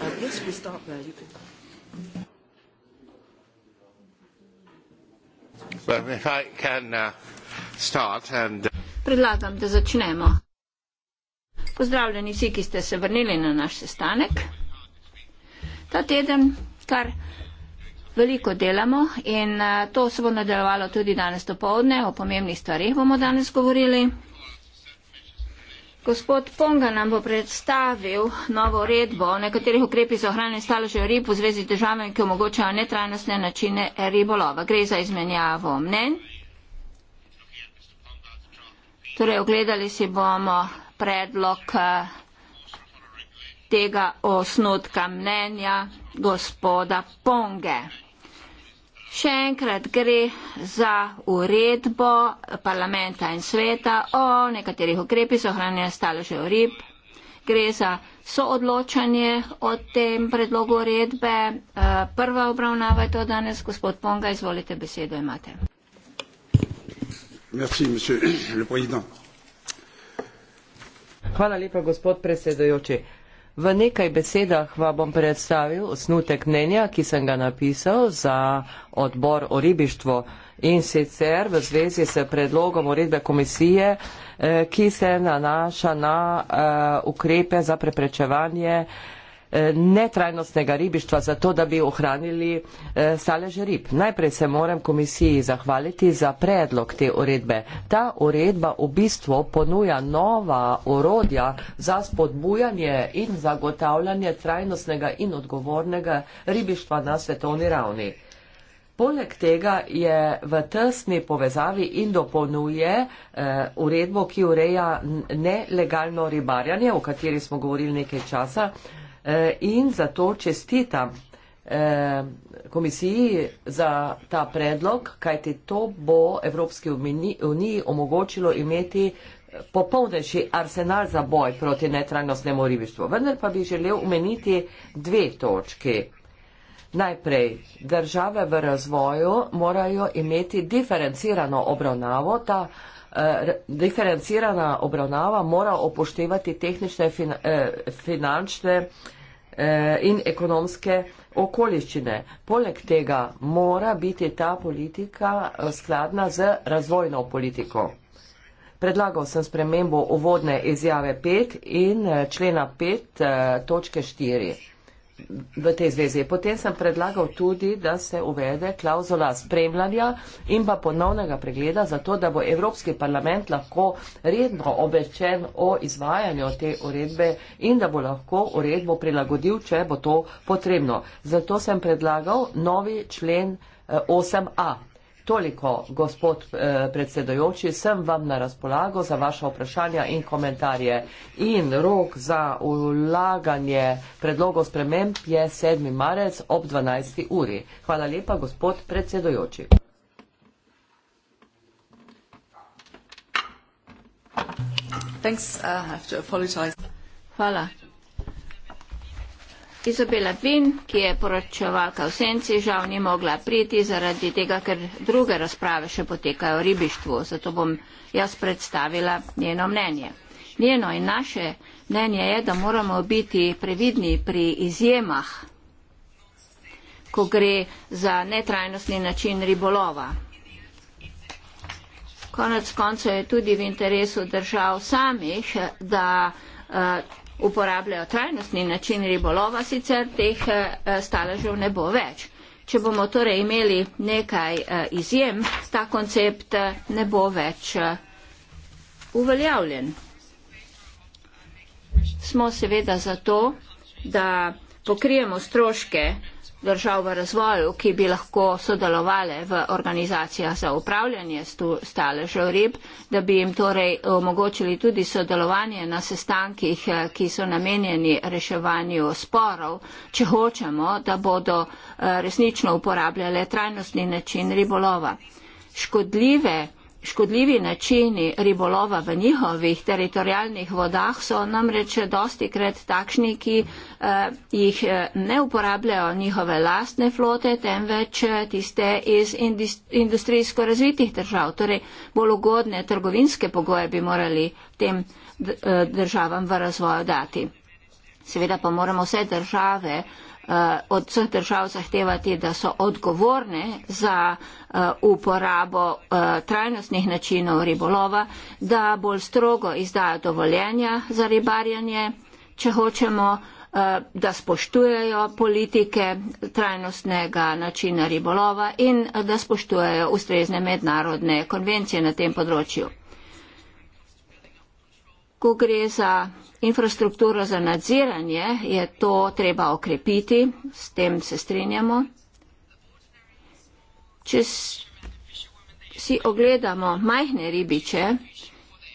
Uh, yes, we start there. You can. Well, if I can uh, start and. Uh, Predlagam, da začnemo. Pozdravljeni vsi, ki ste se vrnili na naš sestanek. Ta teden kar veliko delamo in uh, to se bo nadaljevalo tudi danes do povdne, o pomembnih stvarih bomo danes govorili. Gospod Ponga nam bo predstavil novo redbo o nekaterih ukrepih za ohranjanje staložev rib v zvezi z državami, ki omogočajo netrajnostne načine ribolova. Gre za izmenjavo mnen. Torej, ogledali si bomo predlog eh, tega osnutka mnenja gospoda Ponge. Še enkrat gre za uredbo parlamenta in sveta o nekaterih ukrepih za ohranjanje staležev rib. Gre za soodločanje o tem predlogu uredbe. Eh, prva obravnava je to danes. Gospod Ponga, izvolite besedo, imate. Merci, Hvala lepa, gospod predsedojoči. V nekaj besedah vam bom predstavil osnutek mnenja, ki sem ga napisal za odbor o ribištvu in sicer v zvezi s predlogom uredbe komisije, eh, ki se nanaša na eh, ukrepe za preprečevanje Eh, netrajnostnega ribištva za to, da bi ohranili eh, staleže rib. Najprej se moram komisiji zahvaliti za predlog te uredbe. Ta uredba v bistvu ponuja nova orodja za spodbujanje in zagotavljanje trajnostnega in odgovornega ribištva na svetovni ravni. Poleg tega je v tesni povezavi in dopolnjuje eh, uredbo, ki ureja nelegalno ribarjanje, o kateri smo govorili nekaj časa, eh, Eh, in zato čestitam eh, komisiji za ta predlog, kajti to bo Evropski uniji omogočilo imeti popolnejši arsenal za boj proti netrajnostnemu ribištvu. Vendar pa bi želel umeniti dve točki. Najprej, države v razvoju morajo imeti diferencirano obravnavo, ta eh, diferencirana obravnava mora upoštevati tehnične fin, eh, finančne eh, Eh, in ekonomske okoliščine. Poleg tega mora biti ta politika eh, skladna z razvojno politiko. Predlagal sem spremembo uvodne izjave 5 in eh, člena 5 točke 4 v tej zvezi. Potem sem predlagal tudi, da se uvede klauzula spremljanja in pa ponovnega pregleda, zato da bo Evropski parlament lahko redno obveščen o izvajanju te uredbe in da bo lahko uredbo prilagodil, če bo to potrebno. Zato sem predlagal novi člen 8a eh, Toliko, gospod eh, predsedojoči, sem vam na razpolago za vaše vprašanja in komentarje. In rok za ulaganje predlogov sprememb je 7. marec ob 12. uri. Hvala lepa, gospod predsedojoči. Thanks, uh, I have to apologize. Hvala. Izabela Bin, ki je poročevalka v senci, žal ni mogla priti zaradi tega, ker druge razprave še potekajo o ribištvu. Zato bom jaz predstavila njeno mnenje. Njeno in naše mnenje je, da moramo biti previdni pri izjemah, ko gre za netrajnostni način ribolova. Konec koncev je tudi v interesu držav samih, da uh, uporabljajo trajnostni način ribolova, sicer teh eh, staležev ne bo več. Če bomo torej imeli nekaj eh, izjem, ta koncept eh, ne bo več uveljavljen. Smo seveda za to, da pokrijemo stroške držav v razvoju, ki bi lahko sodelovali v organizacijah za upravljanje staležev rib, da bi jim torej omogočili tudi sodelovanje na sestankih, eh, ki so namenjeni reševanju sporov, če hočemo, da bodo eh, resnično uporabljali trajnostni način ribolova. Škodljive škodljivi načini ribolova v njihovih teritorijalnih vodah so namreč dosti krat takšni, ki eh, jih eh, ne uporabljajo njihove lastne flote, temveč eh, tiste iz industrijsko razvitih držav. Torej, bolj ugodne trgovinske pogoje bi morali tem eh, državam v razvoju dati. Seveda pa moramo vse države Eh, od vseh držav zahtevati, da so odgovorne za eh, uporabo eh, trajnostnih načinov ribolova, da bolj strogo izdajo dovoljenja za ribarjanje, če hočemo, da spoštujejo politike trajnostnega načina ribolova in da spoštujejo ustrezne mednarodne konvencije na tem področju. Ko gre za Infrastrukturo za nadziranje je to treba okrepiti, s tem se strinjamo. Če si ogledamo majhne ribiče,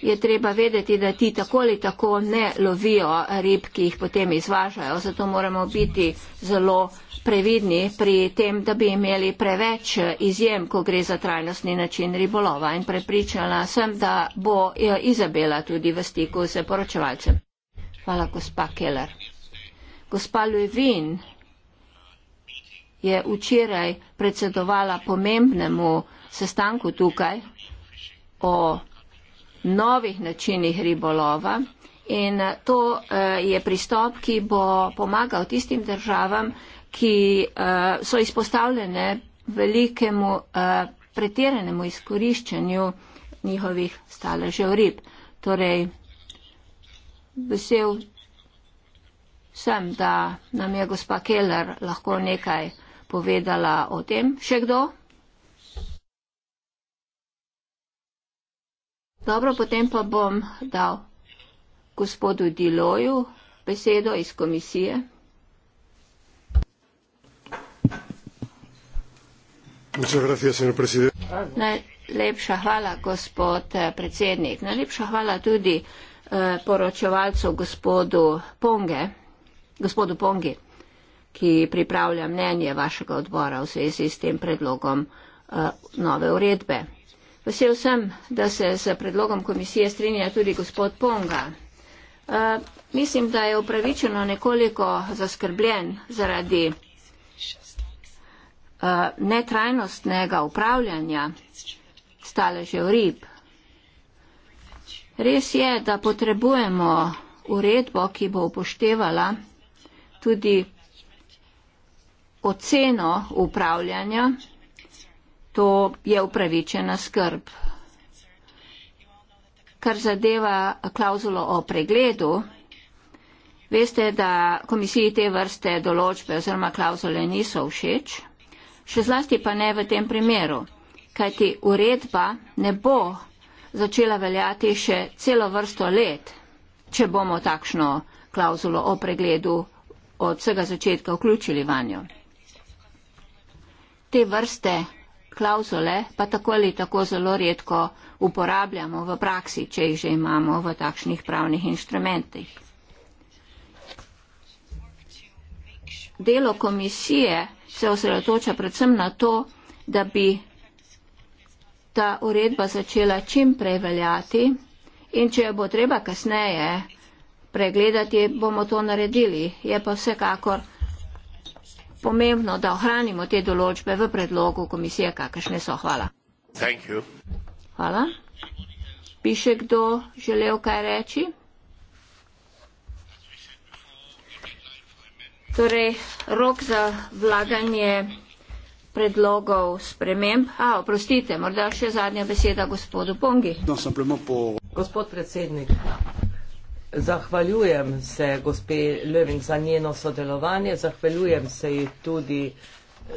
je treba vedeti, da ti tako ali tako ne lovijo rib, ki jih potem izvažajo. Zato moramo biti zelo previdni pri tem, da bi imeli preveč izjem, ko gre za trajnostni način ribolova. In prepričana sem, da bo Izabela tudi v stiku z poročevalcem. Hvala, gospa Keller. Gospa Levin je včeraj predsedovala pomembnemu sestanku tukaj o novih načinih ribolova in to eh, je pristop, ki bo pomagal tistim državam, ki eh, so izpostavljene velikemu eh, pretiranemu izkoriščanju njihovih staležev rib. Torej, vesel sem, da nam je gospa Keller lahko nekaj povedala o tem. Še kdo? Dobro, potem pa bom dal gospodu Diloju besedo iz komisije. Najlepša hvala, gospod eh, predsednik. Najlepša hvala tudi. Eh, poročevalcu gospodu Ponge, gospodu Pongi, ki pripravlja mnenje vašega odbora v zvezi s tem predlogom eh, nove uredbe. Vesel sem, da se z predlogom komisije strinja tudi gospod Ponga. Eh, mislim, da je upravičeno nekoliko zaskrbljen zaradi netrajnostnega upravljanja staležev rib Res je, da potrebujemo uredbo, ki bo upoštevala tudi oceno upravljanja. To je upravičena skrb. Kar zadeva klauzulo o pregledu, veste, da komisiji te vrste določbe oziroma klauzule niso všeč, še zlasti pa ne v tem primeru, kajti uredba ne bo začela veljati še celo vrsto let, če bomo takšno klauzulo o pregledu od vsega začetka vključili vanjo. Te vrste klauzule pa tako ali tako zelo redko uporabljamo v praksi, če jih že imamo v takšnih pravnih inštrumentih. Delo komisije se osredotoča predvsem na to, da bi ta uredba začela čim prej veljati in če jo bo treba kasneje pregledati, bomo to naredili. Je pa vsekakor pomembno, da ohranimo te določbe v predlogu komisije, kakršne so. Hvala. Hvala. Bi še kdo želel kaj reči? Torej, rok za vlaganje predlogov sprememb. A, oprostite, morda še zadnja beseda gospodu Pongi. No, sem premo po. Gospod predsednik, zahvaljujem se gospe Levin za njeno sodelovanje, zahvaljujem se ji tudi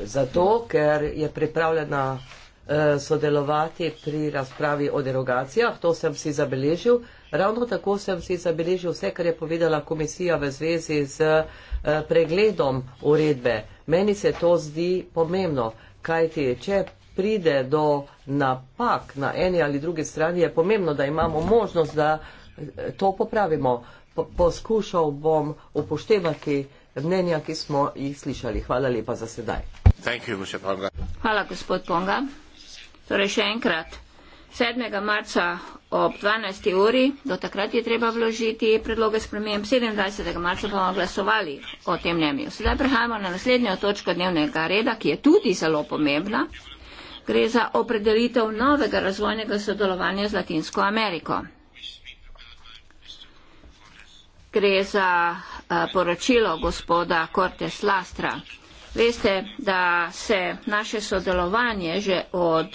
zato, ker je pripravljena eh, sodelovati pri razpravi o derogacijah. To sem si zabeležil. Ravno tako sem si zabeležil vse, kar je povedala komisija v zvezi z eh, pregledom uredbe. Meni se to zdi pomembno, kajti če pride do napak na eni ali drugi strani, je pomembno, da imamo možnost, da eh, to popravimo. P poskušal bom upoštevati mnenja, ki smo jih slišali. Hvala lepa za sedaj. Hvala, gospod Ponga. Torej, še enkrat. 7. marca ob 12. uri, do takrat je treba vložiti predloge sprememb, 27. marca bomo glasovali o tem mnenju. Sedaj prehajamo na naslednjo točko dnevnega reda, ki je tudi zelo pomembna. Gre za opredelitev novega razvojnega sodelovanja z Latinsko Ameriko. Gre za uh, poročilo gospoda Cortes Lastra. Veste, da se naše sodelovanje že od,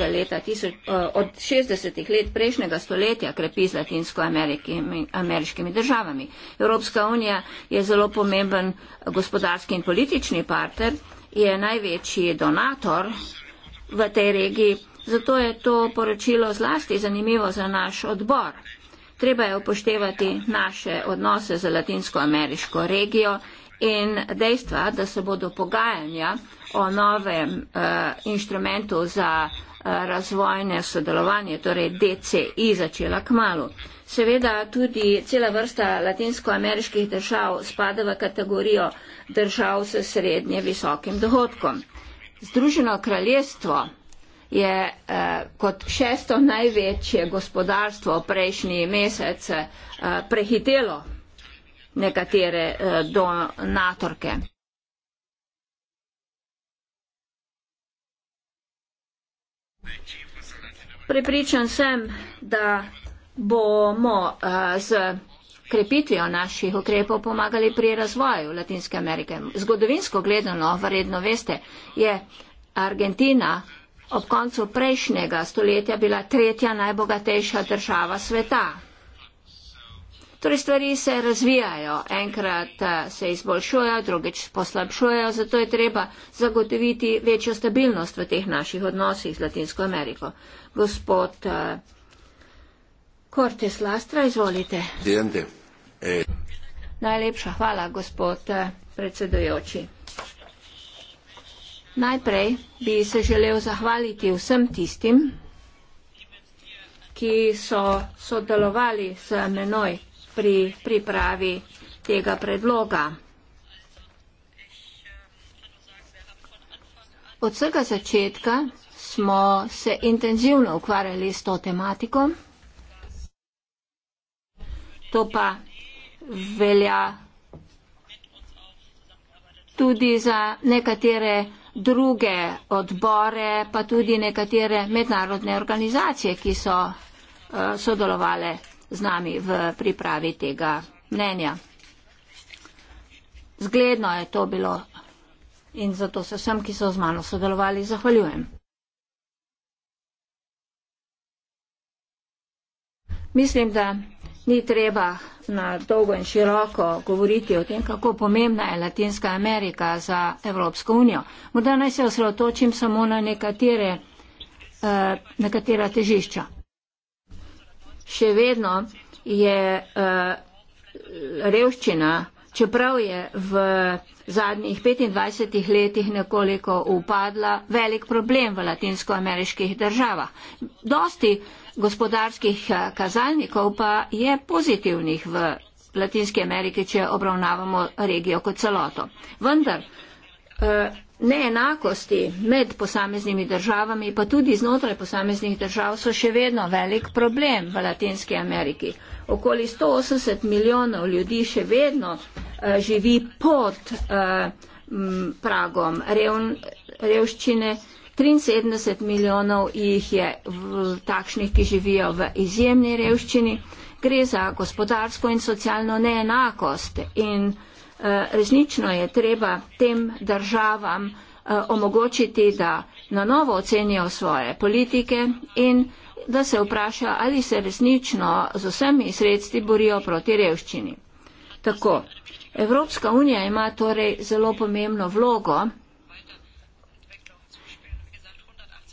tisoč, eh, od 60. let prejšnjega stoletja krepi z latinsko-ameriškimi državami. Evropska unija je zelo pomemben gospodarski in politični partner, je največji donator v tej regiji, zato je to poročilo zlasti zanimivo za naš odbor. Treba je upoštevati naše odnose z latinsko-ameriško regijo in dejstva, da se bodo pogajanja o novem uh, inštrumentu za eh, razvojne sodelovanje, torej DCI, začela k malu. Seveda tudi cela vrsta latinskoameriških držav spada v kategorijo držav s srednje visokim dohodkom. Združeno kraljestvo je eh, kot šesto največje gospodarstvo prejšnji mesec eh, prehitelo nekatere eh, donatorke. Pripričan sem, da bomo z eh, krepitvijo naših ukrepov pomagali pri razvoju Latinske Amerike. Zgodovinsko gledano, verjetno veste, je Argentina ob koncu prejšnjega stoletja bila tretja najbogatejša država sveta. Torej stvari se razvijajo, enkrat eh, se izboljšujejo, drugič poslabšujejo, zato je treba zagotoviti večjo stabilnost v teh naših odnosih z Latinsko Ameriko. Gospod Kortes eh, Lastra, izvolite. Dende. Eh. Najlepša hvala, gospod predsedujoči. Najprej bi se želel zahvaliti vsem tistim, ki so sodelovali s menoj pri pripravi tega predloga. Od vsega začetka smo se intenzivno ukvarjali s to tematiko. To pa velja tudi za nekatere druge odbore, pa tudi nekatere mednarodne organizacije, ki so uh, eh, sodelovali z nami v pripravi tega mnenja. Zgledno je to bilo in zato se vsem, ki so z mano sodelovali, zahvaljujem. Mislim, da ni treba na dolgo in široko govoriti o tem, kako pomembna je Latinska Amerika za Evropsko unijo. Morda naj se osredotočim samo na nekatere, eh, nekatera težišča še vedno je uh, revščina, čeprav je v zadnjih 25 letih nekoliko upadla, velik problem v latinskoameriških državah. Dosti gospodarskih eh, kazalnikov pa je pozitivnih v Latinske Amerike, če obravnavamo regijo kot celoto. Vendar, Eh, neenakosti med posameznimi državami, pa tudi znotraj posameznih držav, so še vedno velik problem v Latinski Ameriki. Okoli 180 milijonov ljudi še vedno eh, živi pod eh, pragom revščine. 73 milijonov jih je v, takšnih, ki živijo v izjemni revščini. Gre za gospodarsko in socialno neenakost. In, uh, Eh, resnično je treba tem državam eh, omogočiti, da na novo ocenijo svoje politike in da se vprašajo, ali se resnično z vsemi sredstvi borijo proti revščini. Tako, Evropska unija ima torej zelo pomembno vlogo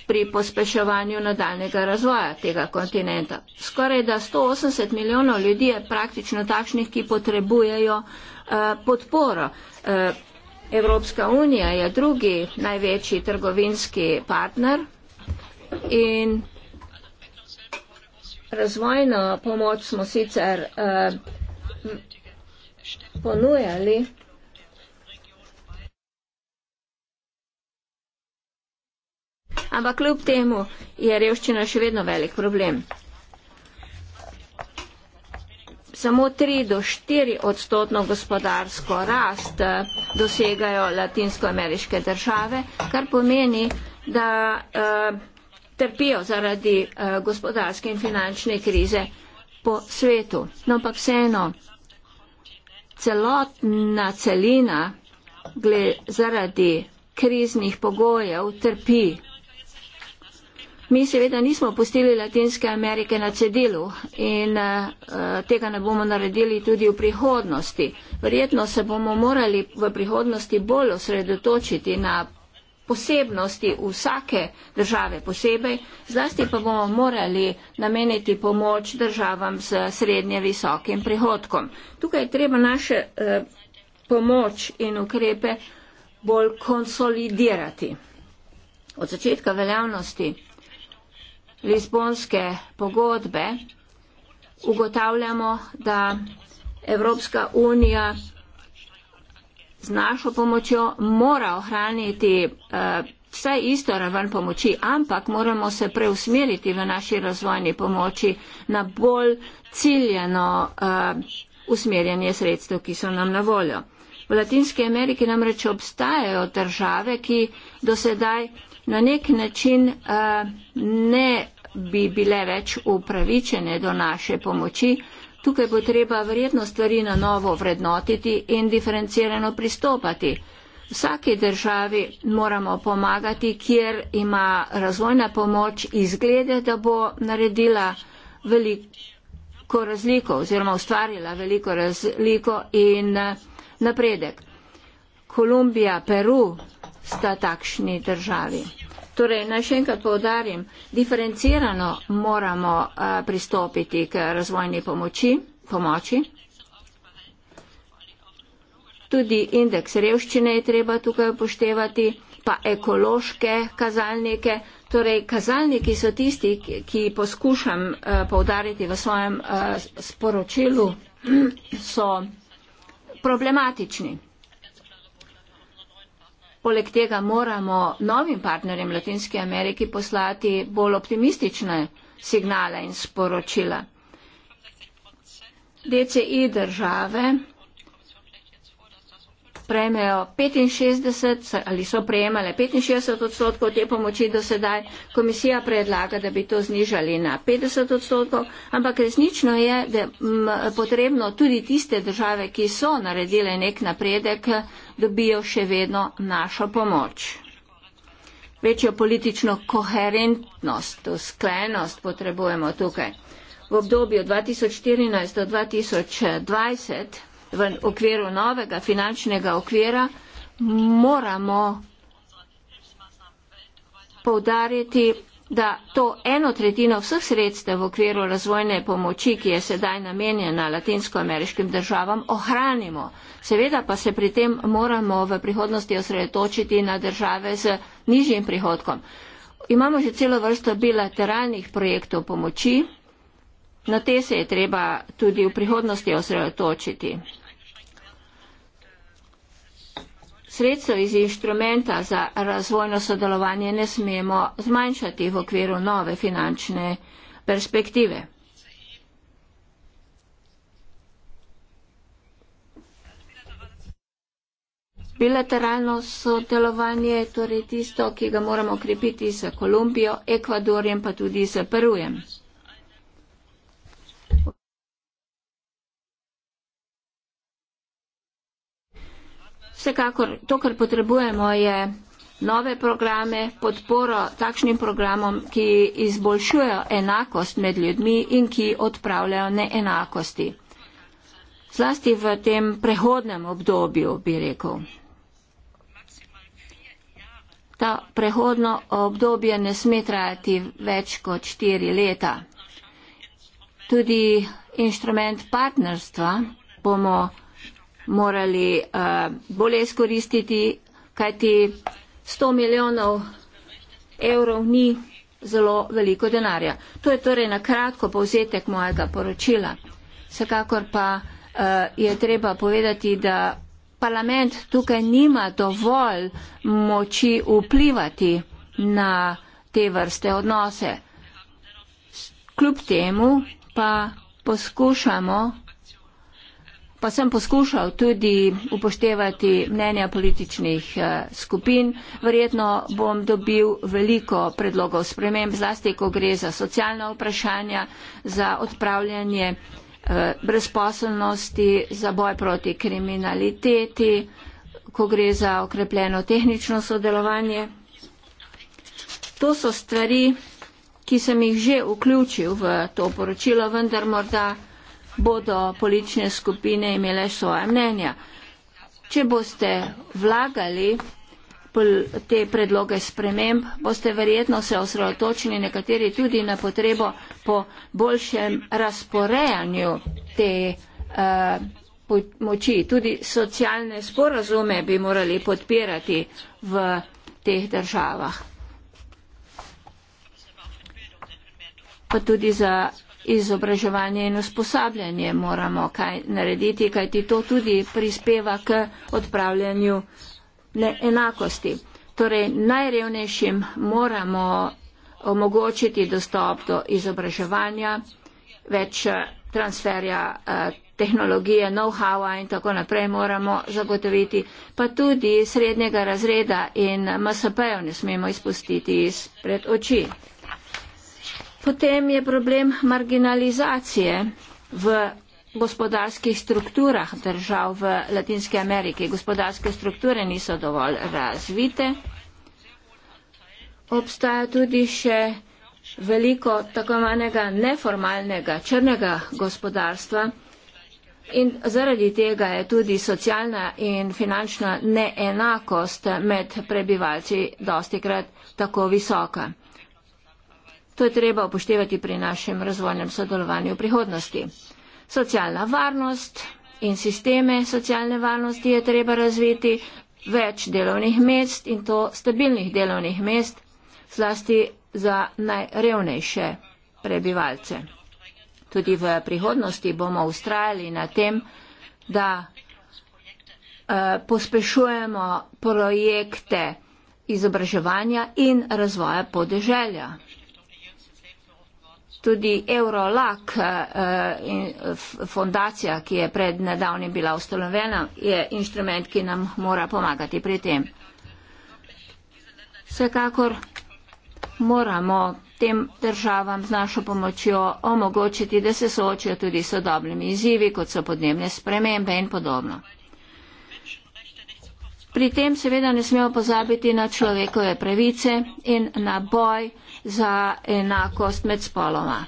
pri pospeševanju nadaljnega razvoja tega kontinenta. Skoraj da 180 milijonov ljudi je praktično takšnih, ki potrebujejo uh, Eh, podporo. Eh, Evropska unija je drugi največji trgovinski partner in razvojno pomoč smo sicer eh, ponujali. Ampak kljub temu je revščina še vedno velik problem samo 3 do 4 odstotno gospodarsko rast eh, dosegajo latinskoameriške države, kar pomeni, da eh, trpijo zaradi eh, gospodarske in finančne krize po svetu. No, ampak vseeno, celotna celina gled, zaradi kriznih pogojev trpi Mi seveda nismo pustili Latinske Amerike na cedilu in uh, tega ne bomo naredili tudi v prihodnosti. Verjetno se bomo morali v prihodnosti bolj osredotočiti na posebnosti vsake države posebej, zlasti pa bomo morali nameniti pomoč državam s srednje visokim prihodkom. Tukaj je treba naše eh, pomoč in ukrepe bolj konsolidirati. Od začetka veljavnosti Lizbonske pogodbe, ugotavljamo, da Evropska unija z našo pomočjo mora ohraniti uh, eh, vse isto raven pomoči, ampak moramo se preusmeriti v naši razvojni pomoči na bolj ciljeno uh, usmerjanje sredstev, ki so nam na voljo. V Latinski Ameriki namreč obstajajo države, ki do sedaj na nek način eh, ne bi bile več upravičene do naše pomoči. Tukaj bo treba verjetno stvari na novo vrednotiti in diferencirano pristopati. Vsaki državi moramo pomagati, kjer ima razvojna pomoč izglede, da bo naredila veliko razliko oziroma ustvarila veliko razliko in eh, napredek. Kolumbija, Peru sta takšni državi. Torej, naj še enkrat povdarim, diferencirano moramo a, pristopiti k razvojni pomoči, pomoči. Tudi indeks revščine je treba tukaj upoštevati, pa ekološke kazalnike. Torej, kazalniki so tisti, ki, ki poskušam a, povdariti v svojem a, sporočilu, so problematični. Poleg tega moramo novim partnerjem Latinske Amerike poslati bolj optimistične signale in sporočila. DCI države prejmejo 65 ali so prejemale 65 odstotkov te pomoči do sedaj. Komisija predlaga, da bi to znižali na 50 odstotkov, ampak resnično je, da m, potrebno tudi tiste države, ki so naredile nek napredek, dobijo še vedno našo pomoč. Večjo politično koherentnost, sklenost potrebujemo tukaj. V obdobju 2014 do 2020 v okviru novega finančnega okvira moramo povdariti, da to eno tretjino vseh sredstev v okviru razvojne pomoči, ki je sedaj namenjena latinskoameriškim državam, ohranimo. Seveda pa se pri tem moramo v prihodnosti osredotočiti na države z nižjim prihodkom. Imamo že celo vrsto bilateralnih projektov pomoči, Na no, te se je treba tudi v prihodnosti osredotočiti. Sredstvo iz inštrumenta za razvojno sodelovanje ne smemo zmanjšati v okviru nove finančne perspektive. Bilateralno sodelovanje je torej tisto, ki ga moramo krepiti z Kolumbijo, Ekvadorjem pa tudi z Perujem. vsekakor to, kar potrebujemo, je nove programe, podporo takšnim programom, ki izboljšujejo enakost med ljudmi in ki odpravljajo neenakosti. Zlasti v tem prehodnem obdobju, bi rekel. Ta prehodno obdobje ne sme trajati več kot štiri leta. Tudi inštrument partnerstva bomo morali uh, bolje izkoristiti, kajti 100 milijonov evrov ni zelo veliko denarja. To je torej na kratko povzetek mojega poročila. Vsekakor pa uh, je treba povedati, da parlament tukaj nima dovolj moči vplivati na te vrste odnose. Kljub temu pa poskušamo pa sem poskušal tudi upoštevati mnenja političnih eh, skupin. Verjetno bom dobil veliko predlogov sprememb, zlasti ko gre za socialna vprašanja, za odpravljanje eh, brezposelnosti, za boj proti kriminaliteti, ko gre za okrepljeno tehnično sodelovanje. To so stvari, ki sem jih že vključil v to poročilo, vendar morda bodo politične skupine imele svoje mnenja. Če boste vlagali te predloge sprememb, boste verjetno se osredotočili nekateri tudi na potrebo po boljšem razporejanju te uh, moči. Tudi socialne sporazume bi morali podpirati v teh državah. Pa tudi za izobraževanje in usposabljanje moramo kaj narediti, kajti to tudi prispeva k odpravljanju neenakosti. Torej, najrevnejšim moramo omogočiti dostop do izobraževanja, več eh, transferja eh, tehnologije, know-howa in tako naprej moramo zagotoviti, pa tudi srednjega razreda in MSP-jo ne smemo izpustiti iz pred oči. Potem je problem marginalizacije v gospodarskih strukturah držav v Latinske Ameriki. Gospodarske strukture niso dovolj razvite. Obstaja tudi še veliko tako manjega neformalnega črnega gospodarstva in zaradi tega je tudi socialna in finančna neenakost med prebivalci dostikrat tako visoka. To je treba upoštevati pri našem razvojnem sodelovanju v prihodnosti. Socialna varnost in sisteme socialne varnosti je treba razviti, več delovnih mest in to stabilnih delovnih mest, zlasti za najrevnejše prebivalce. Tudi v prihodnosti bomo ustrajali na tem, da eh, pospešujemo projekte izobraževanja in razvoja podeželja tudi Eurolak, eh, eh, fondacija, ki je pred nedavnim bila ustanovena, je inštrument, ki nam mora pomagati pri tem. Vsekakor moramo tem državam z našo pomočjo omogočiti, da se soočijo tudi sodobnimi izzivi, kot so podnebne spremembe in podobno. Pri tem seveda ne smemo pozabiti na človekove pravice in na boj za enakost med spoloma.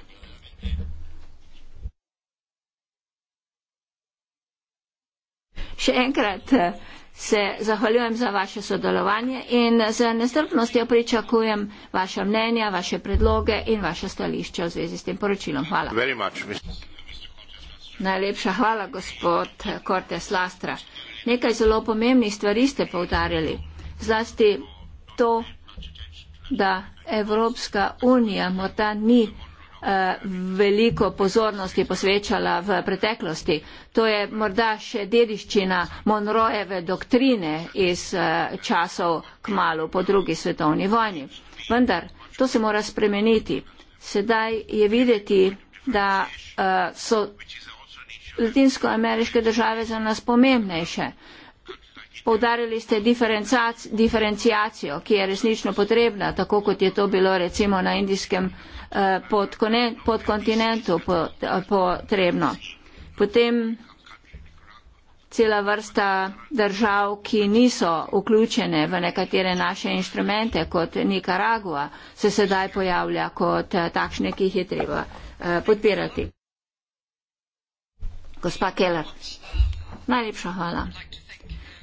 Še enkrat eh, se zahvaljujem za vaše sodelovanje in eh, z nestrpnostjo pričakujem vaše mnenja, vaše predloge in vaše stališče v zvezi s tem poročilom. Hvala. Najlepša hvala, gospod Kortes Lastra. Nekaj zelo pomembnih stvari ste povdarjali. Zlasti to, da Evropska unija morda ni eh, veliko pozornosti posvečala v preteklosti. To je morda še dediščina Monrojeve doktrine iz eh, časov kmalo po drugi svetovni vojni. Vendar, to se mora spremeniti. Sedaj je videti, da eh, so latinskoameriške države za nas pomembnejše. Povdarili ste diferencijacijo, ki je resnično potrebna, tako kot je to bilo recimo na indijskem eh, podkontinentu potrebno. Potem cela vrsta držav, ki niso vključene v nekatere naše inštrumente, kot Nicaragua, se sedaj pojavlja kot eh, takšne, ki jih je treba eh, podpirati gospa Keller. Najlepša hvala.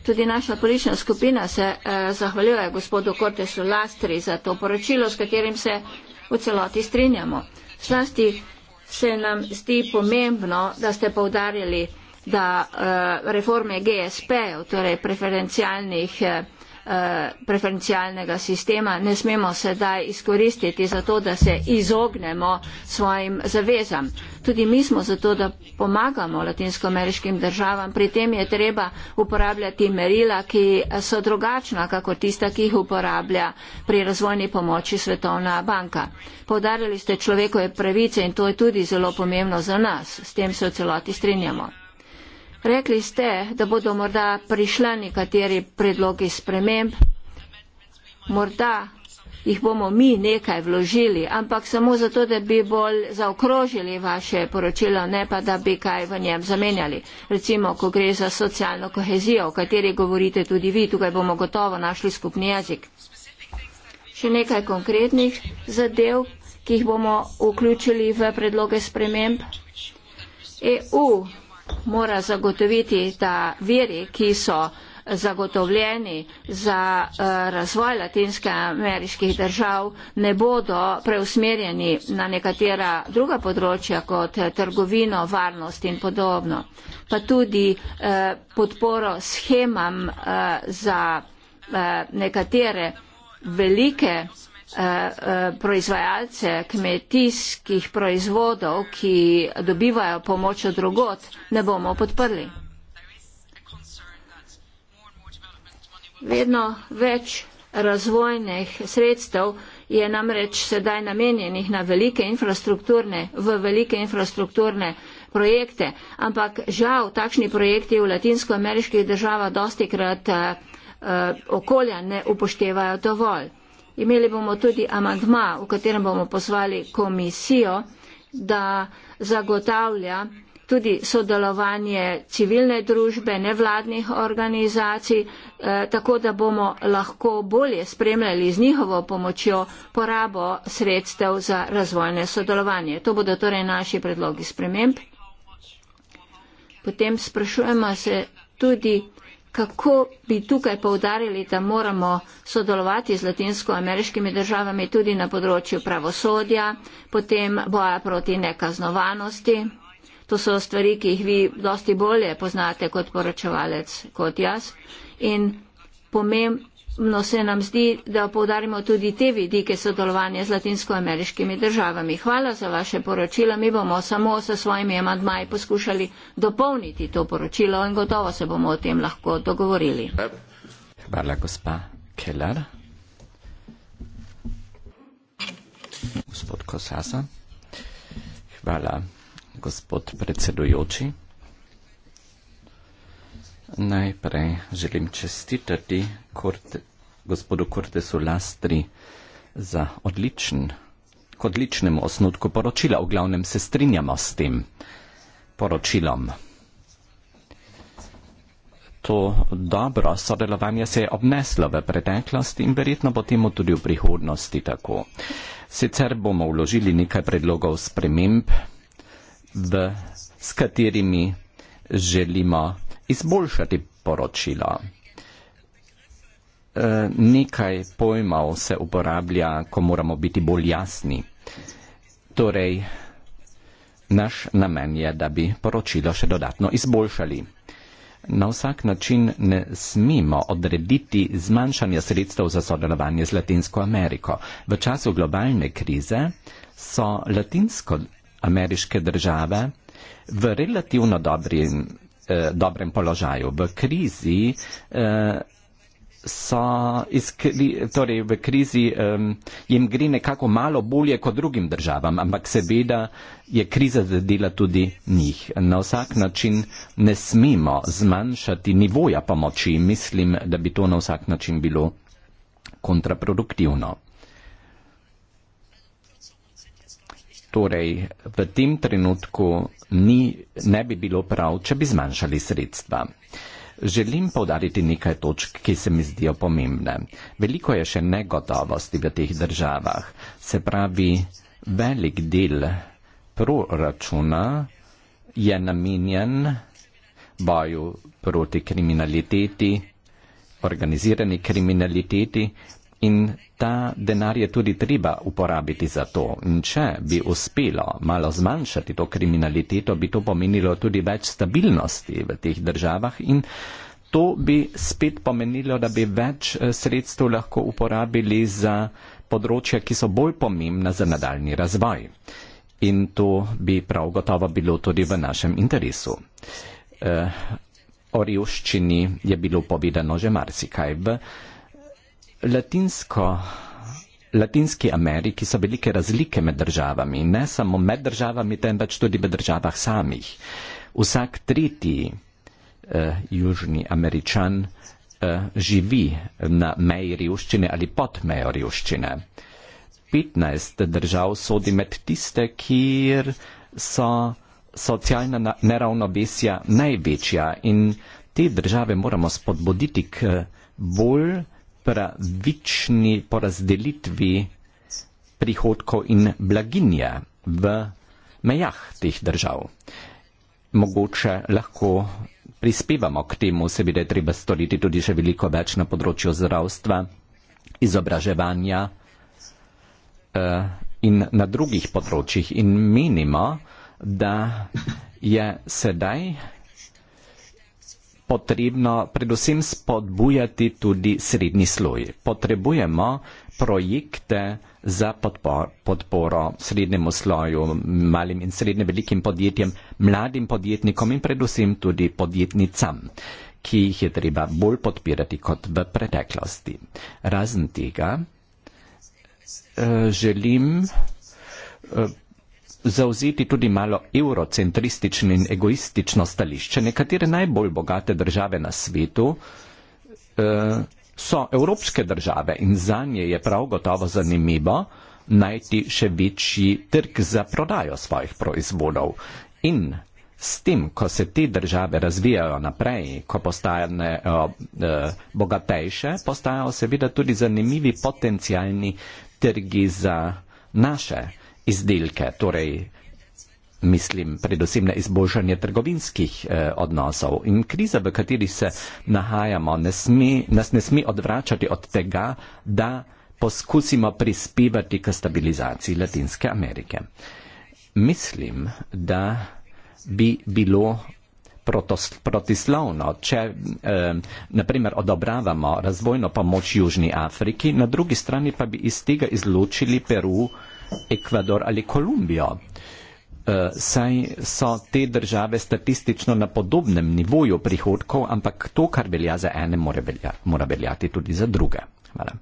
Tudi naša politična skupina se eh, zahvaljuje gospodu Kortesu Lastri za to poročilo, s katerim se v celoti strinjamo. Slasti se nam zdi pomembno, da ste povdarjali, da eh, reforme GSP, torej preferencialnih eh, Eh, preferencialnega sistema ne smemo sedaj izkoristiti za to, da se izognemo svojim zavezam. Tudi mi smo zato, da pomagamo latinskoameriškim državam, pri tem je treba uporabljati merila, ki so drugačna, kako tista, ki jih uporablja pri razvojni pomoči Svetovna banka. Podarili ste človekove pravice in to je tudi zelo pomembno za nas, s tem se v celoti strinjamo. Rekli ste, da bodo morda prišla nekateri predlogi sprememb, morda jih bomo mi nekaj vložili, ampak samo zato, da bi bolj zaokrožili vaše poročilo, ne pa da bi kaj v njem zamenjali. Recimo, ko gre za socialno kohezijo, o kateri govorite tudi vi, tukaj bomo gotovo našli skupni jezik. Še nekaj konkretnih zadev, ki jih bomo vključili v predloge sprememb. EU mora zagotoviti, da veri, ki so zagotovljeni za eh, razvoj latinske ameriških držav, ne bodo preusmerjeni na nekatera druga področja kot eh, trgovino, varnost in podobno. Pa tudi eh, podporo schemam za nekatere velike Eh, eh, proizvajalce kmetijskih proizvodov, ki dobivajo pomoč od drugot, ne bomo podprli. Vedno več razvojnih sredstev je namreč sedaj namenjenih na velike infrastrukturne, v velike infrastrukturne projekte, ampak žal takšni projekti v latinskoameriških državah dostikrat uh, okolja ne upoštevajo dovolj. Imeli bomo tudi amagma, v katerem bomo poslali komisijo, da zagotavlja tudi sodelovanje civilne družbe, nevladnih organizacij, eh, tako da bomo lahko bolje spremljali z njihovo pomočjo porabo sredstev za razvojne sodelovanje. To bodo torej naši predlogi sprememb. Potem sprašujemo se tudi kako bi tukaj povdarili, da moramo sodelovati z latinskoameriškimi državami tudi na področju pravosodja, potem boja proti nekaznovanosti. To so stvari, ki jih vi dosti bolje poznate kot poročevalec kot jaz. In pomemb, pomembno se nam zdi, da povdarimo tudi te vidike sodelovanja z latinskoameriškimi državami. Hvala za vaše poročilo. Mi bomo samo s svojimi amadmaji poskušali dopolniti to poročilo in gotovo se bomo o tem lahko dogovorili. Hvala, gospa Keller. Gospod Kosasa. Hvala, gospod predsedujoči. Najprej želim čestitati gospodu Kurtesu Lastri za odličen, k odličnemu osnutku poročila. V glavnem se strinjamo s tem poročilom. To dobro sodelovanje se je obneslo v preteklosti in verjetno bo temu tudi v prihodnosti tako. Sicer bomo vložili nekaj predlogov sprememb, v, s katerimi želimo izboljšati poročilo. Eh, nekaj pojmov se uporablja, ko moramo biti bolj jasni. Torej, naš namen je, da bi poročilo še dodatno izboljšali. Na vsak način ne smemo odrediti zmanjšanja sredstev za sodelovanje z Latinsko Ameriko. V času globalne krize so latinsko-ameriške države v relativno dobrim, eh, dobrem položaju. V krizi eh, so izkri, torej v krizi, um, jim gre nekako malo bolje kot drugim državam, ampak seveda je kriza zadela tudi njih. Na vsak način ne smemo zmanjšati nivoja pomoči. Mislim, da bi to na vsak način bilo kontraproduktivno. Torej, v tem trenutku ni, ne bi bilo prav, če bi zmanjšali sredstva. Uh, Želim povdariti nekaj točk, ki se mi zdijo pomembne. Veliko je še negotovosti v teh državah. Se pravi, velik del proračuna je namenjen boju proti kriminaliteti, organizirani kriminaliteti, In ta denar je tudi treba uporabiti za to. In če bi uspelo malo zmanjšati to kriminaliteto, bi to pomenilo tudi več stabilnosti v teh državah in to bi spet pomenilo, da bi več eh, sredstev lahko uporabili za področja, ki so bolj pomembna za nadaljni razvoj. In to bi prav gotovo bilo tudi v našem interesu. Uh, o revščini je bilo povedano že marsikaj. V latinsko, Latinski Ameriki so velike razlike med državami, ne samo med državami, temveč tudi med državah samih. Vsak tretji eh, južni američan eh, živi na meji revščine ali pod mejo revščine. 15 držav sodi med tiste, kjer so socialna neravnovesja največja in te države moramo spodbuditi k bolj pravični porazdelitvi prihodkov in blaginje v mejah teh držav. Mogoče lahko prispevamo k temu, seveda je treba storiti tudi še veliko več na področju zdravstva, izobraževanja eh, in na drugih področjih. In menimo, da je sedaj potrebno predvsem spodbujati tudi srednji sloj. Potrebujemo projekte za podpor, podporo srednjemu sloju, malim in srednje velikim podjetjem, mladim podjetnikom in predvsem tudi podjetnicam, ki jih je treba bolj podpirati kot v preteklosti. Razen tega eh, želim eh, zauzeti tudi malo eurocentristično in egoistično stališče. Nekatere najbolj bogate države na svetu eh, so evropske države in za nje je prav gotovo zanimivo najti še večji trg za prodajo svojih proizvodov. In s tem, ko se te države razvijajo naprej, ko postajajo eh, bogatejše, postajajo seveda tudi zanimivi potencijalni trgi za naše izdelke, torej mislim predvsem na izboljšanje trgovinskih eh, odnosov. In kriza, v kateri se nahajamo, ne sme, nas ne sme odvračati od tega, da poskusimo prispevati k stabilizaciji Latinske Amerike. Mislim, da bi bilo protos, protislovno, če eh, naprimer odobravamo razvojno pomoč Južni Afriki, na drugi strani pa bi iz tega izločili Peru eh, Ekvador ali Kolumbijo. Eh, saj so te države statistično na podobnem nivoju prihodkov, ampak to, kar velja za ene, mora, velja, mora veljati tudi za druge. Hvala.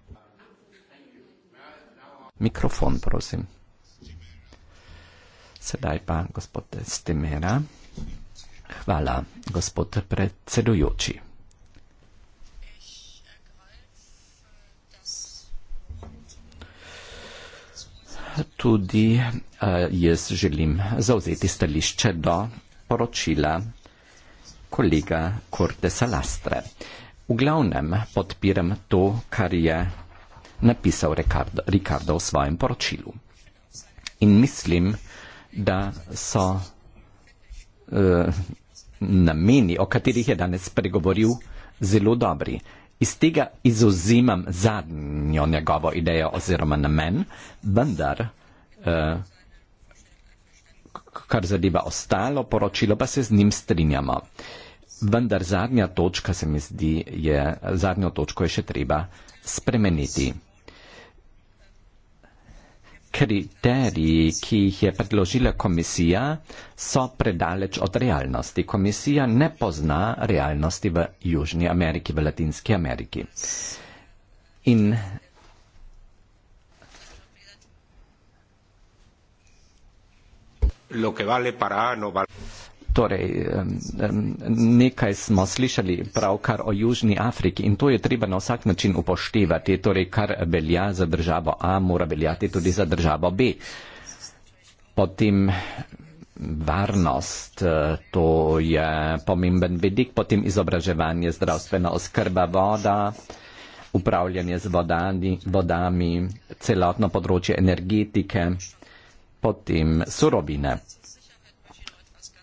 Mikrofon, prosim. Sedaj pa gospod Stemera. Hvala, gospod predsedujoči. tudi eh, jaz želim zauzeti stališče do poročila kolega Korte Salastre. V glavnem podpiram to, kar je napisal Ricardo, Ricardo v svojem poročilu. In mislim, da so uh, nameni, o katerih je danes pregovoril, zelo dobri. Iz tega izuzimam zadnjo njegovo idejo oziroma namen, vendar, eh, kar zadeva ostalo poročilo, pa se z njim strinjamo. Vendar zadnja točka se mi zdi, je, zadnjo točko je še treba spremeniti kriteriji, ki jih je predložila komisija, so predaleč od realnosti. Komisija ne pozna realnosti v Južni Ameriki, v Latinski Ameriki. In lo que vale para A no vale. Torej, nekaj smo slišali pravkar o Južni Afriki in to je treba na vsak način upoštevati. Torej, kar velja za državo A, mora veljati tudi za državo B. Potem varnost, eh, to je pomemben vedik, potem izobraževanje, zdravstvena oskrba, voda, upravljanje z vodani, vodami, celotno področje energetike, potem surovine.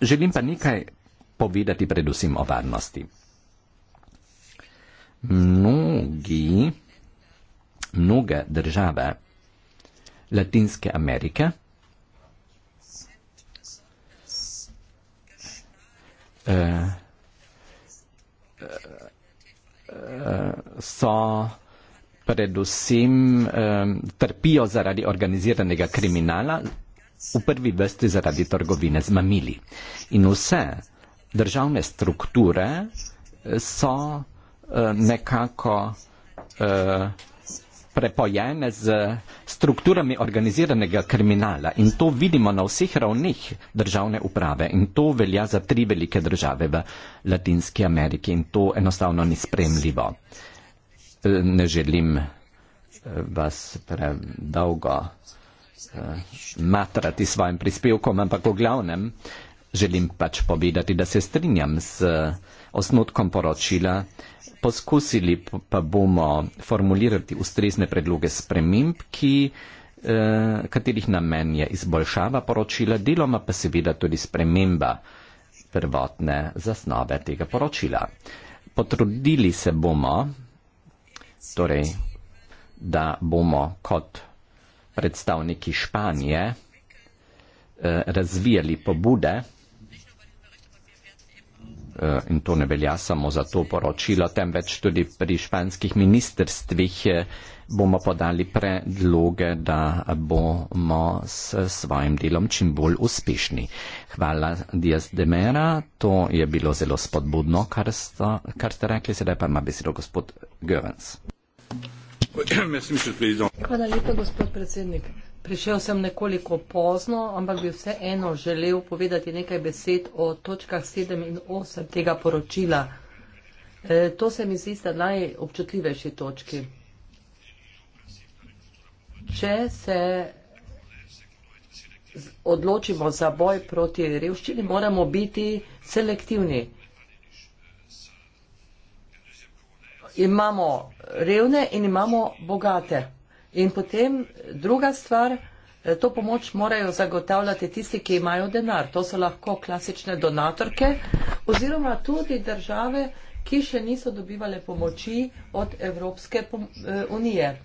Želim pa nekaj povedati predvsem o varnosti. Mnogi, mnoge države Latinske Amerike eh, eh, eh so predvsem eh, trpijo zaradi organiziranega kriminala, v prvi vrsti zaradi trgovine z mamili. In vse državne strukture eh, so eh, nekako eh, prepojene z strukturami organiziranega kriminala in to vidimo na vseh ravnih državne uprave in to velja za tri velike države v Latinski Ameriki in to enostavno ni spremljivo. Ne želim vas predolgo matrati s svojim prispevkom, ampak v glavnem želim pač povedati, da se strinjam z eh, osnutkom poročila. Poskusili pa bomo formulirati ustrezne predloge sprememb, ki, eh, katerih namen je izboljšava poročila, deloma pa seveda tudi sprememba prvotne zasnove tega poročila. Potrudili se bomo, torej, da bomo kot predstavniki Španije eh, razvijali pobude eh, in to ne velja samo za to poročilo, temveč tudi pri španskih ministrstvih eh, bomo podali predloge, da bomo s svojim delom čim bolj uspešni. Hvala, Dias Demera, to je bilo zelo spodbudno, kar ste, kar ste rekli, sedaj pa ima besedo gospod Gövens. Hvala lepa, gospod predsednik. Prišel sem nekoliko pozno, ampak bi vse eno želel povedati nekaj besed o točkah 7 in 8 tega poročila. E, to se mi zdi sta najobčutljivejši točki. Če se odločimo za boj proti revščini, moramo biti selektivni. imamo revne in imamo bogate. In potem druga stvar, eh, to pomoč morajo zagotavljati tisti, ki imajo denar. To so lahko klasične donatorke oziroma tudi države, ki še niso dobivale pomoči od Evropske eh, unije.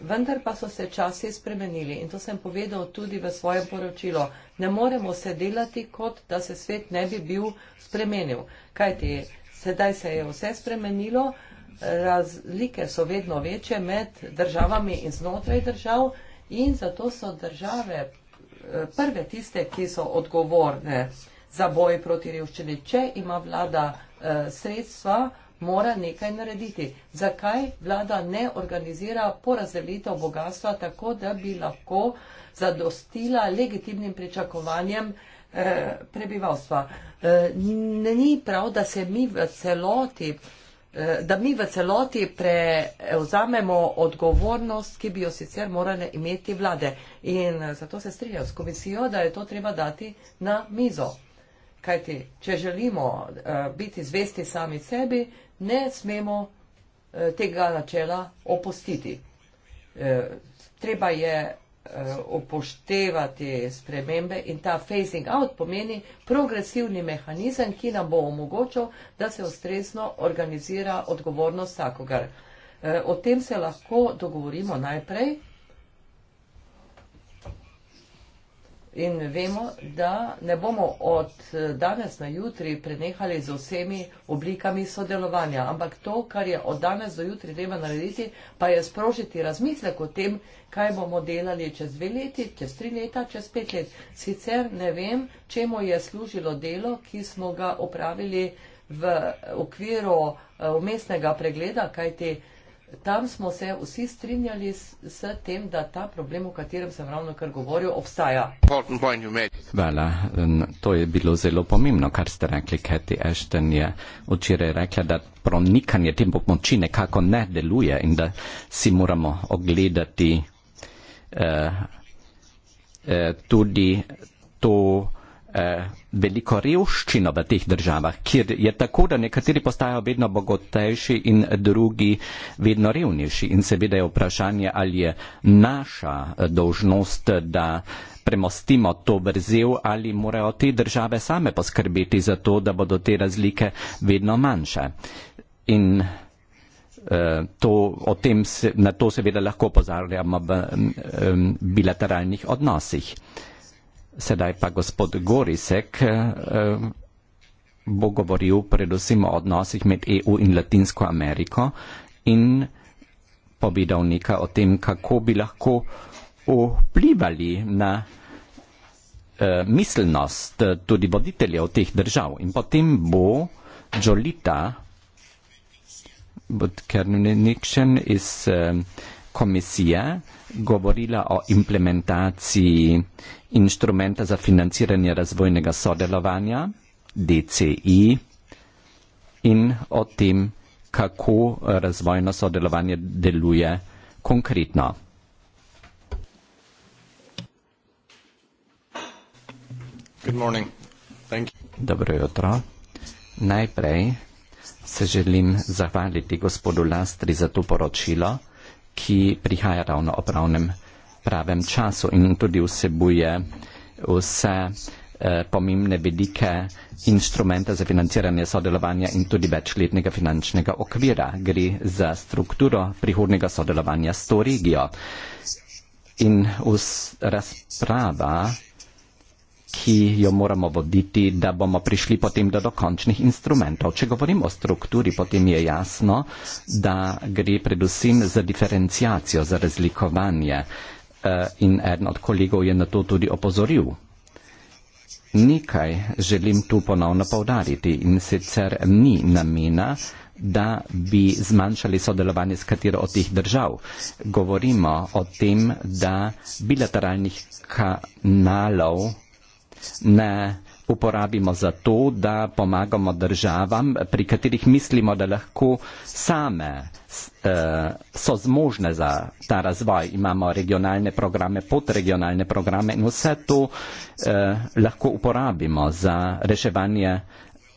Vendar pa so se časi spremenili in to sem povedal tudi v svojem poročilu. Ne moremo se delati, kot da se svet ne bi bil spremenil. Kajti, sedaj se je vse spremenilo, Razlike so vedno večje med državami in znotraj držav in zato so države eh, prve tiste, ki so odgovorne za boj proti revščini. Če ima vlada eh, sredstva, mora nekaj narediti. Zakaj vlada ne organizira porazdelitev bogatstva tako, da bi lahko zadostila legitimnim pričakovanjem eh, prebivalstva? Ni prav, da se mi v celoti Eh, da mi v celoti prevzamemo eh, odgovornost, ki bi jo sicer morale imeti vlade. In eh, zato se strinjam s komisijo, da je to treba dati na mizo. Kajti, če želimo biti zvesti sami sebi, ne smemo tega načela opustiti. Treba je Eh, upoštevati spremembe in ta phasing out pomeni progresivni mehanizem, ki nam bo omogočil, da se ustrezno organizira odgovornost vsakogar. Eh, o tem se lahko dogovorimo najprej, In vemo, da ne bomo od eh, danes na jutri prenehali z vsemi oblikami sodelovanja, ampak to, kar je od danes do jutri treba narediti, pa je sprožiti razmislek o tem, kaj bomo delali čez dve leti, čez tri leta, čez pet let. Sicer ne vem, čemu je služilo delo, ki smo ga opravili v okviru umestnega eh, pregleda, kaj te tam smo se vsi strinjali s, s tem, da ta problem, o katerem sem ravno kar govoril, obstaja. Hvala. To je bilo zelo pomembno, kar ste rekli, Keti Ešten je včeraj rekla, da pronikanje tem pomoči nekako ne deluje in da si moramo ogledati eh, eh, tudi to, Eh, veliko revščino v teh državah, kjer je tako, da nekateri postajajo vedno bogotejši in drugi vedno revnejši. In seveda je vprašanje, ali je naša eh, dožnost, da premostimo to vrzel, ali morajo te države same poskrbeti za to, da bodo te razlike vedno manjše. In eh, To, o tem se, na to seveda lahko pozarjamo v um, bilateralnih odnosih. Uh, sedaj pa gospod Gorisek eh, bo govoril predvsem o odnosih med EU in Latinsko Ameriko in povedal nekaj o tem, kako bi lahko vplivali na eh, miselnost eh, tudi voditeljev teh držav. In potem bo Jolita Budkernikšen iz komisije govorila o implementaciji uh, inštrumenta za financiranje razvojnega sodelovanja, DCI, in o tem, kako eh, razvojno sodelovanje deluje konkretno. Dobro jutro. Najprej se želim zahvaliti gospodu Lastri za to poročilo, ki prihaja ravno o pravnem področju pravem času in tudi vsebuje vse eh, pomembne vedike inštrumenta za financiranje sodelovanja in tudi večletnega finančnega okvira. Gre za strukturo prihodnega sodelovanja s to regijo. In razprava, ki jo moramo voditi, da bomo prišli potem do dokončnih instrumentov. Če govorimo o strukturi, potem je jasno, da gre predvsem za diferencijacijo, za razlikovanje. Eh, in eden od kolegov je na to tudi opozoril. Nekaj želim tu ponovno povdariti in sicer ni namena, da bi zmanjšali sodelovanje s katero od teh držav. Govorimo o tem, da bilateralnih kanalov ne uporabimo za to, da pomagamo državam, pri katerih mislimo, da lahko same uh, so zmožne za ta razvoj. Imamo regionalne programe, podregionalne programe in vse to uh, lahko uporabimo za reševanje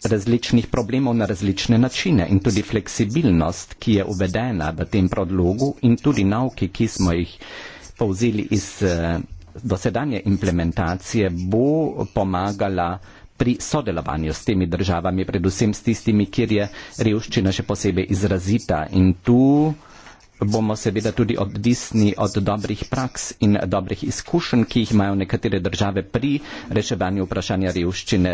različnih problemov na različne načine in tudi fleksibilnost, ki je uvedena v tem predlogu in tudi nauki, ki smo jih povzeli iz. Uh, dosedanje implementacije bo pomagala pri sodelovanju s temi državami, predvsem s tistimi, kjer je revščina še posebej izrazita. In tu bomo seveda tudi odvisni od dobrih praks in dobrih izkušenj, ki jih imajo nekatere države pri reševanju vprašanja revščine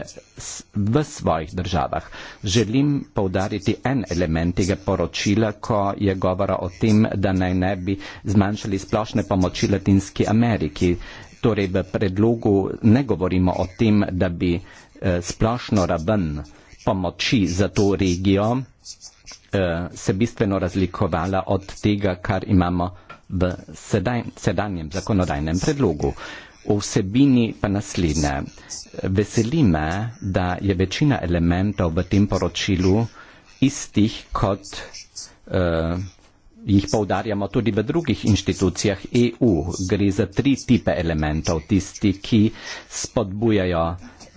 v svojih državah. Želim povdariti en element tega poročila, ko je govora o tem, da naj ne bi zmanjšali splošne pomoči Latinski Ameriki. Torej v predlogu ne govorimo o tem, da bi eh, splošno raven pomoči za to regijo Eh, se bistveno razlikovala od tega, kar imamo v sedaj, sedanjem zakonodajnem predlogu. O vsebini pa naslednje. Veseli me, da je večina elementov v tem poročilu istih, kot eh, jih poudarjamo tudi v drugih inštitucijah EU. Gre za tri tipe elementov, tisti, ki spodbujajo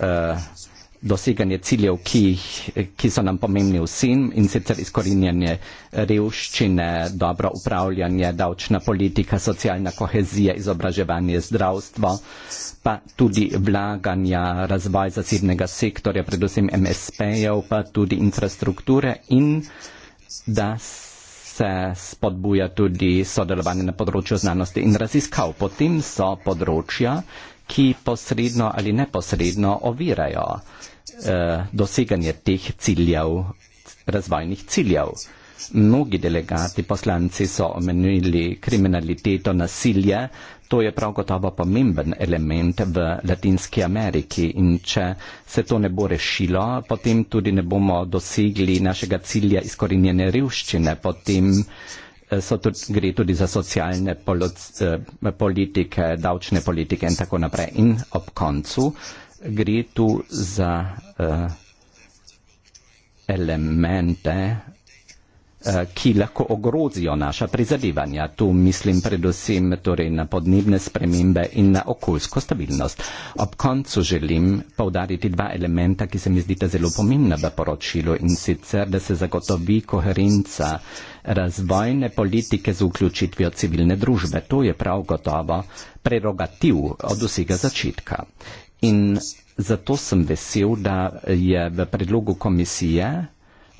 eh, doseganje ciljev, ki, jih, ki so nam pomembni vsem in sicer izkorinjanje revščine, dobro upravljanje, davčna politika, socialna kohezija, izobraževanje, zdravstvo, pa tudi vlaganja, razvoj zasebnega sektorja, predvsem MSP-jev, pa tudi infrastrukture in da se spodbuja tudi sodelovanje na področju znanosti in raziskav. Potem so področja, ki posredno ali neposredno ovirajo eh, doseganje teh ciljev, razvojnih ciljev. Mnogi delegati, poslanci so omenili kriminaliteto, nasilje, to je prav gotovo pomemben element v Latinski Ameriki in če se to ne bo rešilo, potem tudi ne bomo dosegli našega cilja izkorinjene revščine, potem eh, so tudi, gre tudi za socialne eh, politike, davčne politike in tako naprej. In ob koncu gre tu za uh, elemente, Eh, ki lahko ogrozijo naša prizadevanja. Tu mislim predvsem torej na podnebne spremembe in na okoljsko stabilnost. Ob koncu želim povdariti dva elementa, ki se mi zdita zelo pomembna v poročilu in sicer, da se zagotovi koherenca razvojne politike z vključitvijo civilne družbe. To je prav gotovo prerogativ od vsega začetka. In zato sem vesel, da je v predlogu komisije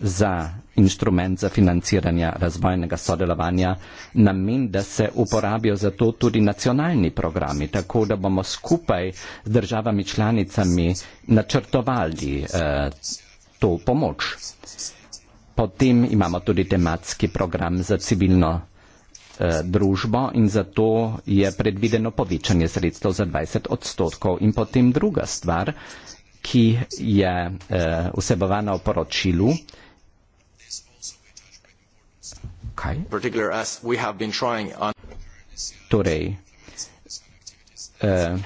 za inštrument za financiranje razvojnega sodelovanja, namen, da se uporabijo za to tudi nacionalni programi, tako da bomo skupaj z državami članicami načrtovali eh, to pomoč. Potem imamo tudi tematski program za civilno eh, družbo in zato je predvideno povečanje sredstev za 20 odstotkov. In potem druga stvar, ki je eh, vsebovana v poročilu, kaj? Torej, eh,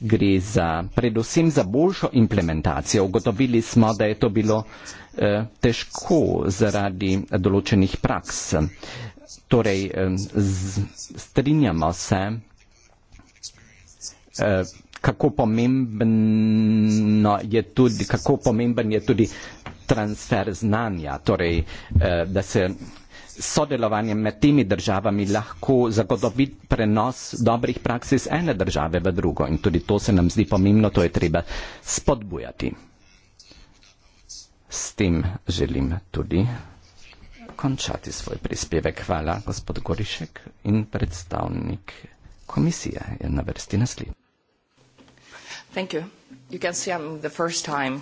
gre za predvsem za boljšo implementacijo. Ugotovili smo, da je to bilo eh, težko zaradi določenih praks. Torej, eh, z, strinjamo se, eh, kako, pomembno je tudi, kako pomemben je tudi transfer znanja, torej, eh, da se sodelovanjem med temi državami lahko zagotovi prenos dobrih praks iz ene države v drugo in tudi to se nam zdi pomembno, to je treba spodbujati. S tem želim tudi končati svoj prispevek. Hvala, gospod Gorišek in predstavnik komisije je na vrsti naslednji. Thank you. You can see I'm the first time.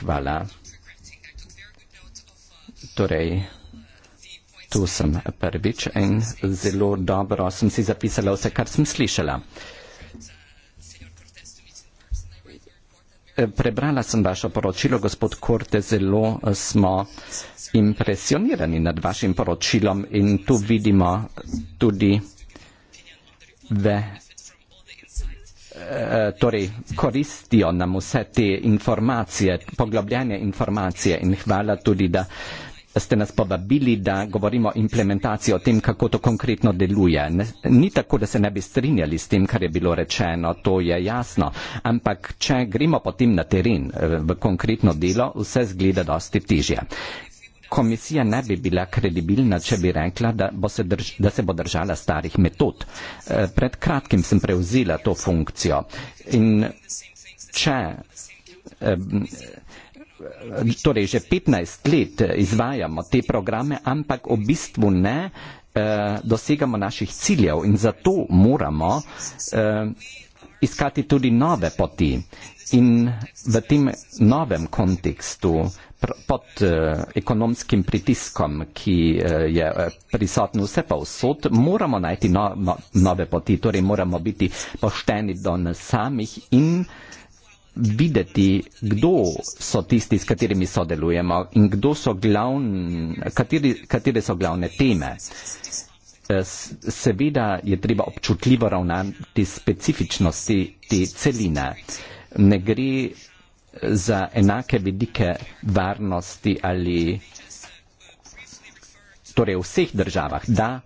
Hvala. Torej, tu sem prvič in zelo dobro sem si zapisala vse, kar sem slišala. Prebrala sem vaše poročilo, gospod Korte, zelo smo impresionirani nad vašim poročilom in tu vidimo tudi v. Eh, torej, koristijo nam vse te informacije, poglobljene informacije in hvala tudi, da ste nas povabili, da govorimo o implementaciji, o tem, kako to konkretno deluje. Ne, ni tako, da se ne bi strinjali s tem, kar je bilo rečeno, to je jasno. Ampak, če gremo potem na teren, eh, v konkretno delo, vse zgleda dosti težje. Komisija ne bi bila kredibilna, če bi rekla, da, se, drž, da se bo držala starih metod. Eh, pred kratkim sem prevzela to funkcijo. In če. Eh, torej že 15 let eh, izvajamo te programe, ampak v bistvu ne eh, dosegamo naših ciljev in zato moramo eh, iskati tudi nove poti. In v tem novem kontekstu, pr pod eh, ekonomskim pritiskom, ki eh, je eh, prisotno vse pa vsot, moramo najti no no nove poti, torej moramo biti pošteni do nas samih in eh, videti, kdo so tisti, s katerimi sodelujemo in so glavn, kateri, katere so glavne teme. Eh, seveda je treba občutljivo ravnati specifičnosti te celine. Ne gre za enake vidike varnosti ali torej v vseh državah, da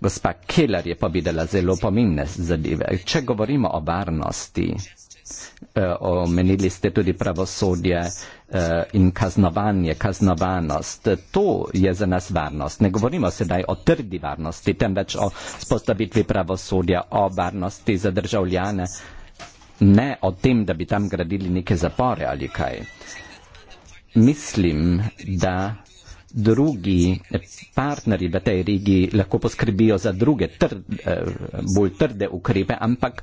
Gospa Keller je povedala zelo pomembne zadeve. Če govorimo o varnosti, eh, omenili ste tudi pravosodje eh, in kaznovanje, kaznovanost. To je za nas varnost. Ne govorimo sedaj o trdi varnosti, temveč o spostavitvi pravosodja, o varnosti za državljane, ne o tem, da bi tam gradili neke zapore ali kaj. Mislim, da drugi partnerji v tej regiji lahko poskrbijo za druge, trd, eh, bolj trde ukrepe, ampak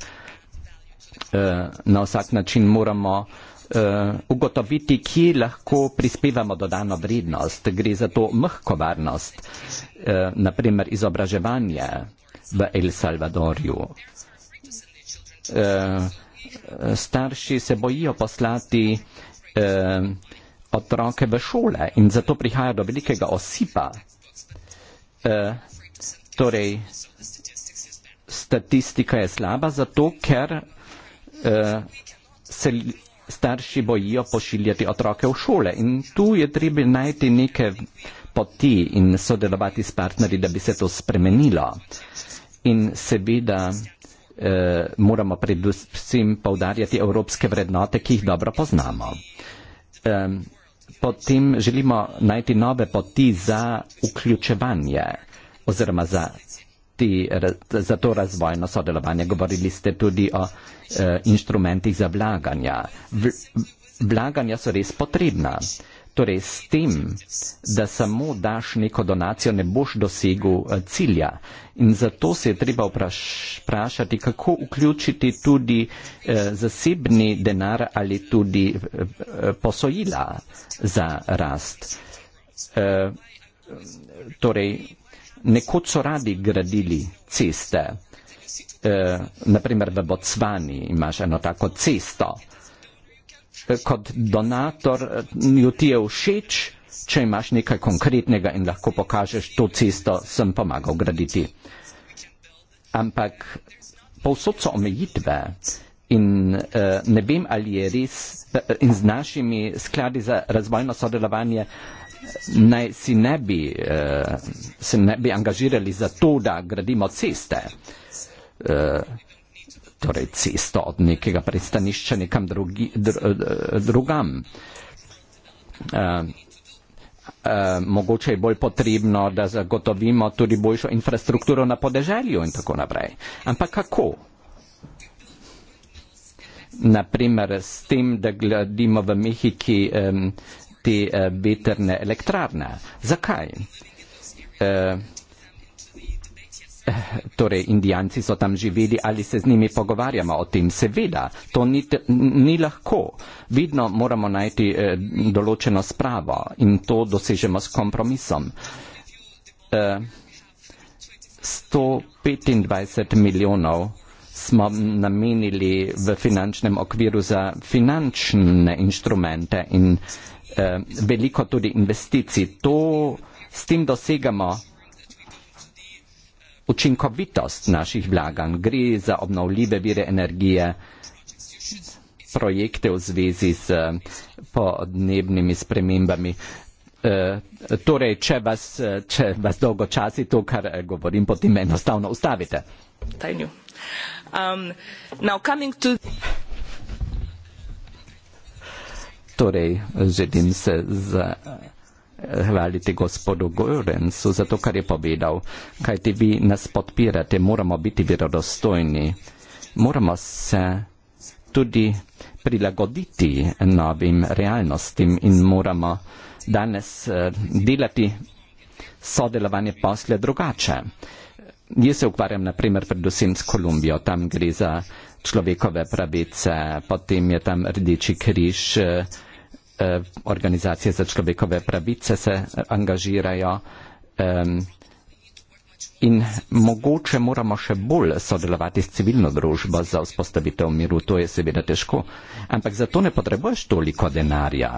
eh, na vsak način moramo eh, ugotoviti, kje lahko prispevamo dodano vrednost. Gre za to mhko varnost, naprimer izobraževanje v El Salvadorju. Starši se bojijo poslati eh, otroke v šole in zato prihaja do velikega osipa. E, torej, statistika je slaba zato, ker e, se starši bojijo pošiljati otroke v šole in tu je treba najti neke poti in sodelovati s partnerji, da bi se to spremenilo. In seveda eh, moramo predvsem povdarjati evropske vrednote, ki jih dobro poznamo. Eh, potem želimo najti nove poti za vključevanje oziroma za, ti, za to razvojno sodelovanje. Govorili ste tudi o eh, inštrumentih za vlaganja. Vlaganja so res potrebna. Eh, Torej, s tem, da samo daš neko donacijo, ne boš dosegel eh, cilja. In zato se je treba vprašati, kako vključiti tudi eh, zasebni denar ali tudi eh, eh, posojila za rast. Eh, torej, nekoč so radi gradili ceste. Eh, naprimer, v Bocvani imaš eno tako cesto. Eh, kot donator eh, ju ti je všeč, če imaš nekaj konkretnega in lahko pokažeš, to cesto sem pomagal graditi. Ampak povsod so omejitve in uh, ne vem, ali je res uh, in z našimi skladi za razvojno sodelovanje naj si ne bi, uh, se ne bi angažirali za to, da gradimo ceste. Uh, torej cesto od nekega pristanišča nekam drugi, dr, drugam. Uh, mogoče je bolj potrebno, da zagotovimo tudi boljšo infrastrukturo na podeželju in tako naprej. Ampak kako? Naprimer s tem, da gledimo v Mehiki te eh, veterne elektrarne. Zakaj? torej indijanci so tam živeli, ali se z njimi pogovarjamo o tem. Seveda, to ni, ni lahko. Vidno moramo najti eh, določeno spravo in to dosežemo s kompromisom. Eh, 125 milijonov smo namenili v finančnem okviru za finančne inštrumente in eh, veliko tudi investicij. To, s tem dosegamo učinkovitost naših vlaganj. Gre za obnovljive vire energije, projekte v zvezi z eh, podnebnimi spremembami. Eh, torej, če vas, eh, če vas dolgo časi to, kar govorim, potem enostavno ustavite. Um, to... Torej, želim se za. Okay hvaliti gospodu Gorencu za to, kar je povedal. Kaj ti vi nas podpirate, moramo biti verodostojni. Moramo se tudi prilagoditi novim realnostim in moramo danes eh, delati sodelovanje posle drugače. Jaz se ukvarjam naprimer predvsem s Kolumbijo, tam gre za človekove pravice, potem je tam rdeči križ, eh, Eh, organizacije za človekove pravice se eh, angažirajo in mogoče moramo še bolj sodelovati s civilno družbo za vzpostavitev miru. To je seveda težko. Ampak zato ne potrebuješ toliko denarja.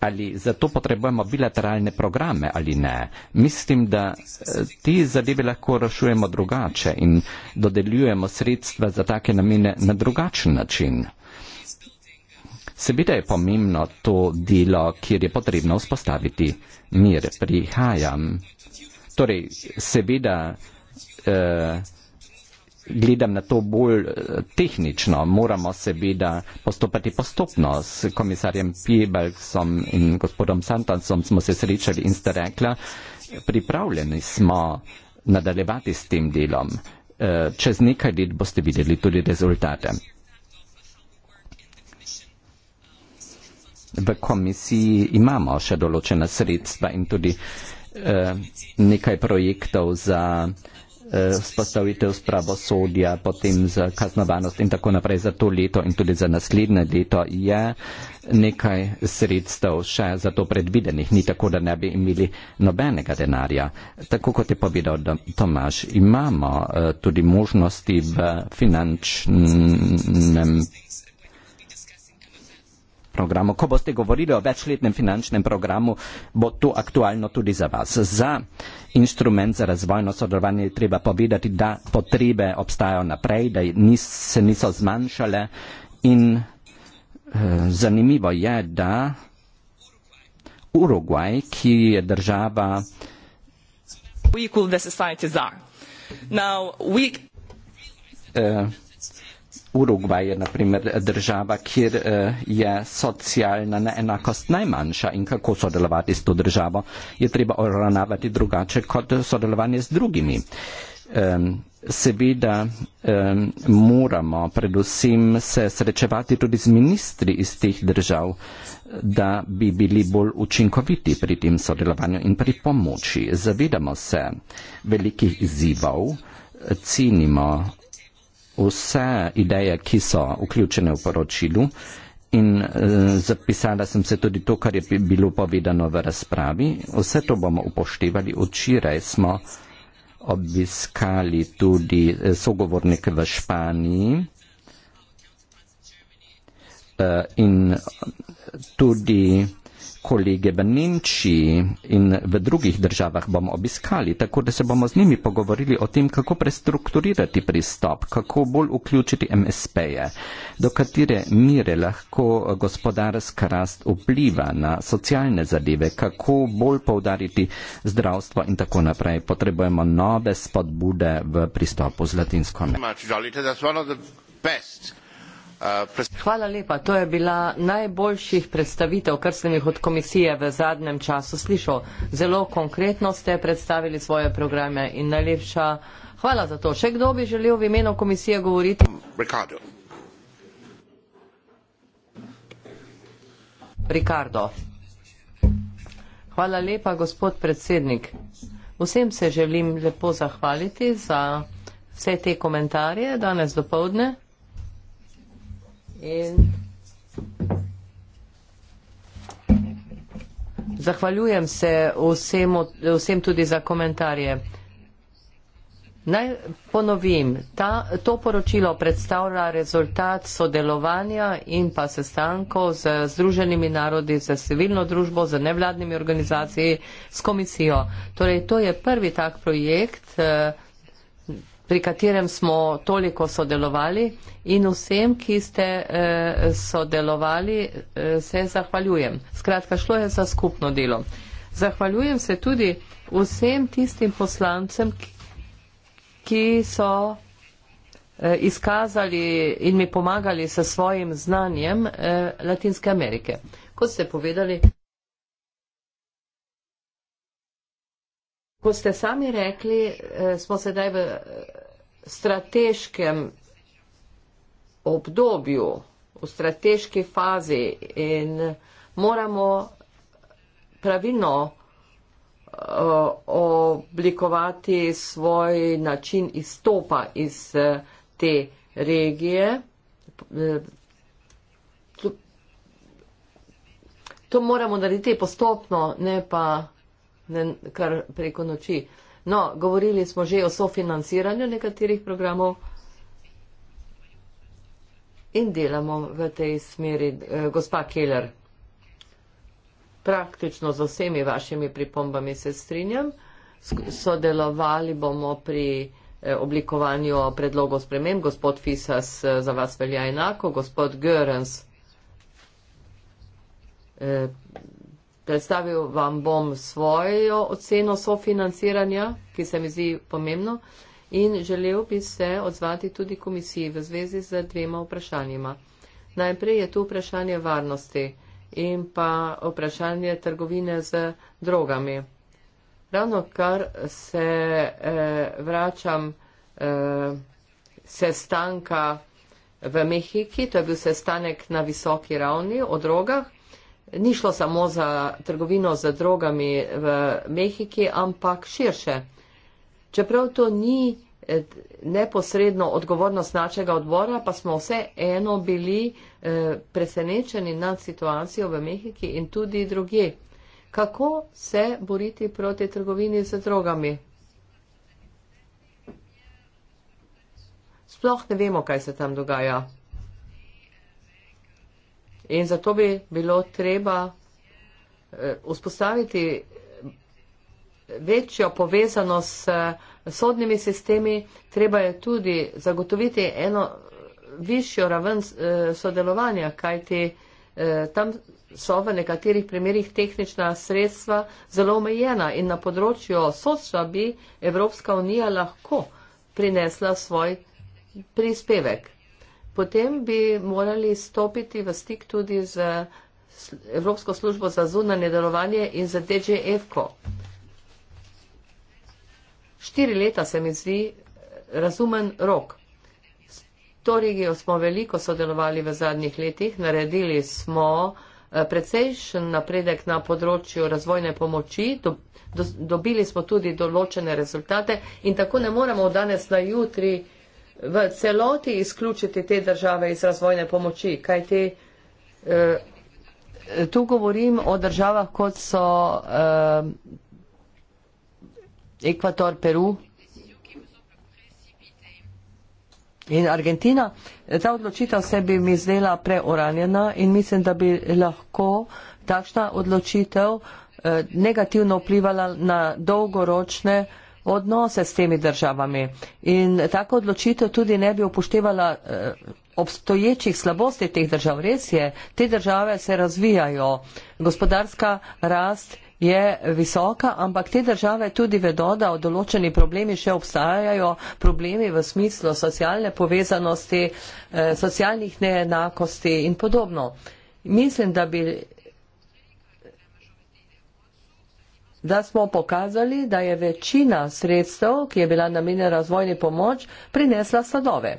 Ali zato potrebujemo bilateralne programe ali ne. Mislim, da eh, ti zadeve lahko rašujemo drugače in dodeljujemo sredstva za take namene na drugačen način. Seveda je pomembno to delo, kjer je potrebno vzpostaviti mir. Prihajam. Torej, seveda eh, gledam na to bolj eh, tehnično. Moramo seveda postopati postopno. S komisarjem Piebelksom in gospodom Santansom smo se srečali in ste rekla, pripravljeni smo nadaljevati s tem delom. Eh, čez nekaj let boste videli tudi rezultate. v komisiji imamo še določena sredstva in tudi eh, nekaj projektov za eh, vzpostavitev eh, spravosodja, potem za kaznovanost in tako naprej za to leto in tudi za naslednje leto je nekaj sredstev še za to predvidenih. Ni tako, da ne bi imeli nobenega denarja. Tako kot je povedal Tomaš, imamo eh, tudi možnosti v finančnem programu. Ko boste govorili o večletnem finančnem programu, bo to aktualno tudi za vas. Za inštrument za razvojno sodelovanje je treba povedati, da potrebe obstajajo naprej, da nis, se niso zmanjšale in eh, zanimivo je, da Urugvaj, ki je država. Now, we... eh, Urugvaj je naprimer država, kjer uh, je socialna neenakost najmanjša in kako sodelovati s to državo je treba oranavati drugače kot sodelovanje z drugimi. Um, seveda um, moramo predvsem se srečevati tudi z ministri iz teh držav, da bi bili bolj učinkoviti pri tem sodelovanju in pri pomoči. Zavedamo se velikih izzivov, cenimo vse ideje, ki so vključene v poročilu. In e, zapisala sem se tudi to, kar je bilo povedano v razpravi. Vse to bomo upoštevali. Včeraj smo obiskali tudi eh, sogovornike v Španiji e, in tudi kolege v Nemčiji in v drugih državah bomo obiskali, tako da se bomo z njimi pogovorili o tem, kako prestrukturirati pristop, kako bolj vključiti MSP-je, do katere mire lahko gospodarska rast vpliva na socialne zadeve, kako bolj povdariti zdravstvo in tako naprej. Potrebujemo nove spodbude v pristopu z latinsko. Much, Jolly, Hvala lepa. To je bila najboljših predstavitev, kar sem jih od komisije v zadnjem času slišal. Zelo konkretno ste predstavili svoje programe in najlepša hvala za to. Še kdo bi želel v imenu komisije govoriti? Ricardo. Ricardo. Hvala lepa, gospod predsednik. Vsem se želim lepo zahvaliti za vse te komentarje danes do povdne. In zahvaljujem se vsem, vsem tudi za komentarje. Naj ponovim, ta, to poročilo predstavlja rezultat sodelovanja in pa sestankov z Združenimi narodi, z civilno družbo, z nevladnimi organizacijami, s komisijo. Torej, to je prvi tak projekt. Eh, pri katerem smo toliko sodelovali in vsem, ki ste eh, sodelovali, eh, se zahvaljujem. Skratka, šlo je za skupno delo. Zahvaljujem se tudi vsem tistim poslancem, ki so eh, izkazali in mi pomagali s svojim znanjem Latinske Amerike. Kot ste povedali, Kot ste sami rekli, eh, smo sedaj v eh, strateškem obdobju, v strateški fazi in moramo pravilno eh, oblikovati svoj način izstopa iz te regije. To, to moramo narediti postopno, ne pa ne, kar preko noči. No, govorili smo že o sofinanciranju nekaterih programov in delamo v tej smeri. Eh, gospa Keller, praktično z vsemi vašimi pripombami se strinjam. Sodelovali bomo pri eh, oblikovanju predlogov sprememb. Gospod Fisas eh, za vas velja enako, gospod Görens. Eh, predstavil vam bom svojo oceno sofinanciranja, ki se mi zdi pomembno in želel bi se odzvati tudi komisiji v zvezi z dvema vprašanjima. Najprej je tu vprašanje varnosti in pa vprašanje trgovine z drogami. Ravno kar se eh, vračam eh, sestanka v Mehiki, to je bil sestanek na visoki ravni o drogah, ni šlo samo za trgovino z drogami v Mehiki, ampak širše. Čeprav to ni eh, neposredno odgovornost našega odbora, pa smo vse eno bili eh, presenečeni nad situacijo v Mehiki in tudi druge. Kako se boriti proti trgovini z drogami? Sploh ne vemo, kaj se tam dogaja. In zato bi bilo treba eh, vzpostaviti večjo povezanost s sodnimi sistemi, treba je tudi zagotoviti eno višjo raven eh, sodelovanja, kajti eh, tam so v nekaterih primerjih tehnična sredstva zelo omejena in na področju sodstva bi Evropska unija lahko prinesla svoj prispevek. Potem bi morali stopiti v stik tudi z Evropsko službo za zunanje delovanje in z DGF-ko. Štiri leta se mi zdi razumen rok. S to regijo smo veliko sodelovali v zadnjih letih, naredili smo eh, precejšen napredek na področju razvojne pomoči, do, do, dobili smo tudi določene rezultate in tako ne moremo danes na jutri v celoti izključiti te države iz razvojne pomoči, kaj te. Uh, tu govorim o državah, kot so uh, Ekvator, Peru in Argentina. Ta odločitev se bi mi zdela preoranjena in mislim, da bi lahko takšna odločitev uh, negativno vplivala na dolgoročne uh, odnose s temi državami. In tako odločitev tudi ne bi upoštevala eh, obstoječih slabosti teh držav. Res je, te države se razvijajo, gospodarska rast je visoka, ampak te države tudi vedo, da določeni problemi še obstajajo, problemi v smislu socialne povezanosti, eh, socialnih neenakosti in podobno. Mislim, da bi da smo pokazali, da je večina sredstev, ki je bila namenjena razvojni pomoč, prinesla sadove.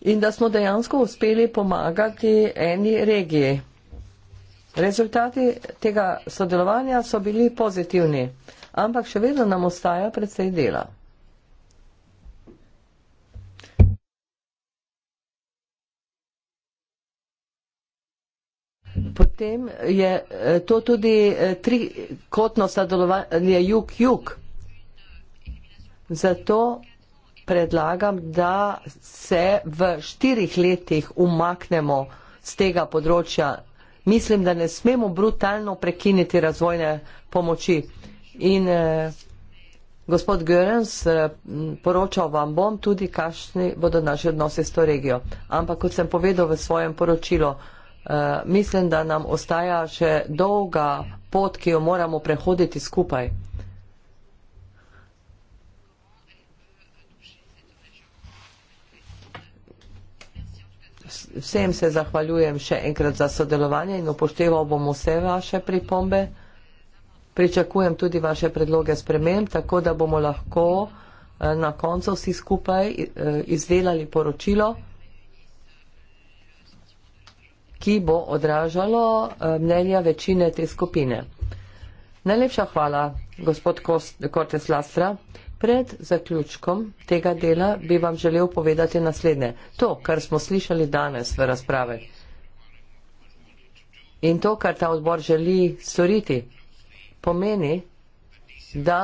In da smo dejansko uspeli pomagati eni regiji. Rezultati tega sodelovanja so bili pozitivni, ampak še vedno nam ostaja predvsej dela. potem je eh, to tudi eh, trikotno sodelovanje jug-jug. Zato predlagam, da se v štirih letih umaknemo z tega področja. Mislim, da ne smemo brutalno prekiniti razvojne pomoči. In eh, gospod Görens, eh, poročal vam bom tudi, kakšni bodo naši odnosi s to regijo. Ampak, kot sem povedal v svojem poročilu, Eh, mislim, da nam ostaja še dolga pot, ki jo moramo prehoditi skupaj. Vsem se zahvaljujem še enkrat za sodelovanje in upošteval bom vse vaše pripombe. Pričakujem tudi vaše predloge sprememb, tako da bomo lahko eh, na koncu vsi skupaj eh, izdelali poročilo ki bo odražalo eh, mnenja večine te skupine. Najlepša hvala, gospod Kortes Lastra. Pred zaključkom tega dela bi vam želel povedati naslednje. To, kar smo slišali danes v razprave in to, kar ta odbor želi storiti, pomeni, da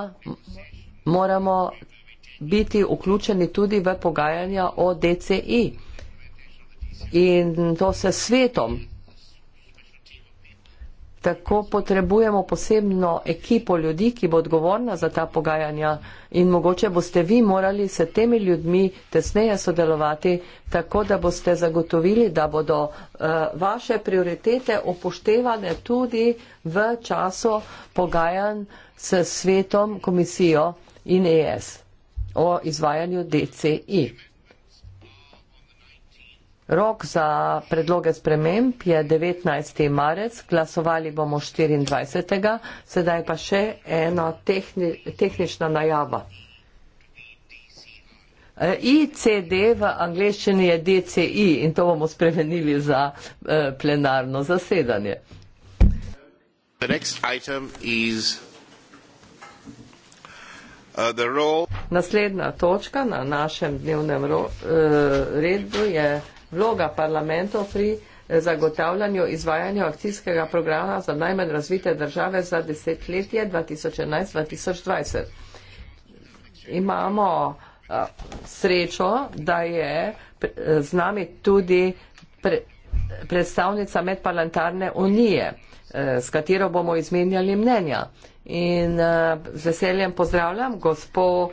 moramo biti vključeni tudi v pogajanja o DCI in to se svetom. Tako potrebujemo posebno ekipo ljudi, ki bo odgovorna za ta pogajanja in mogoče boste vi morali se temi ljudmi tesneje sodelovati, tako da boste zagotovili, da bodo uh, vaše prioritete upoštevane tudi v času pogajanj s svetom, komisijo in ES o izvajanju DCI. Rok za predloge sprememb je 19. marec, glasovali bomo 24. Sedaj pa še ena tehni, tehnična najava. E, ICD v angleščini je DCI e in to bomo spremenili za e, plenarno zasedanje. Uh, Naslednja točka na našem dnevnem redu je vloga parlamentov pri eh, zagotavljanju izvajanja akcijskega programa za najmanj razvite države za desetletje 2011-2020. Imamo eh, srečo, da je eh, z nami tudi pre, predstavnica medparlamentarne unije, s katero bomo izmenjali mnenja. In z veseljem pozdravljam gospo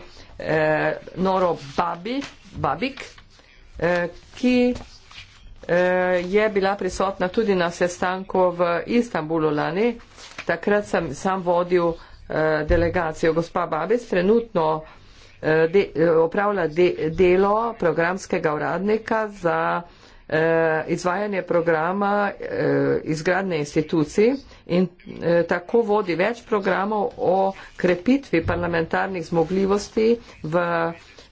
Noro Babi, Babik, Eh, ki eh, je bila prisotna tudi na sestanku v Istanbulu lani. Takrat sem sam vodil eh, delegacijo. Gospa Babes trenutno opravlja delo programskega uradnika za izvajanje programa izgradne institucije in tako vodi več programov o krepitvi parlamentarnih zmogljivosti v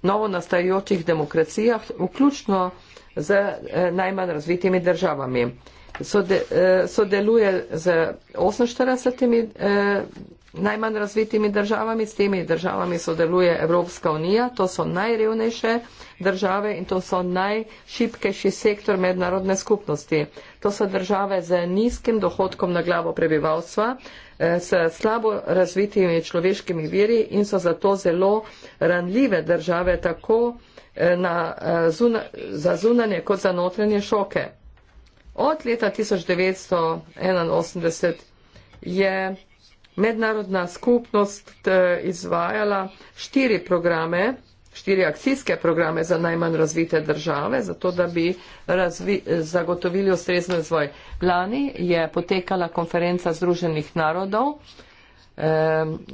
novo nastajajočih demokracijah, vključno z eh, najmanj razvitimi državami. Eh, sodeluje z 48 eh, najmanj razvitimi državami, s temi državami sodeluje Evropska unija, to so najrevnejše države in to so najšipkejši sektor mednarodne skupnosti. To so države z nizkim dohodkom na glavo prebivalstva, s slabo razvitimi človeškimi viri in so zato zelo ranljive države tako eh, na, eh, zuna, za zunanje kot za notranje šoke. Od leta 1981 je mednarodna skupnost eh, izvajala štiri programe štiri akcijske programe za najmanj razvite države, zato da bi razvi, zagotovili ustrezen razvoj. Lani je potekala konferenca Združenih narodov.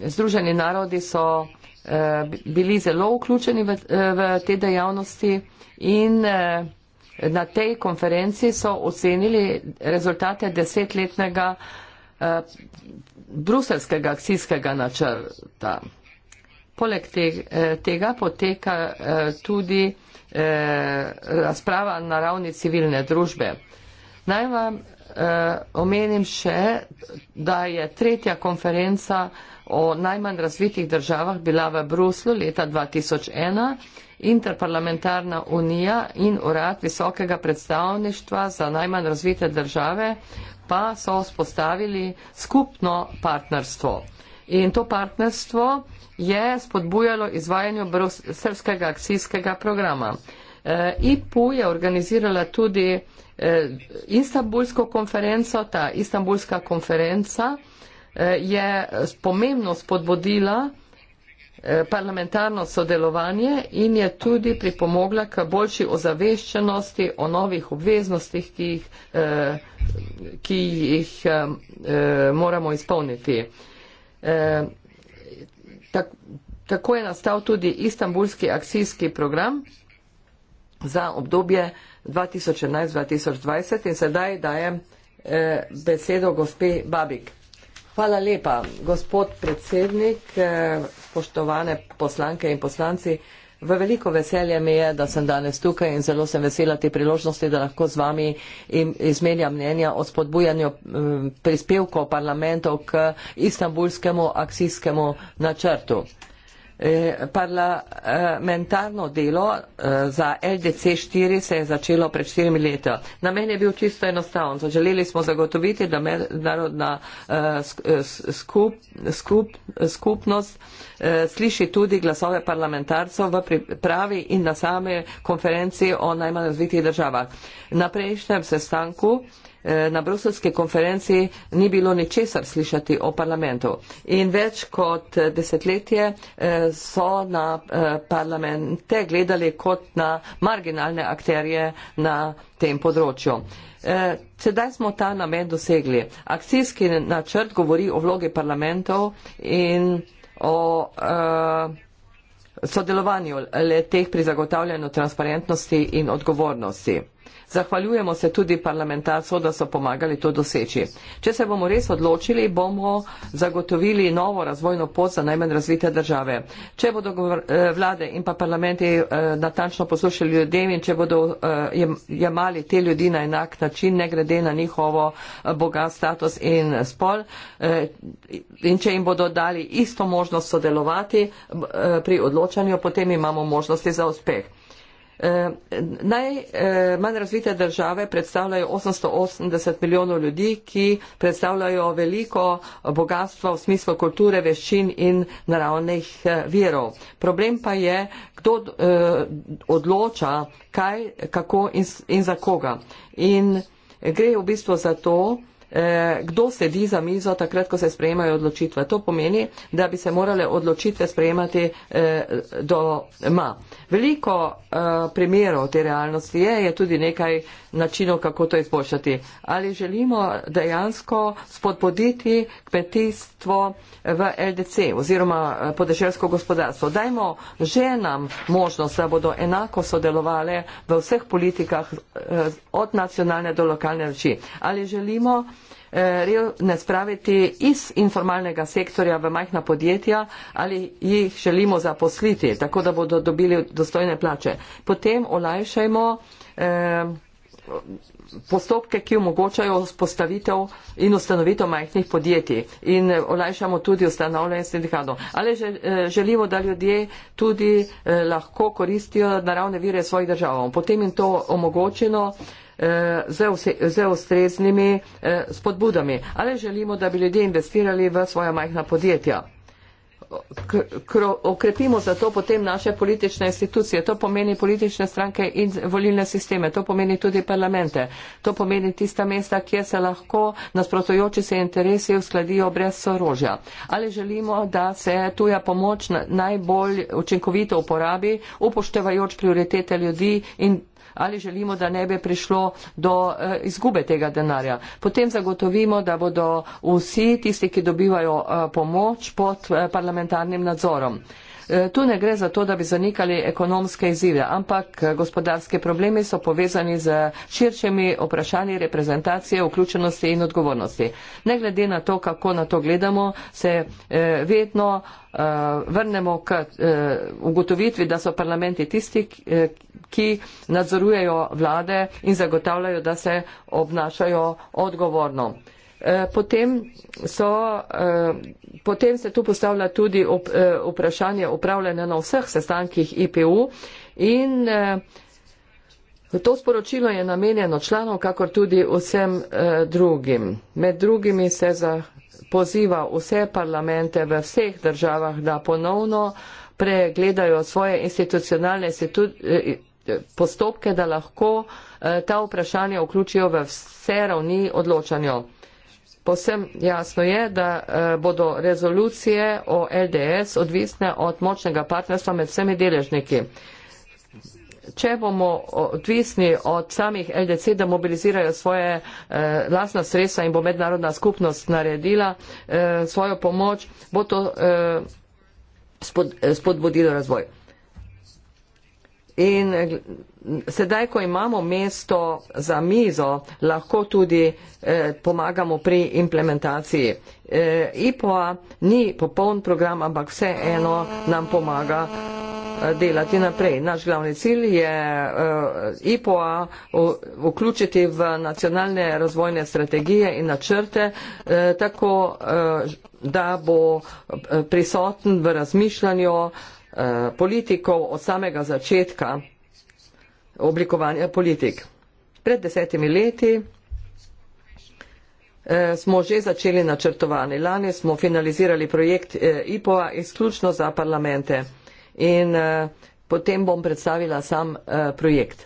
Združeni narodi so eh, bili zelo vključeni v, eh, v te dejavnosti in eh, na tej konferenci so ocenili rezultate desetletnega bruselskega akcijskega načrta. Poleg eh, tega poteka eh, tudi eh, razprava na ravni civilne družbe. Naj vam omenim še, da je tretja konferenca o najmanj razvitih državah bila v Bruslu leta 2001. Interparlamentarna unija in urad visokega predstavništva za najmanj razvite države pa so vzpostavili skupno partnerstvo. In to partnerstvo je spodbujalo izvajanje srpskega akcijskega programa. E, IPU je organizirala tudi e, istambulsko konferenco. Ta istambulska konferenca e, je pomembno spodbudila e, parlamentarno sodelovanje in je tudi pripomogla k boljši ozaveščenosti o novih obveznostih, ki jih, e, ki jih e, e moramo izpolniti. E, Eh, tako je nastal tudi istambulski akcijski program za obdobje 2011-2020 in sedaj dajem eh, besedo gospe Babik. Hvala lepa, gospod predsednik, eh, spoštovane poslanke in poslanci. V veliko veselje mi je, da sem danes tukaj in zelo sem vesela te priložnosti, da lahko z vami izmenjam mnenja o spodbujanju mm, prispevkov parlamentov k istambulskemu akcijskemu načrtu. Eh, parlamentarno delo eh, za LDC 4 se je začelo pred 4 leti. Namen je bil čisto enostaven. Želeli smo zagotoviti, da mednarodna eh, skup, skup, skupnost sliši tudi glasove parlamentarcev v pripravi in na same konferenci o najmanj razvitih državah. Na prejšnjem sestanku Eh, na bruselski konferenci ni bilo ničesar slišati o parlamentu. In več kot desetletje eh, so na eh, parlamente gledali kot na marginalne akterje na tem področju. Sedaj smo ta namen dosegli. Akcijski načrt govori o vlogi parlamentov in o sodelovanju le teh pri zagotavljanju transparentnosti in odgovornosti. Zahvaljujemo se tudi parlamentarcu, da so pomagali to doseči. Če se bomo res odločili, bomo zagotovili novo razvojno pot za najmanj razvite države. Če bodo eh, vlade in pa parlamenti eh, natančno poslušali ljudem in če bodo eh, jemali te ljudi na enak način, ne glede na njihovo boga, status in spol, in če jim bodo dali isto možnost sodelovati pri odločanju, potem imamo možnosti za uspeh. Eh, Najmanj eh, razvite države predstavljajo 880 milijonov ljudi, ki predstavljajo veliko bogatstva v smislu kulture, veščin in naravnih eh, virov. Problem pa je, kdo odloča, kaj, kako in za koga. In gre v bistvu za to, Eh, kdo sedi za mizo takrat, ko se sprejemajo odločitve. To pomeni, da bi se morale odločitve sprejemati eh, do ma. Veliko eh, primerov te realnosti je, je tudi nekaj načinov, kako to izboljšati. Ali želimo dejansko spodbuditi kmetijstvo v LDC oziroma podeželsko gospodarstvo? Dajmo ženam možnost, da bodo enako sodelovali v vseh politikah od nacionalne do lokalne reči. Ali želimo Eh, revne spraviti iz informalnega sektorja v majhna podjetja ali jih želimo zaposliti, tako da bodo dobili dostojne plače. Potem olajšajmo eh, postopke, ki omogočajo spostavitev in ustanovitev majhnih podjetij in olajšamo tudi ustanovljanje sindikatov. Ali eh, želimo, da ljudje tudi lahko koristijo naravne vire svojih držav. Potem jim to omogočeno. Eh, z ustreznimi eh, spodbudami. Ali želimo, da bi ljudje investirali v svoja majhna podjetja? okrepimo za to potem naše politične institucije. To pomeni politične stranke in volilne sisteme, to pomeni tudi parlamente, to pomeni tista mesta, kjer se lahko nasprotujoči se interesi uskladijo brez sorožja. Ali želimo, da se tuja pomoč najbolj učinkovito uporabi, upoštevajoč prioritete ljudi in ali želimo, da ne bi prišlo do eh, izgube tega denarja. Potem zagotovimo, da bodo vsi tisti, ki dobivajo eh, pomoč pod eh, parlamentarnim nadzorom. Tu ne gre za to, da bi zanikali ekonomske izzive, ampak gospodarske probleme so povezani z širšimi vprašanji reprezentacije, vključenosti in odgovornosti. Ne glede na to, kako na to gledamo, se vedno vrnemo k ugotovitvi, da so parlamenti tisti, ki nadzorujejo vlade in zagotavljajo, da se obnašajo odgovorno. E, potem, so, e, potem se tu postavlja tudi e, vprašanje upravljanja na vseh sestankih IPU in to sporočilo je namenjeno članom, kakor tudi vsem drugim. Med drugimi se poziva vse parlamente v vseh državah, da ponovno pregledajo svoje institucionalne institucije postopke, da lahko eh, ta vprašanja vključijo v vse ravni odločanja. Posem jasno je, da eh, bodo rezolucije o LDS odvisne od močnega partnerstva med vsemi deležniki. Če bomo odvisni od samih LDC, da mobilizirajo svoje eh, lasna sredstva in bo mednarodna skupnost naredila eh, svojo pomoč, bo to eh, spod, spodbudilo razvoj. In eh, sedaj, ko imamo mesto za mizo, lahko tudi eh, pomagamo pri implementaciji. Eh, IPOA ni popoln program, ampak vseeno nam pomaga eh, delati naprej. Naš glavni cilj je eh, IPOA vključiti v nacionalne razvojne strategije in načrte, eh, tako eh, da bo eh, prisoten v razmišljanju. Eh, Eh, politikov od samega začetka oblikovanja politik. Pred desetimi leti eh, smo že začeli načrtovanje. Lani smo finalizirali projekt eh, IPO-a izključno za parlamente in potem bom predstavila sam projekt.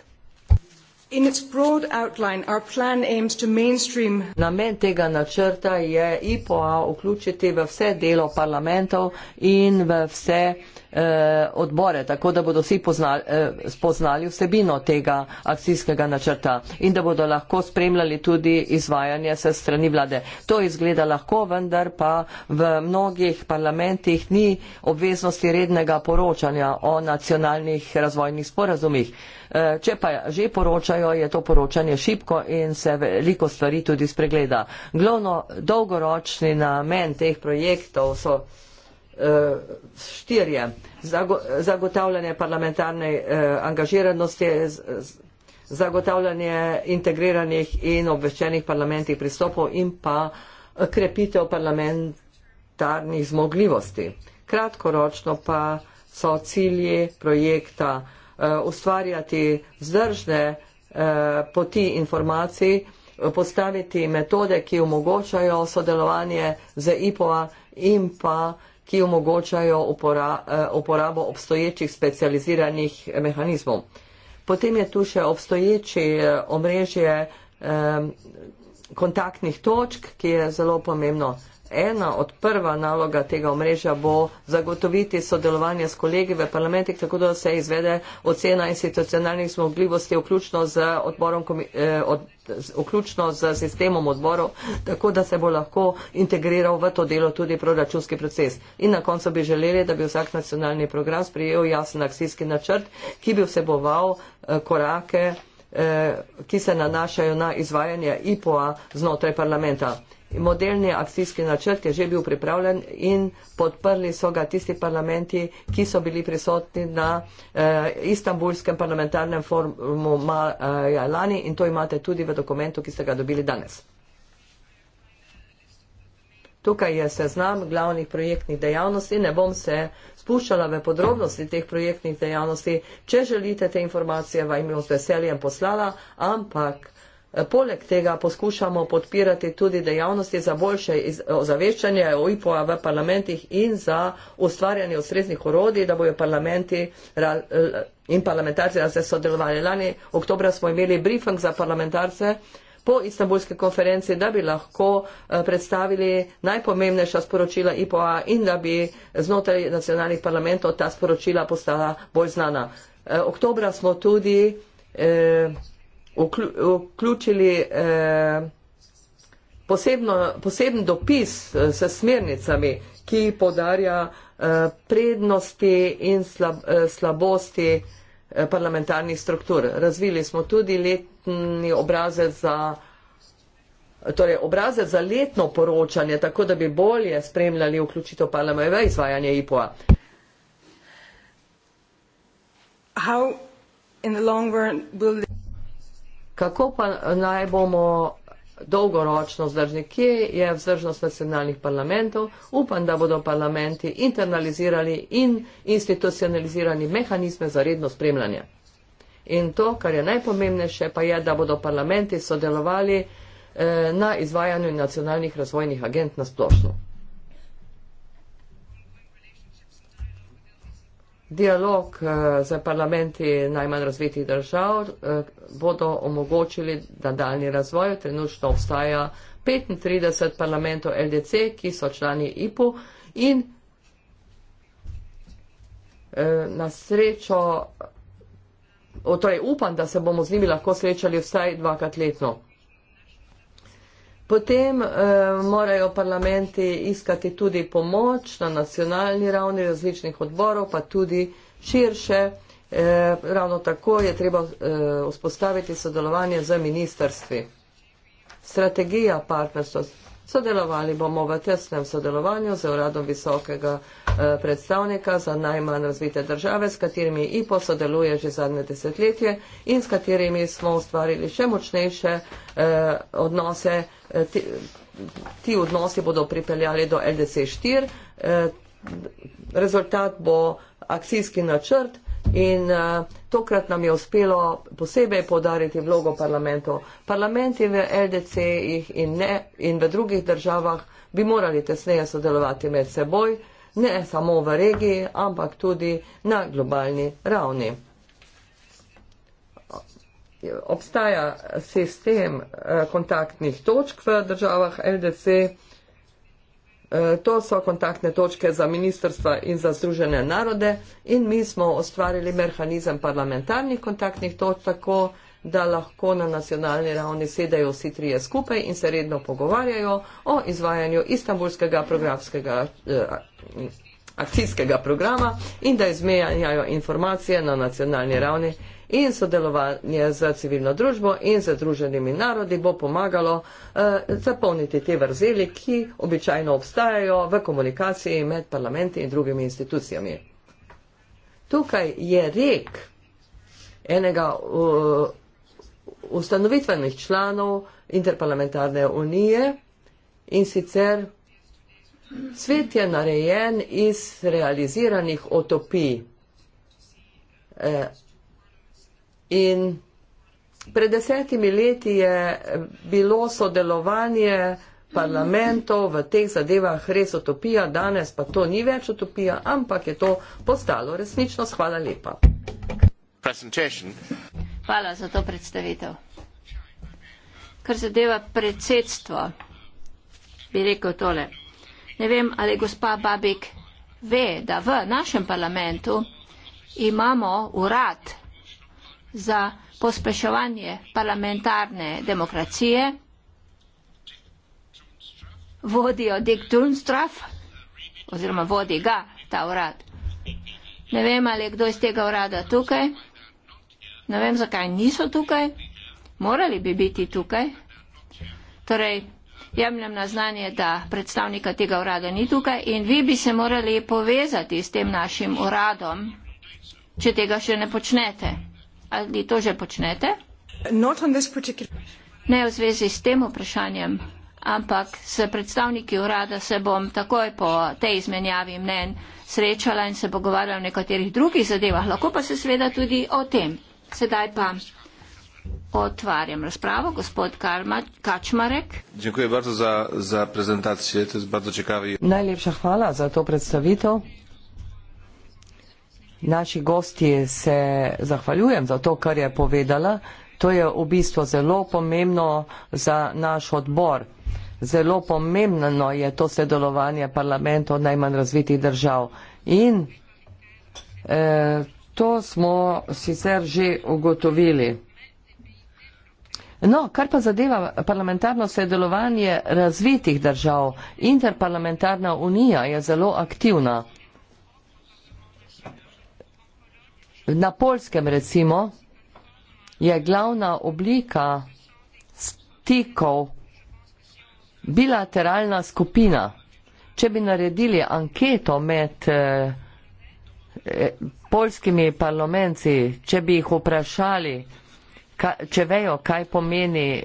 Mainstream... Namen tega načrta je IPO-a vključiti v vse delo parlamentov in v vse uh, eh, odbore, tako da bodo vsi poznali, eh, spoznali vsebino tega akcijskega načrta in da bodo lahko spremljali tudi izvajanje se strani vlade. To izgleda lahko, vendar pa v mnogih parlamentih ni obveznosti rednega poročanja o nacionalnih razvojnih sporazumih. Eh, če pa že poročajo, je to poročanje šipko in se veliko stvari tudi spregleda. Glavno dolgoročni namen teh projektov so štirje. Zagotavljanje parlamentarne eh, angažiranosti, zagotavljanje integriranih in obveščenih parlamentih pristopov in pa eh, krepitev parlamentarnih zmogljivosti. Kratkoročno pa so cilji projekta eh, ustvarjati vzdržne poti informacij, postaviti metode, ki omogočajo sodelovanje z IPO-a in pa ki omogočajo upora, eh, uporabo obstoječih specializiranih mehanizmov. Potem je tu še obstoječe eh, omrežje eh, kontaktnih točk, ki je zelo pomembno ena od prva naloga tega omrežja bo zagotoviti sodelovanje s kolegi v parlamentih, tako da se izvede ocena institucionalnih zmogljivosti, vključno z odborom. Eh, od vključno z sistemom odborov, tako da se bo lahko integriral v to delo tudi proračunski proces. In na koncu bi želeli, da bi vsak nacionalni program sprijel jasen akcijski načrt, ki bi vseboval eh, korake, eh, ki se nanašajo na izvajanje IPO-a znotraj parlamenta modelni akcijski načrt je že bil pripravljen in podprli so ga tisti parlamenti, ki so bili prisotni na eh, istambulskem parlamentarnem forumu eh, lani in to imate tudi v dokumentu, ki ste ga dobili danes. Tukaj je seznam glavnih projektnih dejavnosti. Ne bom se spuščala v podrobnosti teh projektnih dejavnosti. Če želite te informacije, vam jih bom z veseljem poslala, ampak Poleg tega poskušamo podpirati tudi dejavnosti za boljše ozaveščanje o IPO-a v parlamentih in za ustvarjanje ustreznih orodij, da bojo parlamenti eh, in parlamentarci se sodelovali. Lani oktobra smo imeli briefing za parlamentarce po istambulski konferenci, da bi lahko eh, predstavili najpomembnejša sporočila IPO-a in da bi znotraj nacionalnih parlamentov ta sporočila postala bolj znana. Eh, oktobra smo tudi eh, vključili eh, posebno, poseben dopis eh, s smernicami, ki podarja eh, prednosti in slab, slabosti parlamentarnih struktur. Razvili smo tudi letni obrazec za, torej obrazec za letno poročanje, tako da bi bolje spremljali vključitev parlamenta v izvajanje IPO-a. How in the long run will Kako pa naj bomo dolgoročno vzdržni? Kje je vzdržnost nacionalnih parlamentov? Upam, da bodo parlamenti internalizirali in institucionalizirali mehanizme za redno spremljanje. In to, kar je najpomembnejše, pa je, da bodo parlamenti sodelovali eh, na izvajanju nacionalnih razvojnih agent na splošno. Dialog eh, z parlamenti najmanj razvitih držav eh, bodo omogočili nadaljni razvoj. Trenutno obstaja 35 parlamentov LDC, ki so člani IPU in eh, na srečo, o, torej upam, da se bomo z njimi lahko srečali vsaj dvakrat letno. Potem eh, morajo parlamenti iskati tudi pomoč na nacionalni ravni različnih odborov, pa tudi širše. Eh, ravno tako je treba eh, vzpostaviti sodelovanje z ministerstvi. Strategija partnerstva Sodelovali bomo v tesnem sodelovanju z uradom visokega eh, predstavnika za najmanj razvite države, s katerimi IPO sodeluje že zadnje desetletje in s katerimi smo ustvarili še močnejše eh, odnose. Eh, ti odnosi bodo pripeljali do LDC 4. Rezultat bo akcijski načrt In uh, tokrat nam je uspelo posebej podariti vlogo parlamentov. Parlamenti v LDC jih in, ne, in v drugih državah bi morali tesneje sodelovati med seboj, ne samo v regiji, ampak tudi na globalni ravni. Obstaja sistem uh, kontaktnih točk v državah LDC. Uh, E, to so kontaktne točke za ministrstva in za združene narode in mi smo ustvarili mehanizem parlamentarnih kontaktnih točk tako, da lahko na nacionalni ravni sedajo vsi trije skupaj in se redno pogovarjajo o izvajanju istambulskega programskega e, akcijskega programa in da izmejanjajo informacije na nacionalni ravni in sodelovanje z civilno družbo in z druženimi narodi bo pomagalo eh, zapolniti te vrzeli, ki običajno obstajajo v komunikaciji med parlamenti in drugimi institucijami. Tukaj je rek enega uh, ustanovitvenih članov Interparlamentarne unije in sicer svet je narejen iz realiziranih utopij. Eh, In pred desetimi leti je bilo sodelovanje parlamentov v teh zadevah res utopija, danes pa to ni več utopija, ampak je to postalo resničnost. Hvala lepa. Hvala za to predstavitev. Kar zadeva predsedstvo, bi rekel tole. Ne vem, ali gospa Babik ve, da v našem parlamentu imamo urad za pospeševanje parlamentarne demokracije vodijo Dick Dunstraff oziroma vodi ga ta urad. Ne vem, ali je kdo iz tega urada tukaj. Ne vem, zakaj niso tukaj. Morali bi biti tukaj. Torej, jemljem na znanje, da predstavnika tega urada ni tukaj in vi bi se morali povezati s tem našim uradom, če tega še ne počnete. Ali to že počnete? Ne v zvezi s tem vprašanjem, ampak s predstavniki urada se bom takoj po tej izmenjavi mnen srečala in se pogovarjala o nekaterih drugih zadevah. Lahko pa se sveda tudi o tem. Sedaj pa otvarjam razpravo. Gospod Karma, Kačmarek. Za, za Najlepša hvala za to predstavitev. Naši gosti se zahvaljujem za to, kar je povedala. To je v bistvu zelo pomembno za naš odbor. Zelo pomembno je to sedelovanje parlamentov najmanj razvitih držav. In eh, to smo sicer že ugotovili. No, kar pa zadeva parlamentarno sedelovanje razvitih držav, interparlamentarna unija je zelo aktivna. na polskem recimo je glavna oblika stikov bilateralna skupina. Če bi naredili anketo med eh, eh, polskimi parlamenti, če bi jih vprašali, če vejo, kaj pomeni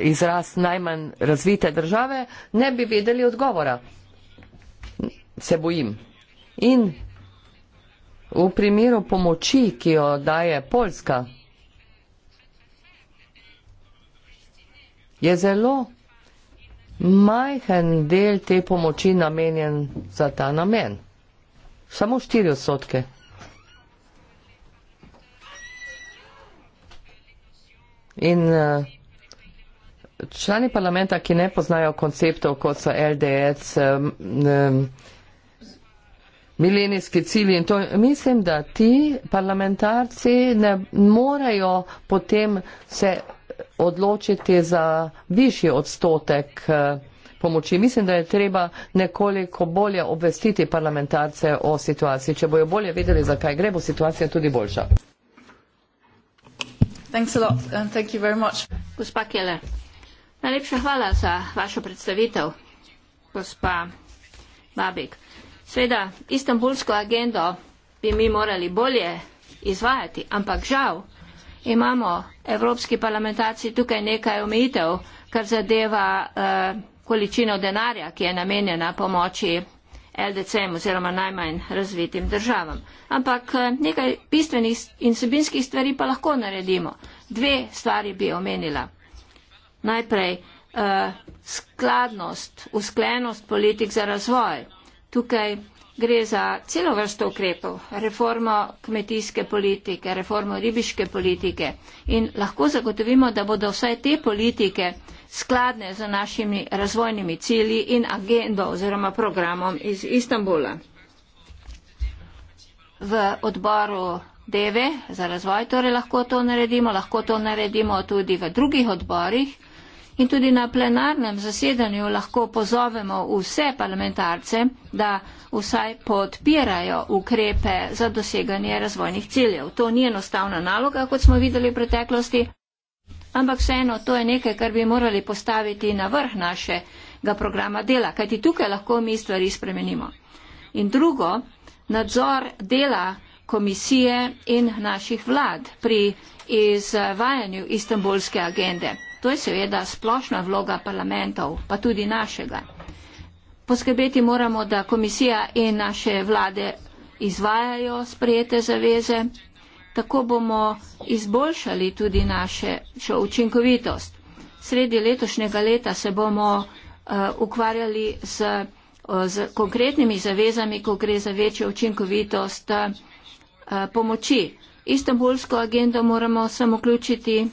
izraz najmanj razvite države, ne bi vedeli odgovora. Se bojim. In v primeru pomoči, ki jo daje Poljska, je zelo majhen del te pomoči namenjen za ta namen. Samo štiri odstotke. In eh, člani parlamenta, ki ne poznajo konceptov, kot so LDC, um, um, milenijski cilj in to mislim, da ti parlamentarci ne morejo potem se odločiti za višji odstotek eh, pomoči. Mislim, da je treba nekoliko bolje obvestiti parlamentarce o situaciji. Če bojo bolje vedeli, zakaj gre, bo situacija tudi boljša. Gospa Keller, najlepša hvala za vašo predstavitev, gospa Babik. Seveda, istambulsko agendo bi mi morali bolje izvajati, ampak žal imamo evropski parlamentarci tukaj nekaj omejitev, kar zadeva uh, količino denarja, ki je namenjena pomoči LDC-jem oziroma najmanj razvitim državam. Ampak eh, nekaj bistvenih in subinskih stvari pa lahko naredimo. Dve stvari bi omenila. Najprej uh, skladnost, usklenost politik za razvoj. Tukaj gre za celo vrsto ukrepov, reformo kmetijske politike, reformo ribiške politike in lahko zagotovimo, da bodo vsaj te politike skladne z našimi razvojnimi cilji in agendo oziroma programom iz Istanbula. V odboru DV za razvoj torej lahko to naredimo, lahko to naredimo tudi v drugih odborih. In tudi na plenarnem zasedanju lahko pozovemo vse parlamentarce, da vsaj podpirajo ukrepe za doseganje razvojnih ciljev. To ni enostavna naloga, kot smo videli v preteklosti, ampak vseeno to je nekaj, kar bi morali postaviti na vrh našega programa dela, kajti tukaj lahko mi stvari spremenimo. In drugo, nadzor dela komisije in naših vlad pri izvajanju istambulske agende. To je seveda splošna vloga parlamentov, pa tudi našega. Poskrbeti moramo, da komisija in naše vlade izvajajo sprejete zaveze, tako bomo izboljšali tudi našo učinkovitost. Sredi letošnjega leta se bomo uh, ukvarjali z, uh, z konkretnimi zavezami, ko gre za večjo učinkovitost uh, pomoči. Istanbulsko agendo moramo samo vključiti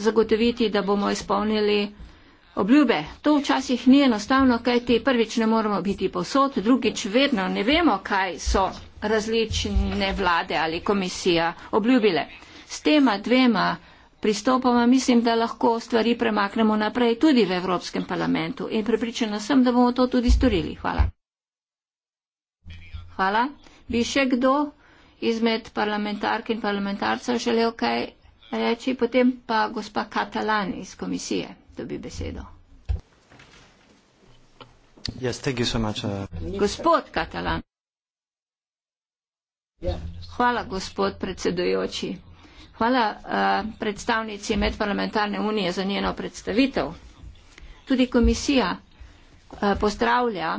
zagotoviti, da bomo izpolnili obljube. To včasih ni enostavno, kajti prvič ne moramo biti posod, drugič vedno ne vemo, kaj so različne vlade ali komisija obljubile. S tema dvema pristopoma mislim, da lahko stvari premaknemo naprej tudi v Evropskem parlamentu in prepričana sem, da bomo to tudi storili. Hvala. Hvala. Bi še kdo izmed parlamentark in parlamentarcev želel kaj reči, potem pa gospa Katalan iz komisije dobi besedo. Yes, thank you so much. Uh... Gospod Katalan. Ja. Hvala, gospod predsedujoči. Hvala uh, predstavnici Medparlamentarne unije za njeno predstavitev. Tudi komisija uh, pozdravlja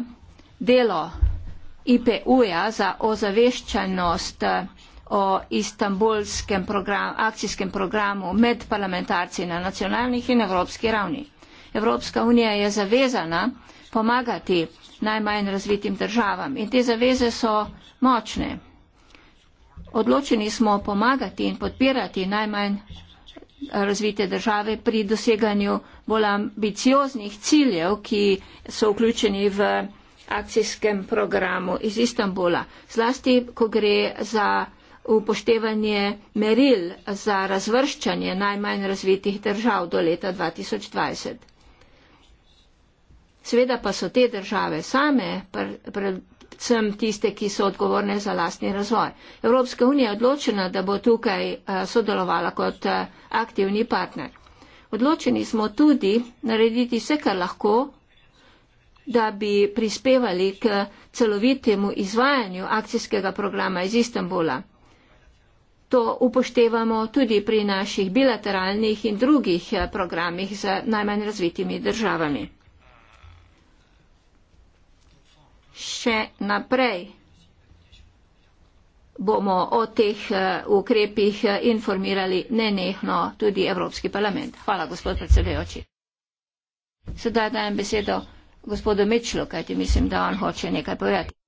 delo IPU-ja za ozaveščanost uh, o istanbulskem program, akcijskem programu med parlamentarci na nacionalnih in evropski ravni. Evropska unija je zavezana pomagati najmanj razvitim državam in te zaveze so močne. Odločeni smo pomagati in podpirati najmanj razvite države pri doseganju bolj ambicioznih ciljev, ki so vključeni v akcijskem programu iz Istanbula. Zlasti, ko gre za upoštevanje meril za razvrščanje najmanj razvitih držav do leta 2020. Sveda pa so te države same, predvsem tiste, ki so odgovorne za lastni razvoj. Evropska unija je odločena, da bo tukaj eh, sodelovala kot eh, aktivni partner. Odločeni smo tudi narediti vse, kar lahko, da bi prispevali k celovitemu izvajanju akcijskega programa iz Istanbula. To upoštevamo tudi pri naših bilateralnih in drugih eh, programih z najmanj razvitimi državami. Še naprej bomo o teh eh, ukrepih eh, informirali nenehno tudi Evropski parlament. Hvala, gospod predsedujoči. Sedaj dajem besedo gospodu Mečlu, kajti mislim, da on hoče nekaj povedati.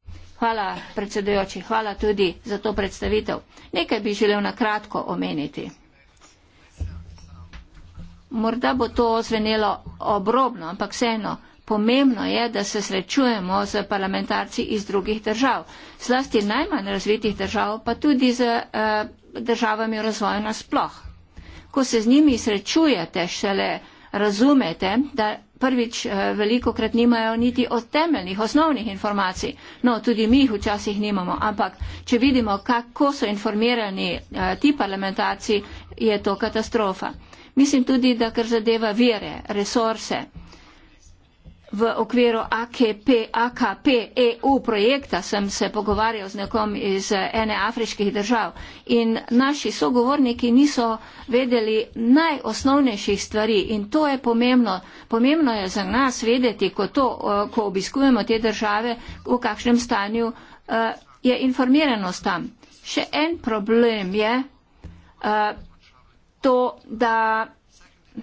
Hvala predsedujoči, hvala tudi za to predstavitev. Nekaj bi želel na kratko omeniti. Morda bo to zvenelo obrobno, ampak vseeno. Pomembno je, da se srečujemo z parlamentarci iz drugih držav, zlasti najmanj razvitih držav, pa tudi z eh, državami razvoja nasploh. Ko se z njimi srečujete, šele razumete, da prvič eh, veliko krat nimajo niti od temeljnih, osnovnih informacij. No, tudi mi jih včasih nimamo, ampak če vidimo, kako so informirani eh, ti parlamentarci, je to katastrofa. Mislim tudi, da kar zadeva vire, resurse v okviru AKP, AKP EU projekta sem se pogovarjal z nekom iz ene afriških držav in naši sogovorniki niso vedeli najosnovnejših stvari in to je pomembno. Pomembno je za nas vedeti, ko, to, ko obiskujemo te države, v kakšnem stanju e, je informiranost tam. Še en problem je e, to, da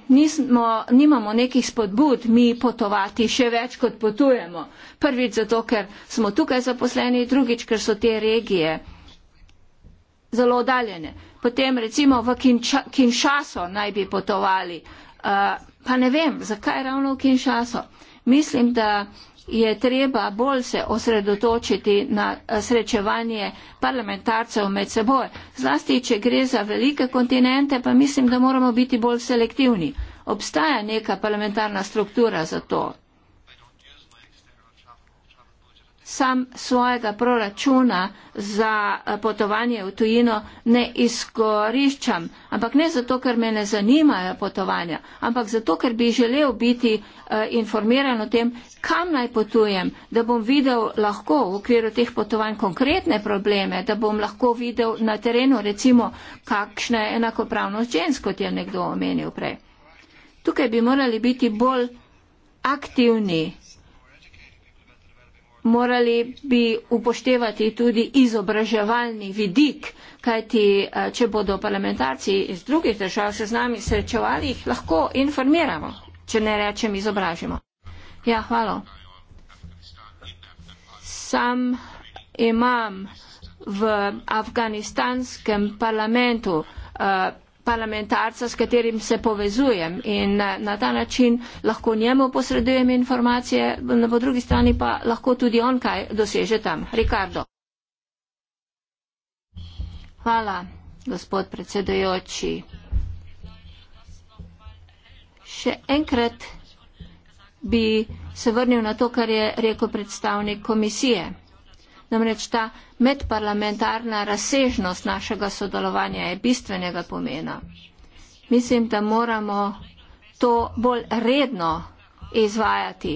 Nismo, nimamo nekih spodbud mi potovati še več, kot potujemo. Prvič zato, ker smo tukaj zaposleni, drugič, ker so te regije zelo oddaljene. Potem recimo v Kinša, Kinšaso naj bi potovali. Uh, pa ne vem, zakaj ravno v Kinšaso. Mislim, da je treba bolj se osredotočiti na eh, srečevanje parlamentarcev med seboj. Zlasti, če gre za velike kontinente, pa mislim, da moramo biti bolj selektivni. Obstaja neka parlamentarna struktura za to sam svojega proračuna za eh, potovanje v tujino ne izkoriščam, ampak ne zato, ker me ne zanimajo potovanja, ampak zato, ker bi želel biti eh, informiran o tem, kam naj potujem, da bom videl lahko v okviru teh potovanj konkretne probleme, da bom lahko videl na terenu recimo, kakšna je enakopravnost žensk, kot je nekdo omenil prej. Tukaj bi morali biti bolj aktivni morali bi upoštevati tudi izobraževalni vidik, kajti eh, če bodo parlamentarci iz drugih držav se z nami srečevali, jih lahko informiramo, če ne rečem izobražimo. Ja, hvala. Sam imam v afganistanskem parlamentu uh, parlamentarca, s katerim se povezujem in eh, na ta način lahko njemu posredujem informacije, na po drugi strani pa lahko tudi on kaj doseže tam. Ricardo. Hvala, gospod predsedujoči. Še enkrat bi se vrnil na to, kar je rekel predstavnik komisije. Namreč ta medparlamentarna razsežnost našega sodelovanja je bistvenega pomena. Mislim, da moramo to bolj redno izvajati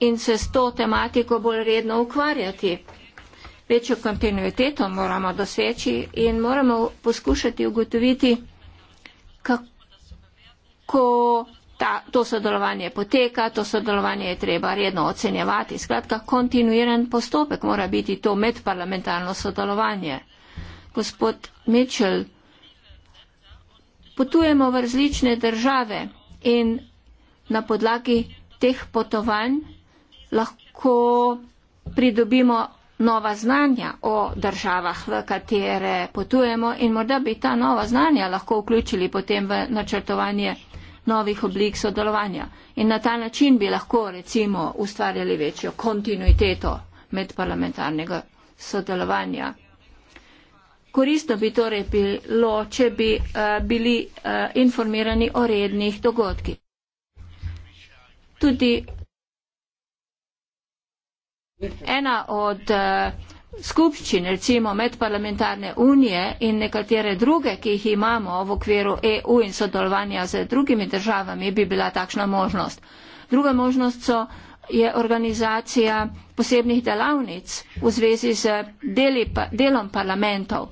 in se s to tematiko bolj redno ukvarjati. Večjo kontinuiteto moramo doseči in moramo poskušati ugotoviti, kako ta, to sodelovanje poteka, to sodelovanje je treba redno ocenjevati. Skratka, kontinuiran postopek mora biti to medparlamentarno sodelovanje. Gospod Mitchell, potujemo v različne države in na podlagi teh potovanj lahko pridobimo nova znanja o državah, v katere potujemo in morda bi ta nova znanja lahko vključili potem v načrtovanje novih oblik sodelovanja. In na ta način bi lahko recimo ustvarjali večjo kontinuiteto medparlamentarnega sodelovanja. Koristno bi torej bilo, če bi uh, bili uh, informirani o rednih dogodkih. Tudi ena od uh, skupščin, recimo medparlamentarne unije in nekatere druge, ki jih imamo v okviru EU in sodelovanja z drugimi državami, bi bila takšna možnost. Druga možnost so, je organizacija posebnih delavnic v zvezi z deli, delom parlamentov.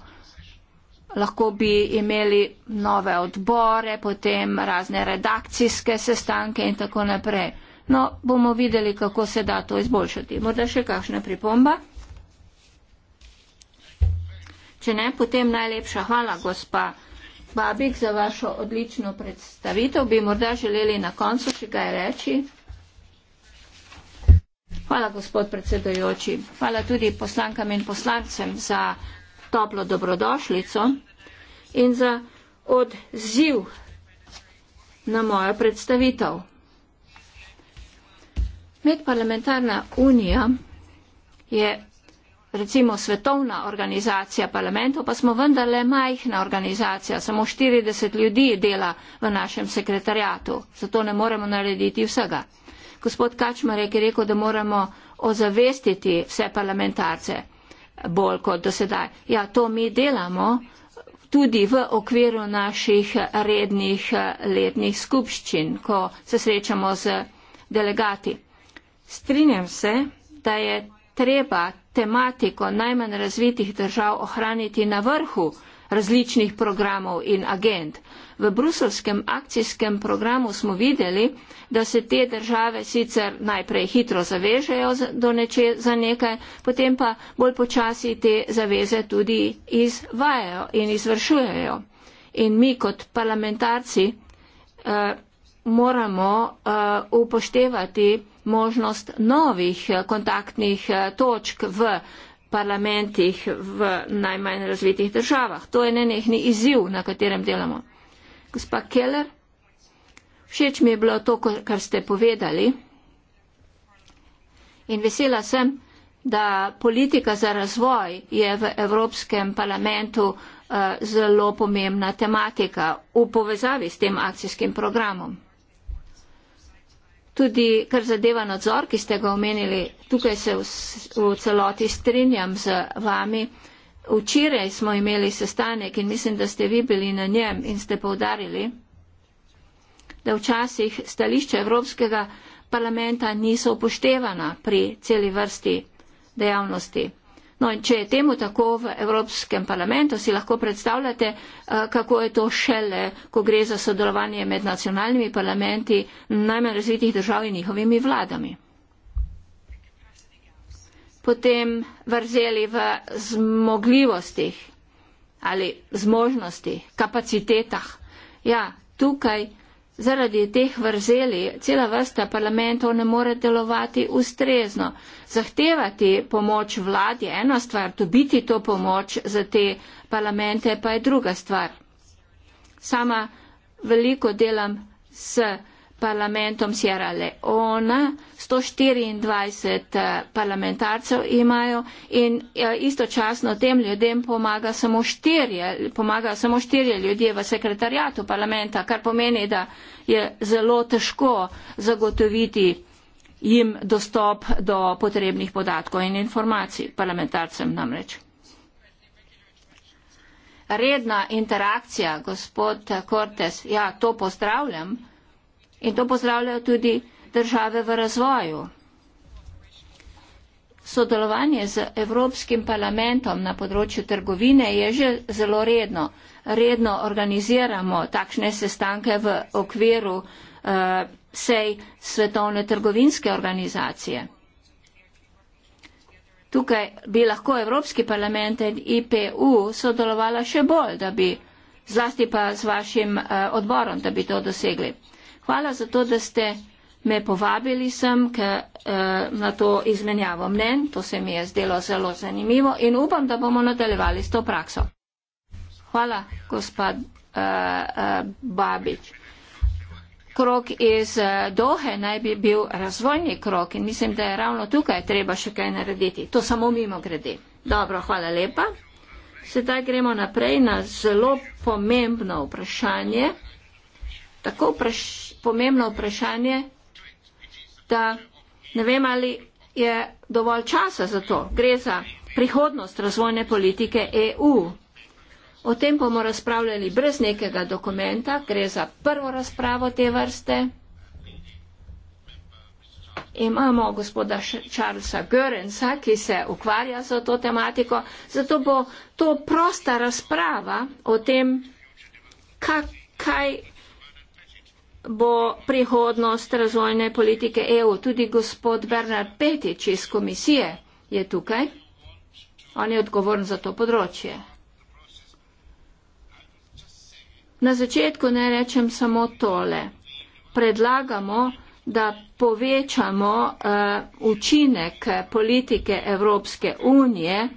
Lahko bi imeli nove odbore, potem razne redakcijske sestanke in tako naprej. No, bomo videli, kako se da to izboljšati. Morda še kakšna pripomba? Če ne, potem najlepša hvala, gospa Babik, za vašo odlično predstavitev. Bi morda želeli na koncu še kaj reči. Hvala, gospod predsedojoči. Hvala tudi poslankam in poslancem za toplo dobrodošlico in za odziv na mojo predstavitev. Medparlamentarna unija je recimo svetovna organizacija parlamentov, pa smo vendarle majhna organizacija, samo 40 ljudi dela v našem sekretarjatu, zato ne moremo narediti vsega. Gospod Kačmar je rekel, da moramo ozavestiti vse parlamentarce bolj kot do sedaj. Ja, to mi delamo tudi v okviru naših rednih letnih skupščin, ko se srečamo z delegati. Strinjam se, da je treba tematiko najmanj razvitih držav ohraniti na vrhu različnih programov in agent. V bruselskem akcijskem programu smo videli, da se te države sicer najprej hitro zavežejo za, neče, za nekaj, potem pa bolj počasi te zaveze tudi izvajajo in izvršujejo. In mi kot parlamentarci eh, moramo eh, upoštevati možnost novih eh, kontaktnih eh, točk v parlamentih v najmanj razvitih državah. To je nenehni izziv, na katerem delamo. Gospa Keller, všeč mi je bilo to, kar ste povedali. In vesela sem, da politika za razvoj je v Evropskem parlamentu uh, zelo pomembna tematika v povezavi s tem akcijskim programom tudi kar zadeva nadzor, ki ste ga omenili, tukaj se v, v celoti strinjam z vami. Včeraj smo imeli sestanek in mislim, da ste vi bili na njem in ste povdarili, da včasih stališče Evropskega parlamenta niso upoštevana pri celi vrsti dejavnosti. No in če je temu tako v Evropskem parlamentu, si lahko predstavljate, eh, kako je to šele, ko gre za sodelovanje med nacionalnimi parlamenti najmanj razvitih držav in njihovimi vladami. Potem vrzeli v zmogljivostih ali zmožnostih, kapacitetah. Ja, tukaj Zaradi teh vrzeli cela vrsta parlamentov ne more delovati ustrezno. Zahtevati pomoč vlad je ena stvar, dobiti to pomoč za te parlamente pa je druga stvar. Sama veliko delam s parlamentom Sierra Leona, 124 eh, parlamentarcev imajo in eh, istočasno tem ljudem pomaga samo štirje, pomagajo samo štirje ljudje v sekretarjatu parlamenta, kar pomeni, da je zelo težko zagotoviti jim dostop do potrebnih podatkov in informacij parlamentarcem namreč. Redna interakcija, gospod Kortes, ja, to pozdravljam. In to pozdravljajo tudi države v razvoju. Sodelovanje z Evropskim parlamentom na področju trgovine je že zelo redno. Redno organiziramo takšne sestanke v okviru uh, sej svetovne trgovinske organizacije. Tukaj bi lahko Evropski parlament in IPU sodelovala še bolj, da bi zlasti pa z vašim uh, odborom, da bi to dosegli. Hvala za to, da ste me povabili sem k, eh, na to izmenjavo mnen. To se mi je zdelo zelo zanimivo in upam, da bomo nadaljevali s to prakso. Hvala, gospod uh, eh, uh, eh, Babič. Krok iz Dohe naj bi bil razvojni krok in mislim, da je ravno tukaj treba še kaj narediti. To samo mimo grede. Dobro, hvala lepa. Sedaj gremo naprej na zelo pomembno vprašanje. Tako vprašanje pomembno vprašanje, da ne vem, ali je dovolj časa za to. Gre za prihodnost razvojne politike EU. O tem bomo razpravljali brez nekega dokumenta. Gre za prvo razpravo te vrste. Imamo gospoda Charlesa Görensa, ki se ukvarja z to tematiko. Zato bo to prosta razprava o tem, kaj, kaj bo prihodnost razvojne politike EU. Tudi gospod Bernard Petič iz komisije je tukaj. On je odgovoren za to področje. Na začetku ne rečem samo tole. Predlagamo, da povečamo uh, učinek politike Evropske unije,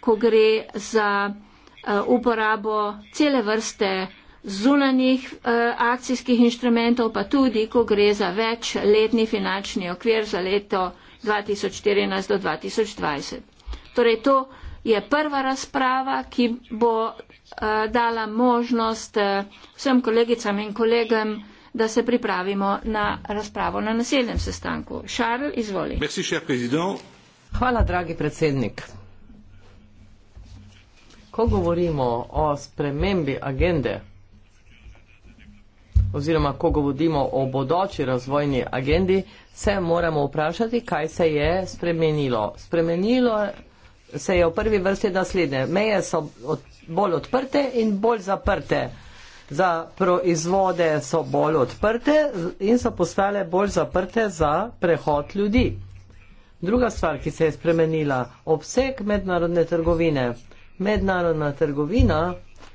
ko gre za uh, uporabo cele vrste uh, zunanih eh, akcijskih inštrumentov, pa tudi, ko gre za večletni finančni okvir za leto 2014 do 2020. Torej, to je prva razprava, ki bo eh, dala možnost eh, vsem kolegicam in kolegem, da se pripravimo na razpravo na naslednjem sestanku. Šarl, izvoli. Merci, Hvala, dragi predsednik. Ko govorimo o spremembi agende oziroma ko govorimo o bodoči razvojni agendi, se moramo vprašati, kaj se je spremenilo. Spremenilo se je v prvi vrsti naslednje. Meje so od, bolj odprte in bolj zaprte. Za proizvode so bolj odprte in so postale bolj zaprte za prehod ljudi. Druga stvar, ki se je spremenila, obseg mednarodne trgovine. Mednarodna trgovina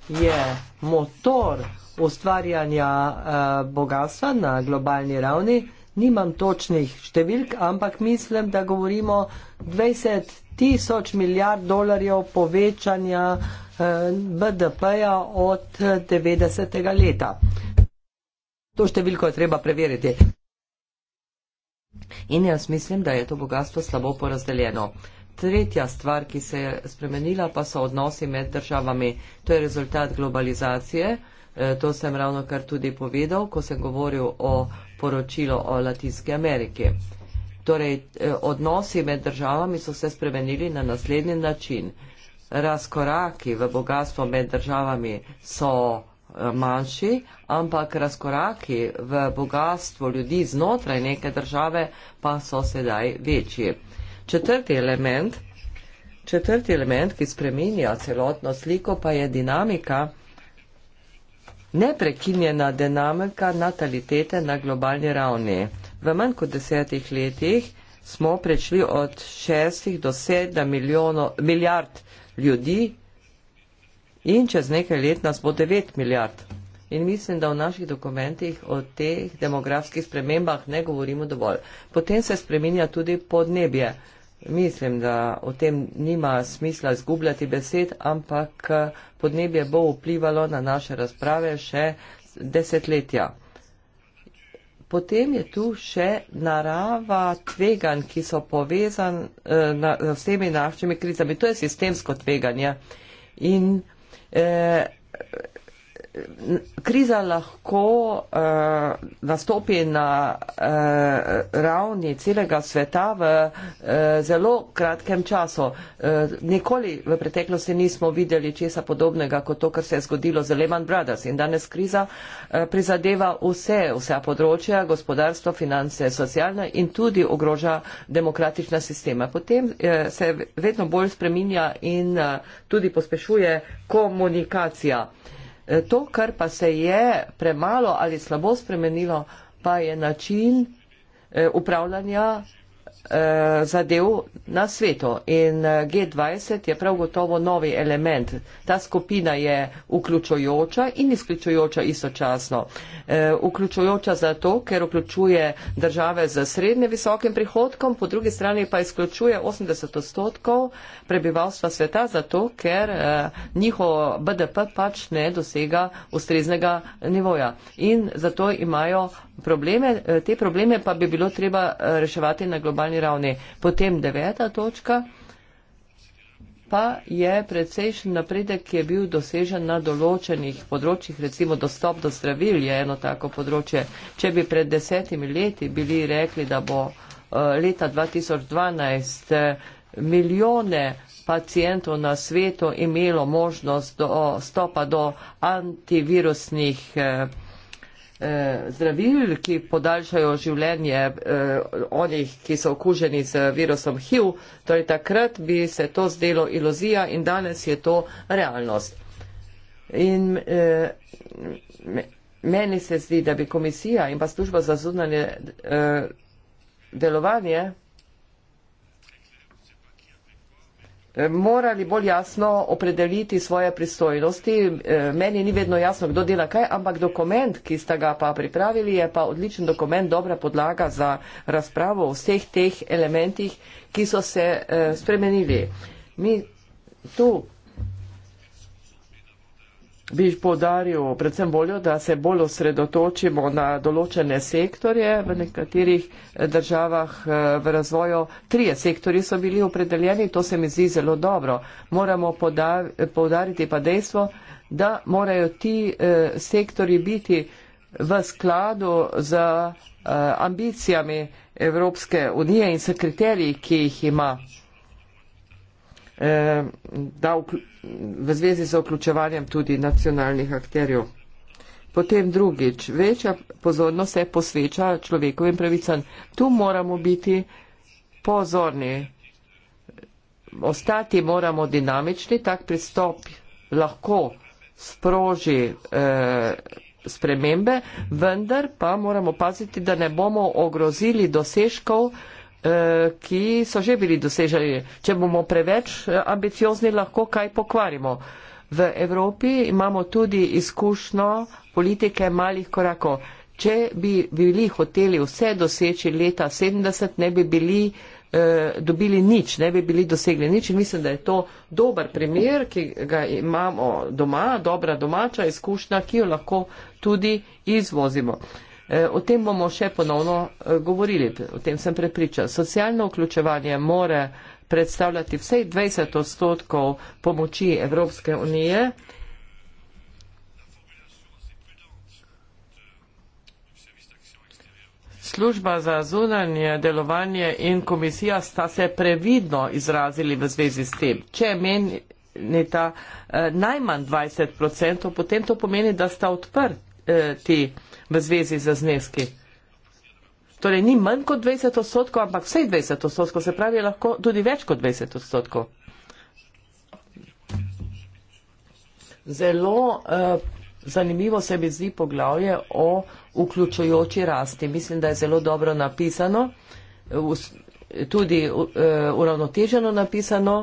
je motor ustvarjanja eh, bogatstva na globalni ravni. Nimam točnih številk, ampak mislim, da govorimo 20 tisoč milijard dolarjev povečanja eh, BDP-ja od 90. leta. To številko je treba preveriti. In jaz mislim, da je to bogatstvo slabo porazdeljeno. Tretja stvar, ki se je spremenila, pa so odnosi med državami. To je rezultat globalizacije. Eh, to sem ravno kar tudi povedal, ko sem govoril o poročilu o Latinski Ameriki. Torej, eh, odnosi med državami so se spremenili na naslednji način. Razkoraki v bogatstvo med državami so eh, manjši, ampak razkoraki v bogatstvo ljudi znotraj neke države pa so sedaj večji. Četrti element, četrti element ki spreminja celotno sliko, pa je dinamika neprekinjena dinamika natalitete na globalni ravni. V manj kot desetih letih smo prešli od šestih do sedem milijonov, milijard ljudi in čez nekaj let nas bo devet milijard. In mislim, da v naših dokumentih o teh demografskih spremembah ne govorimo dovolj. Potem se spreminja tudi podnebje. Mislim, da o tem nima smisla zgubljati besed, ampak eh, podnebje bo vplivalo na naše razprave še desetletja. Potem je tu še narava tveganj, ki so povezane eh, z vsemi našimi krizami. To je sistemsko tveganje. In eh, kriza lahko uh, nastopi na uh, ravni celega sveta v uh, zelo kratkem času. Uh, nikoli v preteklosti nismo videli česa podobnega kot to, kar se je zgodilo z Lehman Brothers. In danes kriza uh, prizadeva vse, vse področja, gospodarstvo, finance, socialne in tudi ogroža demokratična sistema. Potem uh, se vedno bolj spreminja in uh, tudi pospešuje komunikacija. To, kar pa se je premalo ali slabo spremenilo, pa je način eh, upravljanja Eh, zadev na svetu in eh, G20 je prav gotovo novi element. Ta skupina je vključujoča in izključujoča istočasno. Eh, vključujoča zato, ker vključuje države z srednje visokim prihodkom, po drugi strani pa izključuje 80 odstotkov prebivalstva sveta zato, ker njihov BDP pač ne dosega ustreznega nivoja in zato imajo probleme. Te probleme pa bi bilo treba reševati na globalni nacionalni ravni. Potem deveta točka pa je precejšen napredek, ki je bil dosežen na določenih področjih, recimo dostop do zdravil je eno tako področje. Če bi pred desetimi leti bili rekli, da bo eh, leta 2012 eh, milijone pacijentov na svetu imelo možnost dostopa do antivirusnih eh, Eh, zdravil, ki podaljšajo življenje eh, onih, ki so okuženi z virusom HIV, torej takrat bi se to zdelo iluzija in danes je to realnost. In eh, meni se zdi, da bi komisija in pa služba za zunanje eh, delovanje Eh, morali bolj jasno opredeliti svoje pristojnosti. Eh, meni ni vedno jasno, kdo dela kaj, ampak dokument, ki ste ga pa pripravili, je pa odličen dokument, dobra podlaga za razpravo o vseh teh elementih, ki so se eh, spremenili. Mi tu bi podaril predvsem voljo, da se bolj osredotočimo na določene sektorje. V nekaterih eh, državah eh, v razvoju trije sektori so bili opredeljeni, to se mi zdi zelo dobro. Moramo podariti pa dejstvo, da morajo ti eh, sektori biti v skladu z ambicijami Evropske unije in s kriteriji, ki jih ima. Da vključ v zvezi z vključevanjem tudi nacionalnih akterjev. Potem drugič, večja pozornost se posveča človekovim pravicam. Tu moramo biti pozorni. Ostati moramo dinamični, tak pristop lahko sproži eh, spremembe, vendar pa moramo paziti, da ne bomo ogrozili dosežkov eh, Eh, ki so že bili doseženi. Če bomo preveč eh, ambiciozni, lahko kaj pokvarimo. V Evropi imamo tudi izkušnjo politike malih korakov. Če bi bili hoteli vse doseči leta 70, ne bi bili eh, dobili nič, ne bi bili dosegli nič in mislim, da je to dober primer, ki ga imamo doma, dobra domača izkušnja, ki jo lahko tudi izvozimo. Uh, Eh, o tem bomo še ponovno eh, govorili, o tem sem prepričan. Socialno vključevanje more predstavljati vsej 20 odstotkov pomoči Evropske unije. Služba za zunanje delovanje in komisija sta se previdno izrazili v zvezi s tem. Če menita eh, najmanj 20 odstotkov, potem to pomeni, da sta odprti. Eh, v zvezi z zneski. Torej ni manj kot 20 odstotkov, ampak vsej 20 odstotkov, se pravi lahko tudi več kot 20 odstotkov. Zelo uh, zanimivo se mi zdi poglavje o vključujoči rasti. Mislim, da je zelo dobro napisano, us, tudi uh, uravnoteženo napisano,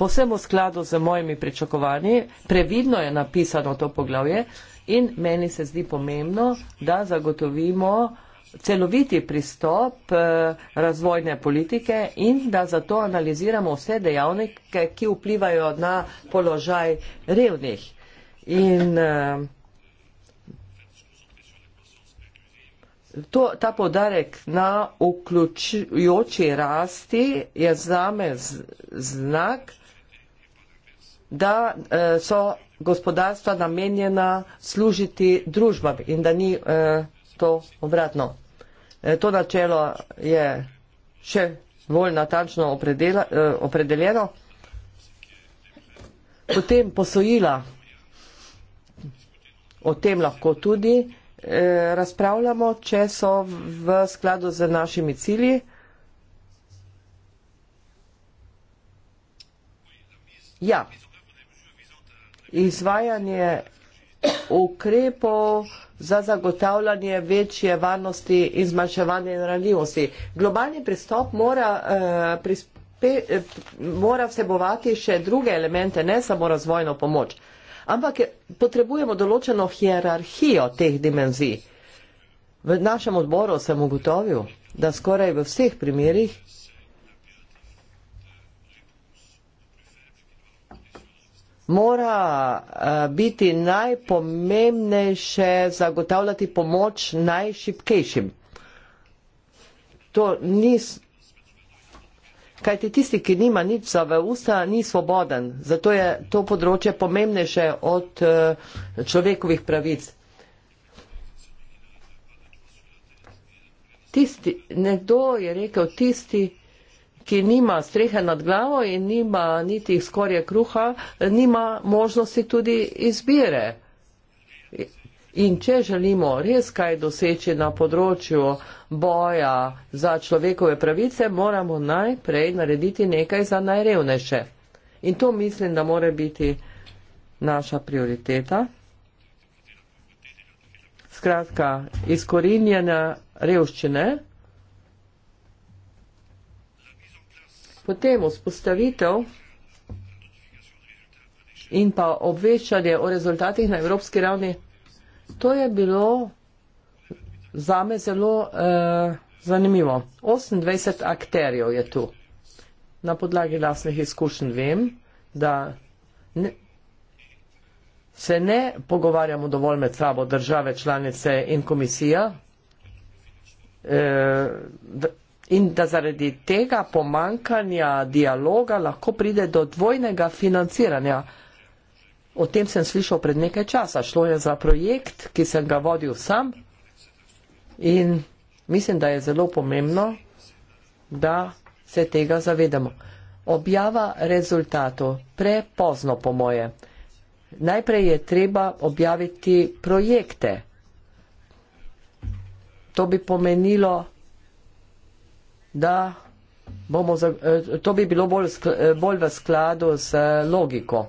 posebno v skladu z mojimi pričakovanji. Previdno je napisano to poglavje, uh, In meni se zdi pomembno, da zagotovimo celoviti pristop eh, razvojne politike in da zato analiziramo vse dejavnike, ki vplivajo na položaj revnih. In eh, to, ta podarek na vključujoči rasti je zame znak, da eh, so gospodarstva namenjena služiti družbam in da ni eh, to obratno. Eh, to načelo je še bolj natančno opredela, eh, opredeljeno. Potem posojila, o tem lahko tudi eh, razpravljamo, če so v skladu z našimi cilji. Ja, izvajanje ukrepov za zagotavljanje večje varnosti in zmanjševanje ranljivosti. Globalni pristop mora, eh, prispe, eh, mora vsebovati še druge elemente, ne samo razvojno pomoč, ampak potrebujemo določeno hierarhijo teh dimenzij. V našem odboru sem ugotovil, da skoraj v vseh primerjih mora eh, biti najpomembnejše zagotavljati pomoč najšipkejšim. To ni, kajti tisti, ki nima nič za v usta, ni svoboden. Zato je to področje pomembnejše od eh, človekovih pravic. Tisti, nekdo je rekel, tisti, ki nima strehe nad glavo in nima niti skorje kruha, nima možnosti tudi izbire. In če želimo res kaj doseči na področju boja za človekove pravice, moramo najprej narediti nekaj za najrevnejše. In to mislim, da more biti naša prioriteta. Skratka, izkorinjena revščine Potem vzpostavitev in pa obveščanje o rezultatih na evropski ravni. To je bilo zame zelo eh, zanimivo. 28 akterjev je tu. Na podlagi lasnih izkušenj vem, da ne, se ne pogovarjamo dovolj med sabo države, članice in komisija. Eh, in da zaradi tega pomankanja dialoga lahko pride do dvojnega financiranja. O tem sem slišal pred nekaj časa. Šlo je za projekt, ki sem ga vodil sam in mislim, da je zelo pomembno, da se tega zavedamo. Objava rezultatov prepozno po moje. Najprej je treba objaviti projekte. To bi pomenilo da bomo, za, eh, to bi bilo bolj, eh, bolj v skladu z eh, logiko.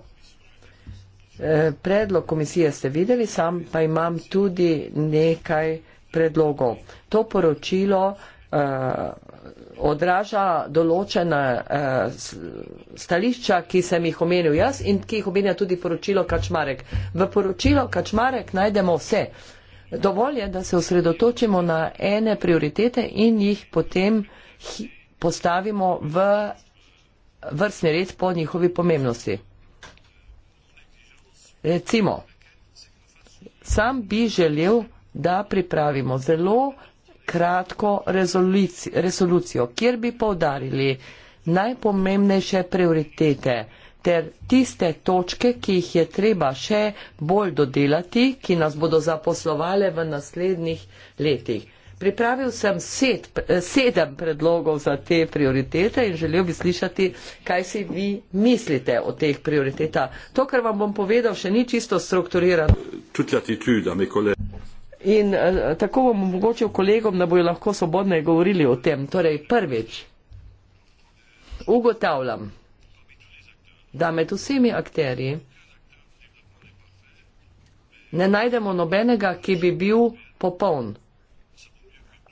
Predlog komisije ste videli, sam pa imam tudi nekaj predlogov. To poročilo eh, odraža določene eh, stališča, ki sem jih omenil jaz in ki jih omenja tudi poročilo Kačmarek. V poročilo Kačmarek najdemo vse. Dovolj je, da se osredotočimo na ene prioritete in jih potem eh, postavimo v vrstni red po njihovi pomembnosti. Recimo, sam bi želel, da pripravimo zelo kratko resolucijo, kjer bi povdarili najpomembnejše prioritete ter tiste točke, ki jih je treba še bolj dodelati, ki nas bodo zaposlovale v naslednjih letih. Pripravil sem set, eh, sedem predlogov za te prioritete in želel bi slišati, kaj si vi mislite o teh prioritetah. To, kar vam bom povedal, še ni čisto strukturirano. In eh, tako bom omogočil kolegom, da bojo lahko svobodno govorili o tem. Torej, prvič, ugotavljam, da med vsemi akterji ne najdemo nobenega, ki bi bil popoln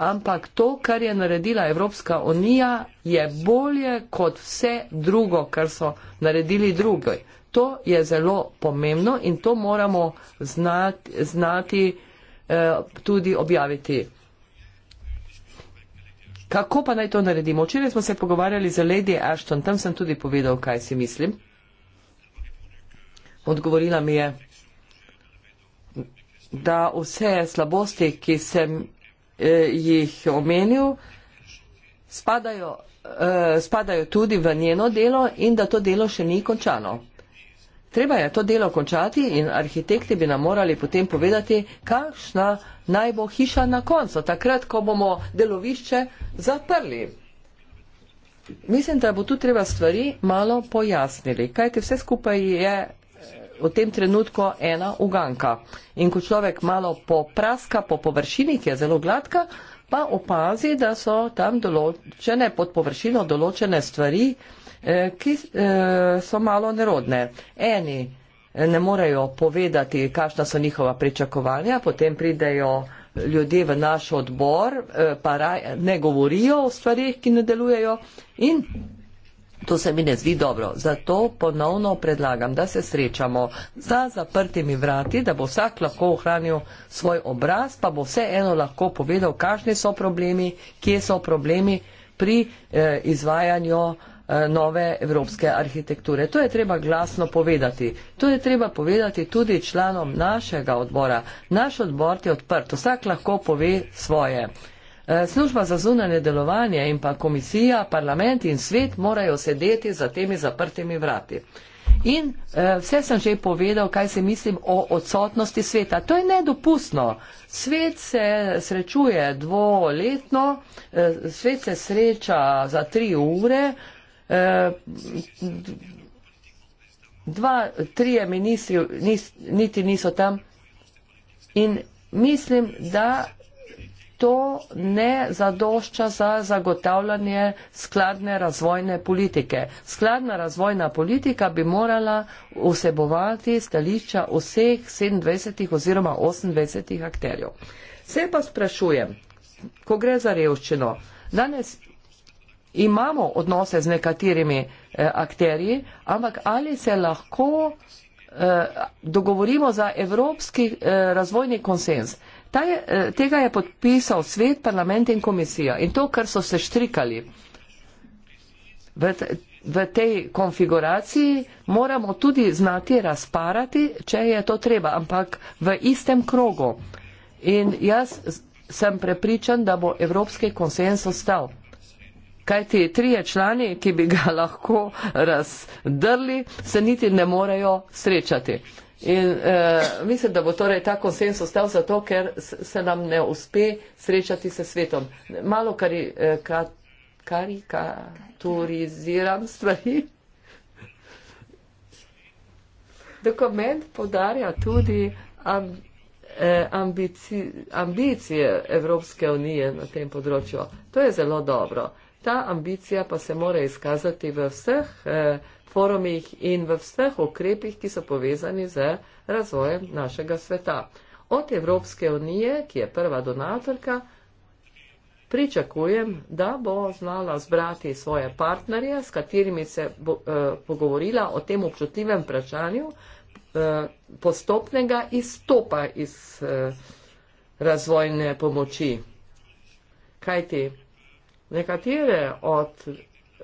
ampak to, kar je naredila Evropska unija, je bolje kot vse drugo, kar so naredili drugi. To je zelo pomembno in to moramo znati, znati eh, tudi objaviti. Kako pa naj to naredimo? Včeraj smo se pogovarjali z Lady Ashton, tam sem tudi povedal, kaj si mislim. Odgovorila mi je, da vse slabosti, ki sem eh, jih omenil, spadajo, eh, spadajo tudi v njeno delo in da to delo še ni končano. Treba je to delo končati in arhitekti bi nam morali potem povedati, kakšna naj bo hiša na koncu, takrat, ko bomo delovišče zaprli. Mislim, da bo tu treba stvari malo pojasniti, kajte vse skupaj je v tem trenutku ena uganka. In ko človek malo popraska po površini, ki je zelo gladka, pa opazi, da so tam določene pod površino določene stvari, eh, ki eh, so malo nerodne. Eni eh, ne morejo povedati, kakšna so njihova pričakovanja, potem pridejo ljudje v naš odbor, eh, pa raj, ne govorijo o stvarih, ki ne delujejo in To se mi ne zdi dobro. Zato ponovno predlagam, da se srečamo za zaprtimi vrati, da bo vsak lahko ohranil svoj obraz, pa bo vse eno lahko povedal, kakšni so problemi, kje so problemi pri eh, izvajanju eh, nove evropske arhitekture. To je treba glasno povedati. To je treba povedati tudi članom našega odbora. Naš odbor je odprt. Vsak lahko pove svoje. Eh, Eh, služba za zunanje delovanje in pa komisija, parlament in svet morajo sedeti za temi zaprtimi vrati. In eh, vse sem že povedal, kaj se mislim o odsotnosti sveta. To je nedopustno. Svet se srečuje dvoletno, eh, svet se sreča za tri ure. Dva, trije ministri niti niso tam. In mislim, da to ne zadošča za zagotavljanje skladne razvojne politike. Skladna razvojna politika bi morala vsebovati stališča vseh 27 oziroma 28 akterjev. Se pa sprašujem, ko gre za revščino, danes imamo odnose z nekaterimi eh, akterji, ampak ali se lahko eh, dogovorimo za evropski eh, razvojni konsens? je, eh, tega je podpisal svet, parlament in komisija. In to, kar so se štrikali v, v tej konfiguraciji, moramo tudi znati razparati, če je to treba, ampak v istem krogu. In jaz sem prepričan, da bo evropski konsens ostal. Kaj ti trije člani, ki bi ga lahko razdrli, se niti ne morejo srečati. In uh, mislim, da bo torej ta konsens ostal zato, ker se nam ne uspe srečati se svetom. Malo kari, eh, ka, karikaturiziram stvari. Dokument podarja tudi am, eh, ambici, ambicije Evropske unije na tem področju. To je zelo dobro. Ta ambicija pa se mora izkazati v vseh. Eh, forumih in v vseh ukrepih, ki so povezani z razvojem našega sveta. Od Evropske unije, ki je prva donatorka, pričakujem, da bo znala zbrati svoje partnerje, s katerimi se bo eh, pogovorila o tem občutljivem vprašanju eh, postopnega izstopa iz eh, razvojne pomoči. Kajti nekatere od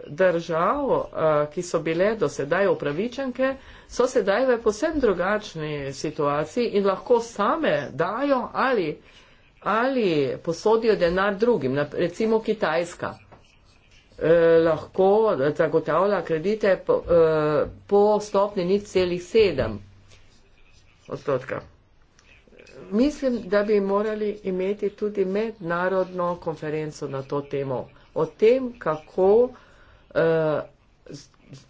držav, eh, ki so bile do sedaj upravičenke, so sedaj v posem drugačni situaciji in lahko same dajo ali, ali posodijo denar drugim, recimo Kitajska. Eh, lahko zagotavlja kredite po, eh, po stopni nič celih sedem odstotka. Mislim, da bi morali imeti tudi mednarodno konferenco na to temo, o tem, kako Eh,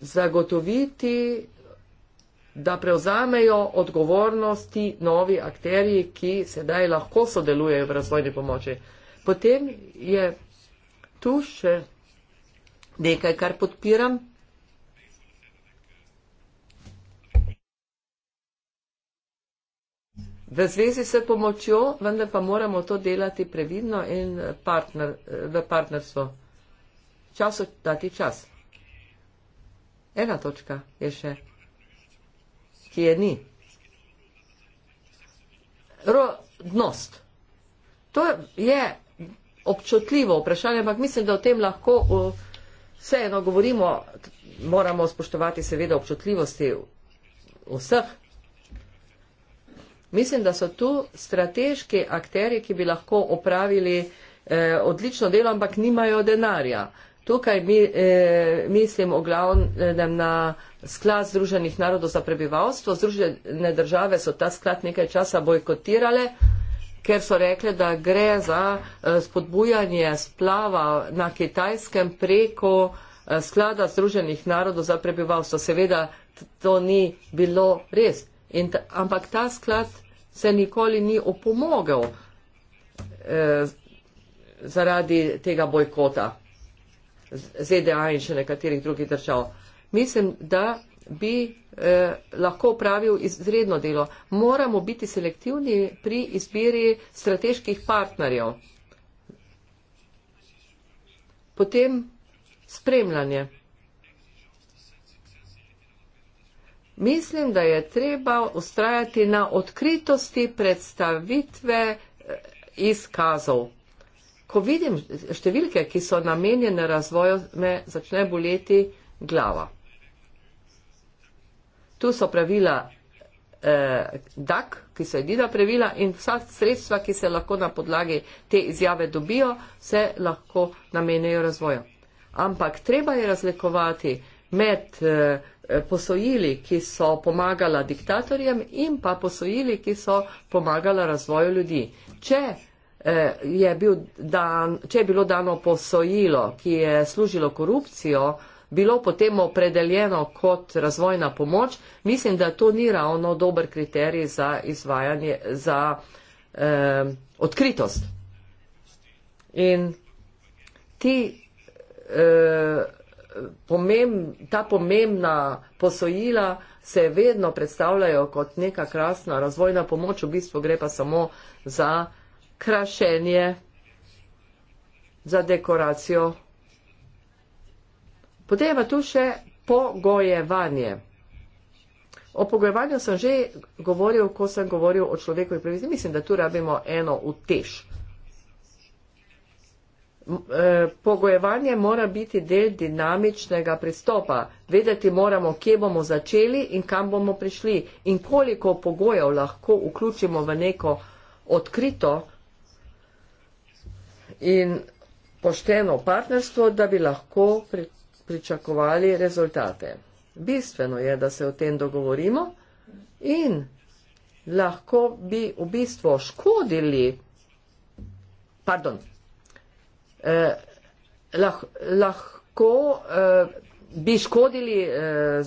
zagotoviti, da prevzamejo odgovornosti novi akteri, ki sedaj lahko sodelujejo v razvojni pomoči. Potem je tu še nekaj, kar podpiram. V zvezi s pomočjo, vendar pa moramo to delati previdno in partner, v partnerstvu času dati čas. Ena točka je še, ki je ni. Rodnost. To je občutljivo vprašanje, ampak mislim, da o tem lahko vseeno govorimo. Moramo spoštovati seveda občutljivosti vseh. Mislim, da so tu strateški akteri, ki bi lahko opravili eh, odlično delo, ampak nimajo denarja. Eh, Tukaj mi, eh, mislim o glavnem na sklad Združenih narodov za prebivalstvo. Združene države so ta sklad nekaj časa bojkotirale, ker so rekle, da gre za eh, spodbujanje splava na kitajskem preko eh, sklada Združenih narodov za prebivalstvo. Seveda to ni bilo res. In, ampak ta sklad se nikoli ni opomogel eh, zaradi tega bojkota. ZDA in še nekaterih drugih držav. Mislim, da bi eh, lahko upravil izredno delo. Moramo biti selektivni pri izbiri strateških partnerjev. Potem spremljanje. Mislim, da je treba ustrajati na odkritosti predstavitve eh, izkazov ko vidim številke, ki so namenjene razvoju, me začne boleti glava. Tu so pravila eh, DAC, ki so edina pravila in vsa sredstva, ki se lahko na podlagi te izjave dobijo, se lahko namenjajo razvoju. Ampak treba je razlikovati med eh, posojili, ki so pomagala diktatorjem in pa posojili, ki so pomagala razvoju ljudi. Če Eh, je bil dan, če je bilo dano posojilo, ki je služilo korupcijo, bilo potem opredeljeno kot razvojna pomoč, mislim, da to ni ravno dober kriterij za izvajanje, za eh, odkritost. In ti, eh, pomemb, ta pomembna posojila se vedno predstavljajo kot neka krasna razvojna pomoč, v bistvu gre pa samo za krašenje za dekoracijo. Potem je pa tu še pogojevanje. O pogojevanju sem že govoril, ko sem govoril o človekovi pravici. Mislim, da tu rabimo eno utež. E, pogojevanje mora biti del dinamičnega pristopa. Vedeti moramo, kje bomo začeli in kam bomo prišli in koliko pogojev lahko vključimo v neko odkrito in pošteno partnerstvo, da bi lahko pri, pričakovali rezultate. Bistveno je, da se o tem dogovorimo in lahko bi v bistvu škodili, pardon, eh, lah, lahko eh, bi škodili eh,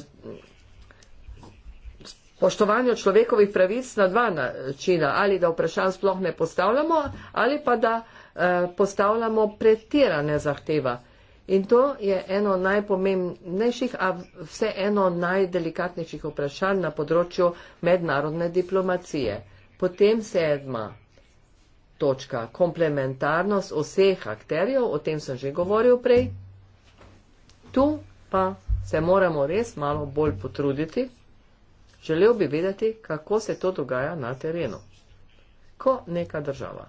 poštovanju človekovih pravic na dva načina, ali da vprašanj sploh ne postavljamo, ali pa da eh, Eh, postavljamo pretirane zahteva. In to je eno najpomembnejših, a vseeno najdelikatnejših vprašanj na področju mednarodne diplomacije. Potem sedma točka, komplementarnost vseh akterjev, o tem sem že govoril prej. Tu pa se moramo res malo bolj potruditi. Želel bi vedeti, kako se to dogaja na terenu. Ko neka država.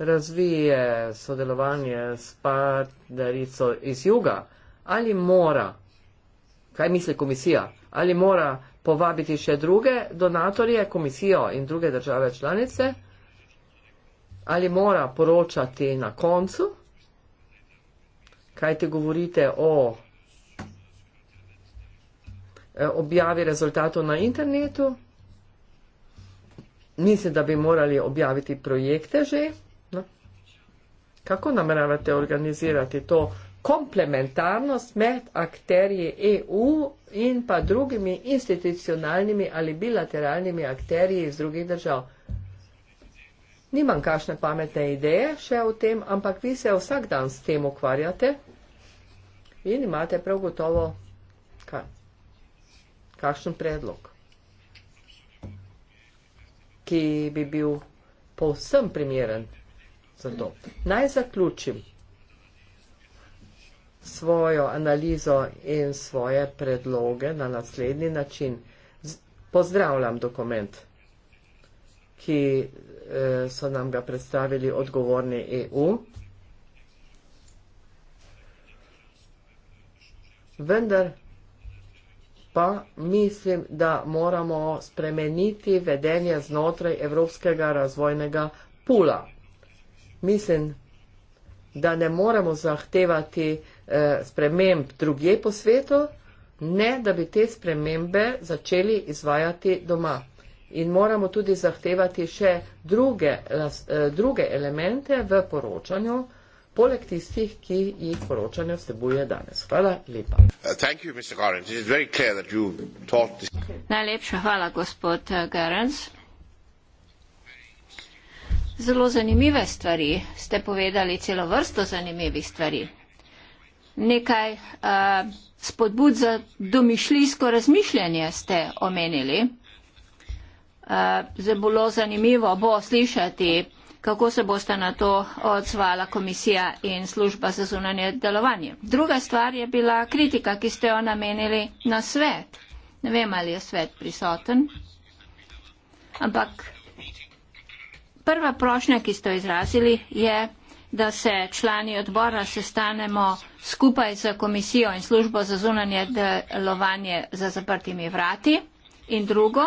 razvije sodelovanje s partnerico iz juga? Ali mora, kaj misli komisija, ali mora povabiti še druge donatorje, komisijo in druge države članice? Ali mora poročati na koncu? Kaj ti govorite o eh, objavi rezultatov na internetu? Mislim, da bi morali objaviti projekte že kako nameravate organizirati to komplementarnost med akterji EU in pa drugimi institucionalnimi ali bilateralnimi akterji iz drugih držav? Nimam kakšne pametne ideje še o tem, ampak vi se vsak dan s tem ukvarjate in imate prav gotovo kaj? kakšen predlog, ki bi bil povsem primeren za to. Naj zaključim svojo analizo in svoje predloge na naslednji način. Pozdravljam dokument, ki eh, so nam ga predstavili odgovorni EU. Vendar pa mislim, da moramo spremeniti vedenje znotraj Evropskega razvojnega pula mislim, da ne moremo zahtevati eh, sprememb drugje po svetu, ne da bi te spremembe začeli izvajati doma. In moramo tudi zahtevati še druge, las, eh, druge elemente v poročanju, poleg tistih, ki jih poročanje vsebuje danes. Hvala lepa. Uh, you, Najlepša hvala, gospod eh, Gerens zelo zanimive stvari, ste povedali celo vrsto zanimivih stvari. Nekaj uh, spodbud za domišljijsko razmišljanje ste omenili. Uh, zelo zanimivo bo slišati, kako se boste na to odzvala komisija in služba za zunanje delovanje. Druga stvar je bila kritika, ki ste jo namenili na svet. Ne vem, ali je svet prisoten, ampak Prva prošnja, ki ste jo izrazili, je, da se člani odbora sestanemo skupaj z komisijo in službo za zunanje delovanje za zaprtimi vrati. In drugo,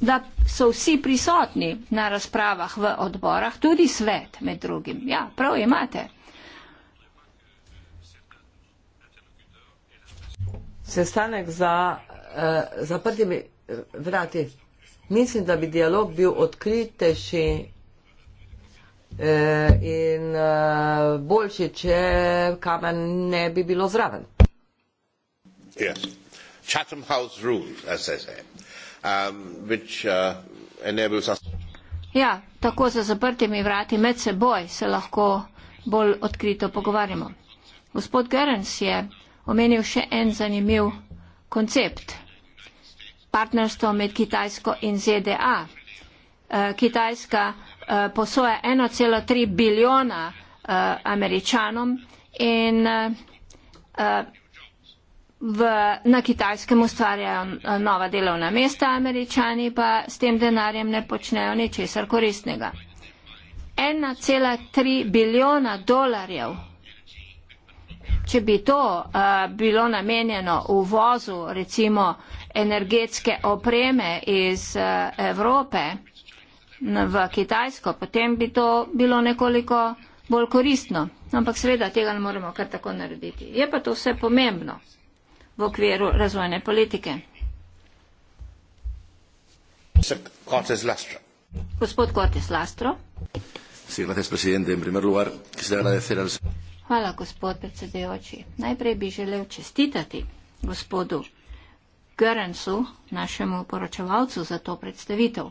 da so vsi prisotni na razpravah v odborah, tudi svet med drugim. Ja, prav imate. Sestanek za uh, zaprtimi eh, vrati mislim, da bi dialog bil odkritejši eh, in eh, boljši, če kamen ne bi bilo zraven. Yes. Chatham House rules, as they say, um, which uh, enables us. Ja, tako za zaprtimi vrati med seboj se lahko bolj odkrito pogovarjamo. Gospod Gerens je omenil še en zanimiv koncept partnerstvo med Kitajsko in ZDA. Eh, Kitajska eh, posoja 1,3 bilijona eh, američanom in v, na Kitajskem ustvarjajo nova delovna mesta, američani pa s tem denarjem ne počnejo ničesar koristnega. 1,3 bilijona dolarjev če bi to uh, bilo namenjeno uvozu recimo energetske opreme iz uh, Evrope v Kitajsko, potem bi to bilo nekoliko bolj koristno. Ampak seveda tega ne moremo kar tako narediti. Je pa to vse pomembno v okviru razvojne politike. Gospod Cortes Lastro. Sí, gracias, presidente. En primer lugar, quisiera agradecer al señor. Hvala, gospod predsedujoči. Najprej bi želel čestitati gospodu Görensu, našemu poročevalcu, za to predstavitev.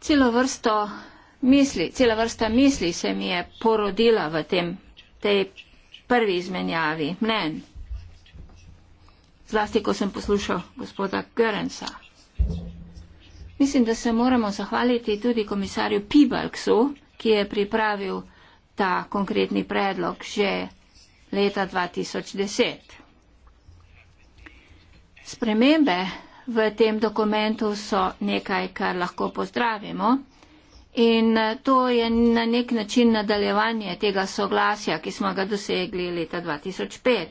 Celo vrsto misli, cela vrsta misli se mi je porodila v tem, tej prvi izmenjavi mnen. Zlasti, ko sem poslušal gospoda Görensa. Mislim, da se moramo zahvaliti tudi komisarju Pibalksu, ki je pripravil ta konkretni predlog že leta 2010. Spremembe v tem dokumentu so nekaj, kar lahko pozdravimo in to je na nek način nadaljevanje tega soglasja, ki smo ga dosegli leta 2005,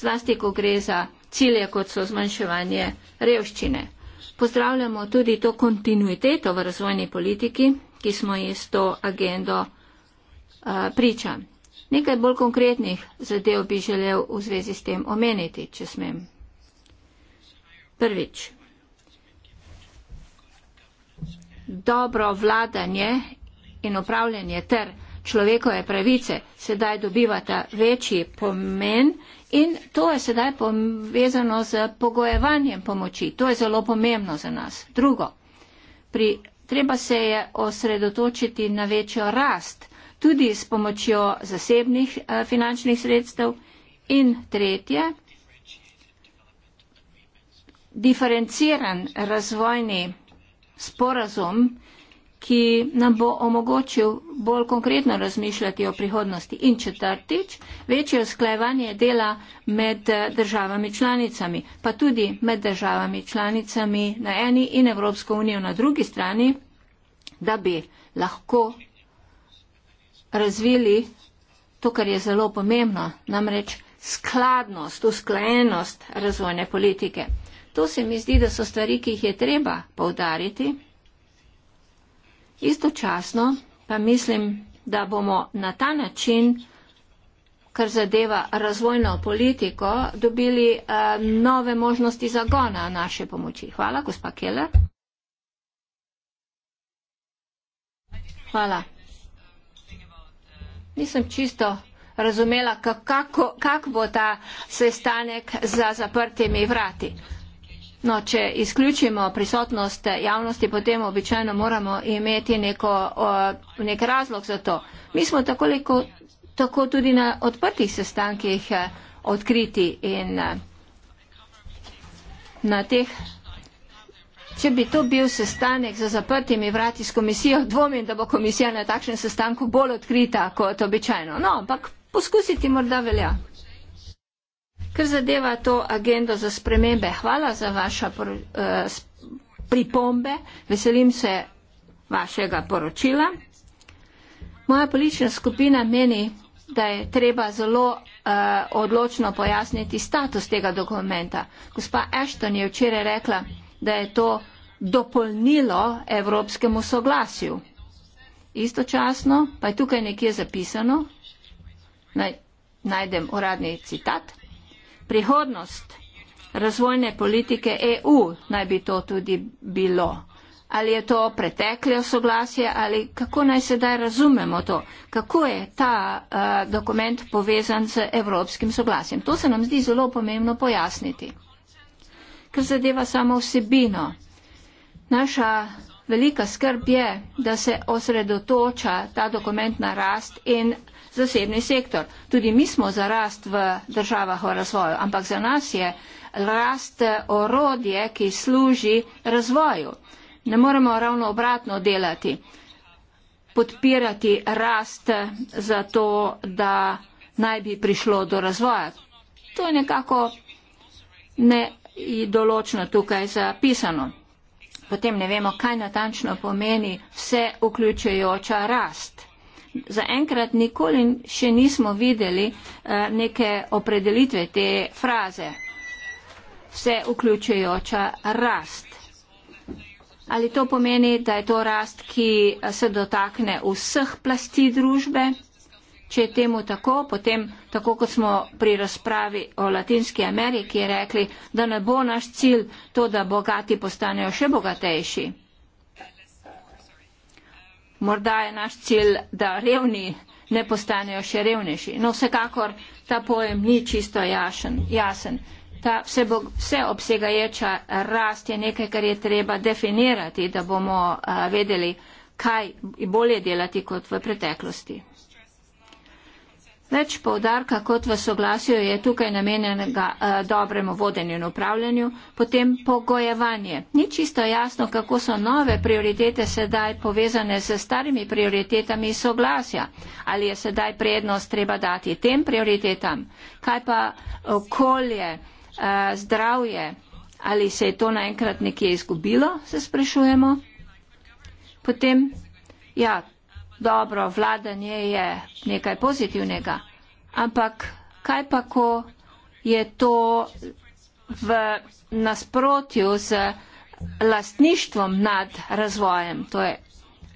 zlasti, ko gre za cilje, kot so zmanjševanje revščine pozdravljamo tudi to kontinuiteto v razvojni politiki, ki smo ji s to agendo uh, priča. Nekaj bolj konkretnih zadev bi želel v zvezi s tem omeniti, če smem. Prvič. Dobro vladanje in upravljanje ter človekove pravice sedaj dobivata večji pomen In to je sedaj povezano z pogojevanjem pomoči. To je zelo pomembno za nas. Drugo, pri, treba se je osredotočiti na večjo rast, tudi s pomočjo zasebnih eh, finančnih sredstev. In tretje, diferenciran razvojni sporazum ki nam bo omogočil bolj konkretno razmišljati o prihodnosti. In četrtič, večje usklajevanje dela med eh, državami članicami, pa tudi med državami članicami na eni in Evropsko unijo na drugi strani, da bi lahko razvili to, kar je zelo pomembno, namreč skladnost, usklajenost razvojne politike. To se mi zdi, da so stvari, ki jih je treba povdariti. Istočasno pa mislim, da bomo na ta način, kar zadeva razvojno politiko, dobili uh, nove možnosti zagona naše pomoči. Hvala, gospa Keller. Hvala. Nisem čisto razumela, kako, kako bo ta sestanek za zaprtimi vrati. No, če izključimo prisotnost javnosti, potem običajno moramo imeti neko, o, nek razlog za to. Mi smo takoliko, tako tudi na odprtih sestankih eh, odkriti in eh, na teh. Če bi to bil sestanek za zaprtimi vrati s komisijo, dvomim, da bo komisija na takšnem sestanku bolj odkrita kot običajno. No, ampak poskusiti morda velja. Kar zadeva to agendo za spremembe, hvala za vaša pr, uh, eh, pripombe, veselim se vašega poročila. Moja politična skupina meni, da je treba zelo uh, odločno pojasniti status tega dokumenta. Gospa Ashton je včeraj rekla, da je to dopolnilo evropskemu soglasju. Istočasno pa je tukaj nekje zapisano, naj, najdem uradni citat prihodnost razvojne politike EU naj bi to tudi bilo. Ali je to preteklo soglasje ali kako naj sedaj razumemo to, kako je ta uh, dokument povezan z evropskim soglasjem. To se nam zdi zelo pomembno pojasniti. Ker zadeva samo vsebino. Naša velika skrb je, da se osredotoča ta dokument na rast in zasebni sektor. Tudi mi smo za rast v državah v razvoju, ampak za nas je rast eh, orodje, ki služi razvoju. Ne moremo ravno obratno delati, podpirati rast eh, za to, da naj bi prišlo do razvoja. To je nekako nedoločno tukaj zapisano. Potem ne vemo, kaj natančno pomeni vse vključujoča rast zaenkrat nikoli še nismo videli eh, neke opredelitve te fraze. Vse vključujoča rast. Ali to pomeni, da je to rast, ki eh, se dotakne vseh plasti družbe? Če je temu tako, potem tako kot smo pri razpravi o Latinski Ameriki rekli, da ne bo naš cilj to, da bogati postanejo še bogatejši morda je naš cilj, da revni ne postanejo še revnejši. No, vsekakor ta pojem ni čisto jašen, jasen. Ta vse, bo, vse obsegaječa rast je nekaj, kar je treba definirati, da bomo a, eh, vedeli, kaj bolje delati kot v preteklosti. Več povdarka kot v soglasju je tukaj namenjenega uh, dobremu vodenju in upravljanju, potem pogojevanje. Ni čisto jasno, kako so nove prioritete sedaj povezane s starimi prioritetami soglasja. Ali je sedaj prednost treba dati tem prioritetam? Kaj pa okolje, uh, zdravje? Ali se je to naenkrat nekje izgubilo, se sprašujemo? Potem, ja, dobro vladanje je nekaj pozitivnega, ampak kaj pa, ko je to v nasprotju z lastništvom nad razvojem, to je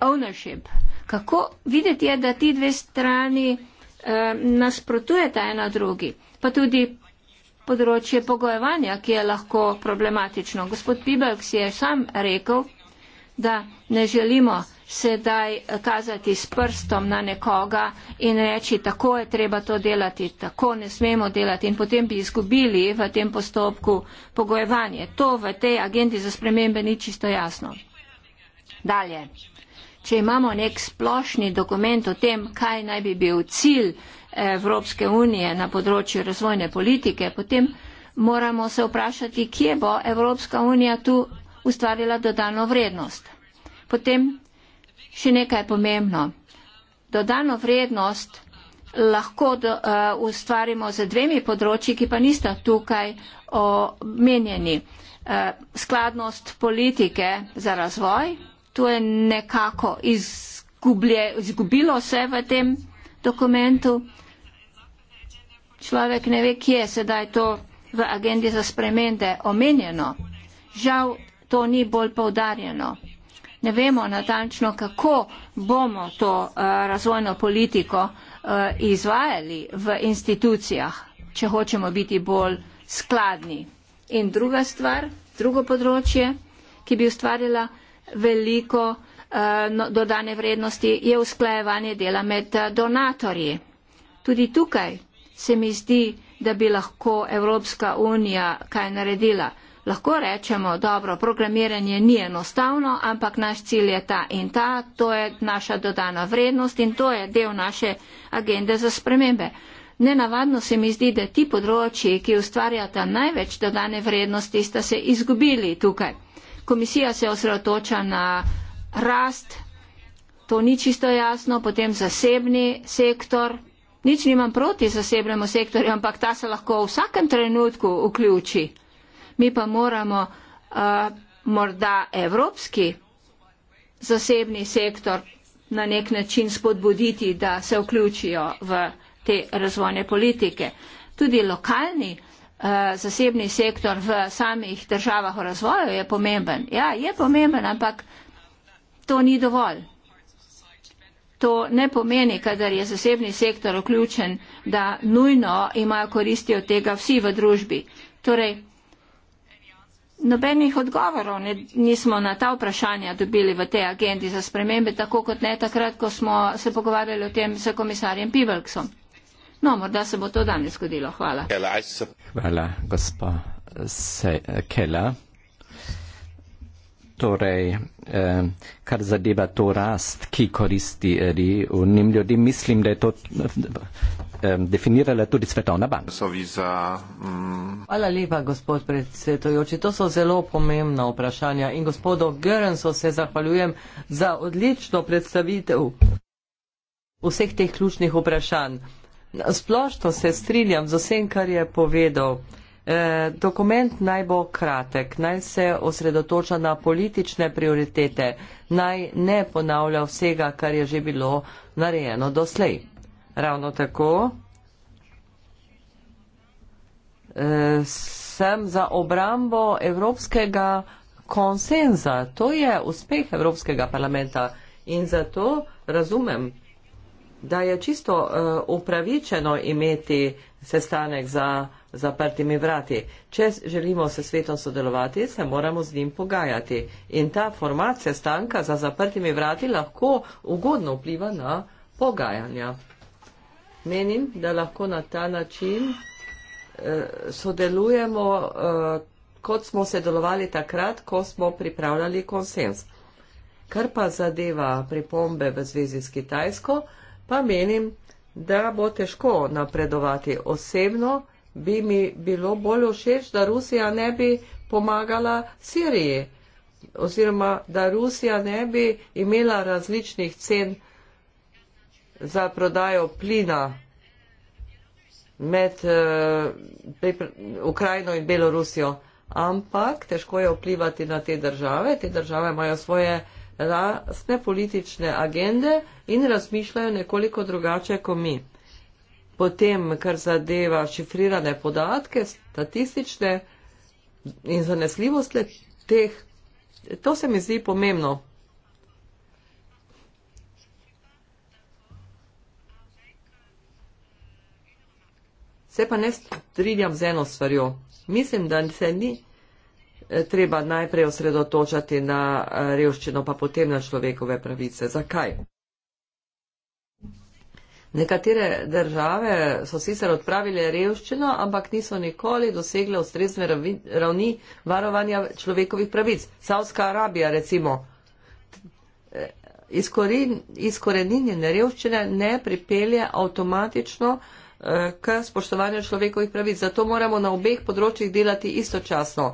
ownership. Kako videti je, da ti dve strani eh, nasprotujeta ena drugi, pa tudi področje pogojevanja, ki je lahko problematično. Gospod Pibelk si je sam rekel, da ne želimo sedaj kazati s prstom na nekoga in reči, tako je treba to delati, tako ne smemo delati in potem bi izgubili v tem postopku pogojevanje. To v tej agendi za spremembe ni čisto jasno. Dalje. Če imamo nek splošni dokument o tem, kaj naj bi bil cilj eh, Evropske unije na področju razvojne politike, potem moramo se vprašati, kje bo Evropska unija tu ustvarjala dodano vrednost. Potem še nekaj pomembno. Dodano vrednost lahko do, uh, ustvarimo z dvemi področji, ki pa nista tukaj omenjeni. Uh, skladnost politike za razvoj, to je nekako izgublje, izgubilo se v tem dokumentu. Človek ne ve, kje je sedaj to v agendi za spremende omenjeno. Žal to ni bolj povdarjeno. Ne vemo natančno, kako bomo to eh, razvojno politiko eh, izvajali v institucijah, če hočemo biti bolj skladni. In druga stvar, drugo področje, ki bi ustvarila veliko eh, no, dodane vrednosti, je usklajevanje dela med donatorji. Tudi tukaj se mi zdi, da bi lahko Evropska unija kaj naredila lahko rečemo, dobro, programiranje ni enostavno, ampak naš cilj je ta in ta, to je naša dodana vrednost in to je del naše agende za spremembe. Nenavadno se mi zdi, da ti področji, ki ustvarjata največ dodane vrednosti, sta se izgubili tukaj. Komisija se osredotoča na rast, to ni čisto jasno, potem zasebni sektor. Nič nimam proti zasebnemu sektorju, ampak ta se lahko v vsakem trenutku vključi mi pa moramo uh, morda evropski zasebni sektor na nek način spodbuditi, da se vključijo v te razvojne politike. Tudi lokalni uh, zasebni sektor v samih državah v razvoju je pomemben. Ja, je pomemben, ampak to ni dovolj. To ne pomeni, kadar je zasebni sektor vključen, da nujno imajo koristi od tega vsi v družbi. Torej, Nobenih odgovorov ne, nismo na ta vprašanja dobili v tej agendi za spremembe, tako kot ne takrat, ko smo se pogovarjali o tem s komisarjem Pivelksom. No, morda se bo to danes zgodilo. Hvala. Hvala, gospod Kela torej eh, kar zadeva to rast, ki koristi eri unim ljudem, mislim, da je to eh, definirala tudi Svetovna banka. Mm, Hvala lepa, gospod predsedojoči. To so zelo pomembna vprašanja in gospodo Gerenso se zahvaljujem za odlično predstavitev vseh teh ključnih vprašanj. Splošno se strinjam z vsem, kar je povedal. Eh, dokument naj bo kratek, naj se osredotoča na politične prioritete, naj ne ponavlja vsega, kar je že bilo narejeno doslej. Ravno tako eh, sem za obrambo evropskega konsenza. To je uspeh Evropskega parlamenta in zato razumem, da je čisto eh, upravičeno imeti sestanek za zaprtimi vrati. Če želimo se svetom sodelovati, se moramo z njim pogajati. In ta format sestanka za zaprtimi vrati lahko ugodno vpliva na pogajanja. Menim, da lahko na ta način eh, sodelujemo, eh, kot smo sodelovali takrat, ko smo pripravljali konsens. Kar pa zadeva pripombe v zvezi s Kitajsko, pa menim, da bo težko napredovati osebno, bi mi bilo bolj všeč, da Rusija ne bi pomagala Siriji oziroma da Rusija ne bi imela različnih cen za prodajo plina med uh, Ukrajino in Belorusijo. Ampak težko je vplivati na te države. Te države imajo svoje lastne politične agende in razmišljajo nekoliko drugače kot mi. Potem, kar zadeva šifrirane podatke, statistične in zanesljivost teh, to se mi zdi pomembno. Se pa ne strinjam z eno stvarjo. Mislim, da se ni eh, treba najprej osredotočati na eh, revščino, pa potem na človekove pravice. Zakaj? Nekatere države so sicer odpravile revščino, ampak niso nikoli dosegle ustrezne ravni varovanja človekovih pravic. Savska Arabija recimo. Eh, izkoreninjene revščine ne pripelje avtomatično eh, k spoštovanju človekovih pravic. Zato moramo na obeh področjih delati istočasno.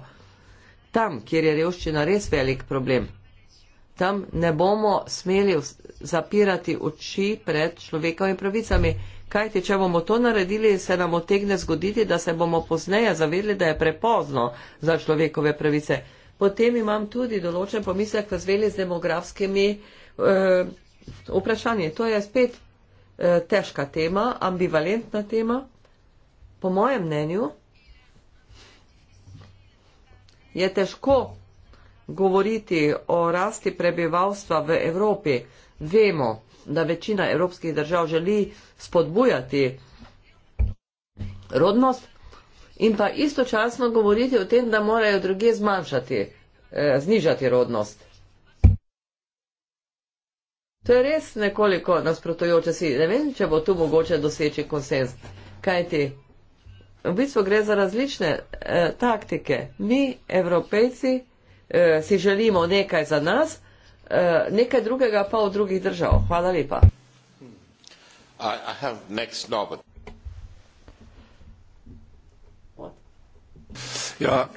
Tam, kjer je revščina res velik problem tam ne bomo smeli zapirati oči pred človekovimi pravicami. Kajti, če bomo to naredili, se nam otegne zgoditi, da se bomo pozneje zavedli, da je prepozno za človekove pravice. Potem imam tudi določen pomislek v zvezi z demografskimi eh, vprašanji. To je spet eh, težka tema, ambivalentna tema. Po mojem mnenju je težko govoriti o rasti prebivalstva v Evropi, vemo, da večina evropskih držav želi spodbujati rodnost in pa istočasno govoriti o tem, da morajo druge zmanjšati, eh, znižati rodnost. To je res nekoliko nasprotujoče si. Ne vem, če bo tu mogoče doseči konsens. Kaj ti? V bistvu gre za različne eh, taktike. Mi, evropejci, eh, si želimo nekaj za nas, eh, nekaj drugega pa v drugih držav. Hvala lepa. I, I ja,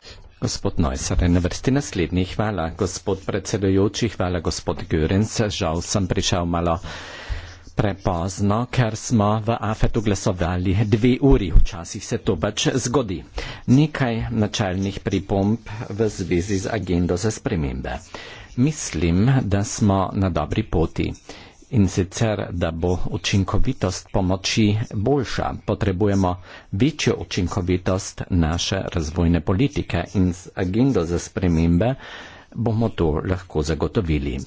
Gospod Neusser je na vrsti naslednji. Hvala, gospod predsedujoči, hvala, gospod Görens. Žal sem prišel malo prepozno, ker smo v afetu glasovali dve uri, včasih se to pač zgodi. Nekaj načelnih pripomp v zvezi z agendo za spremembe. Mislim, da smo na dobri poti in sicer, da bo učinkovitost pomoči boljša. Potrebujemo večjo učinkovitost naše razvojne politike in z agendo za spremembe bomo to lahko zagotovili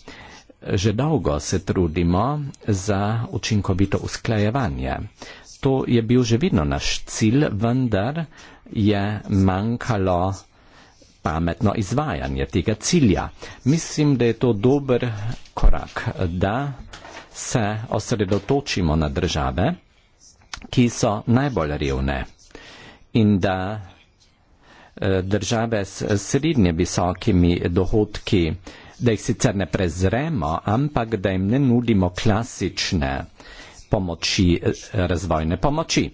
že dolgo se trudimo za učinkovito usklajevanje. To je bil že vedno naš cilj, vendar je manjkalo pametno izvajanje tega cilja. Mislim, da je to dober korak, da se osredotočimo na države, ki so najbolj revne in da eh, države s srednje visokimi dohodki da jih sicer ne prezremo, ampak da jim ne nudimo klasične pomoči, eh, razvojne pomoči.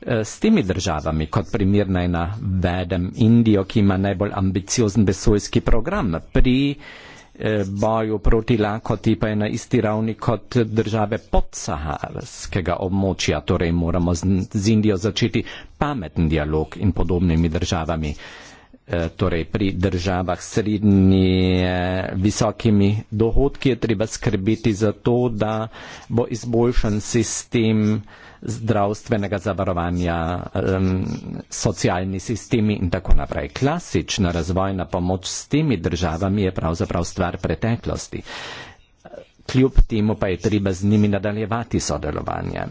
Eh, s temi državami, kot primer naj navedem Indijo, ki ima najbolj ambiciozen besojski program, pri eh, boju proti lakoti pa je na isti ravni kot države podsaharskega območja, torej moramo z Indijo začeti pameten dialog in podobnimi državami. Eh, torej pri državah srednje eh, visokimi dohodki je treba skrbeti za to, da bo izboljšan sistem zdravstvenega zavarovanja, socialni sistemi in tako naprej. Klasična razvojna pomoč s temi državami je pravzaprav stvar preteklosti. Kljub temu pa je treba z njimi nadaljevati sodelovanje.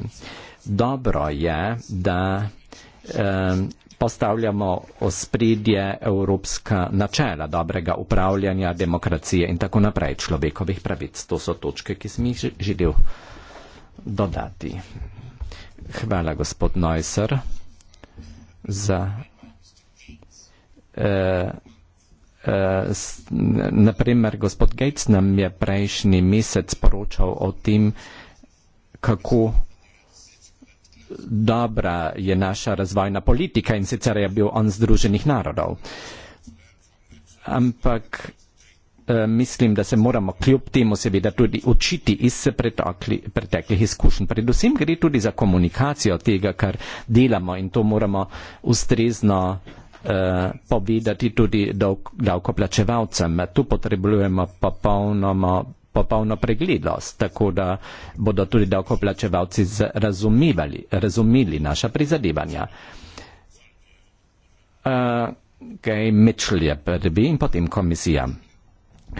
Dobro je, da postavljamo v spredje evropska načela dobrega upravljanja, demokracije in tako naprej človekovih pravic. To so točke, ki sem jih želel dodati. Hvala, gospod Neusser, za eh, eh, naprimer, gospod Gates nam je prejšnji mesec poročal o tem, kako dobra je naša razvojna politika in sicer je bil on Združenih narodov. Ampak eh, mislim, da se moramo kljub temu seveda tudi učiti iz pretokli, preteklih izkušenj. Predvsem gre tudi za komunikacijo tega, kar delamo in to moramo ustrezno eh, povedati tudi davkoplačevalcem. Tu potrebujemo popolnoma popolno preglednost, tako da bodo tudi davkoplačevalci razumeli naša prizadevanja. Uh, kaj Mitchell je prvi in potem komisija.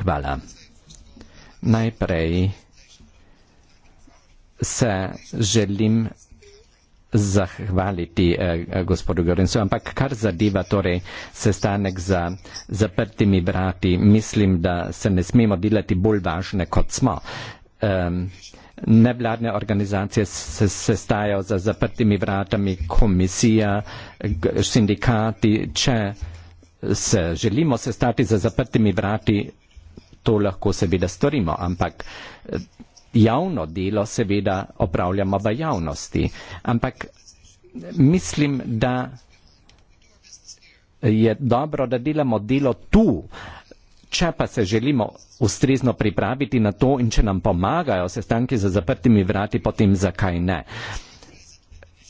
Hvala. Najprej se želim zahvaliti eh, gospodu Gorencu, ampak kar zadeva torej sestanek za zaprtimi brati, mislim, da se ne smemo delati bolj važne, kot smo. Um, nevladne organizacije se sestajajo za zaprtimi vratami, komisija, sindikati. Če se želimo sestati za zaprtimi vrati, to lahko seveda storimo, ampak javno delo seveda opravljamo v javnosti, ampak mislim, da je dobro, da delamo delo tu, če pa se želimo ustrezno pripraviti na to in če nam pomagajo sestanki za zaprtimi vrati, potem zakaj ne.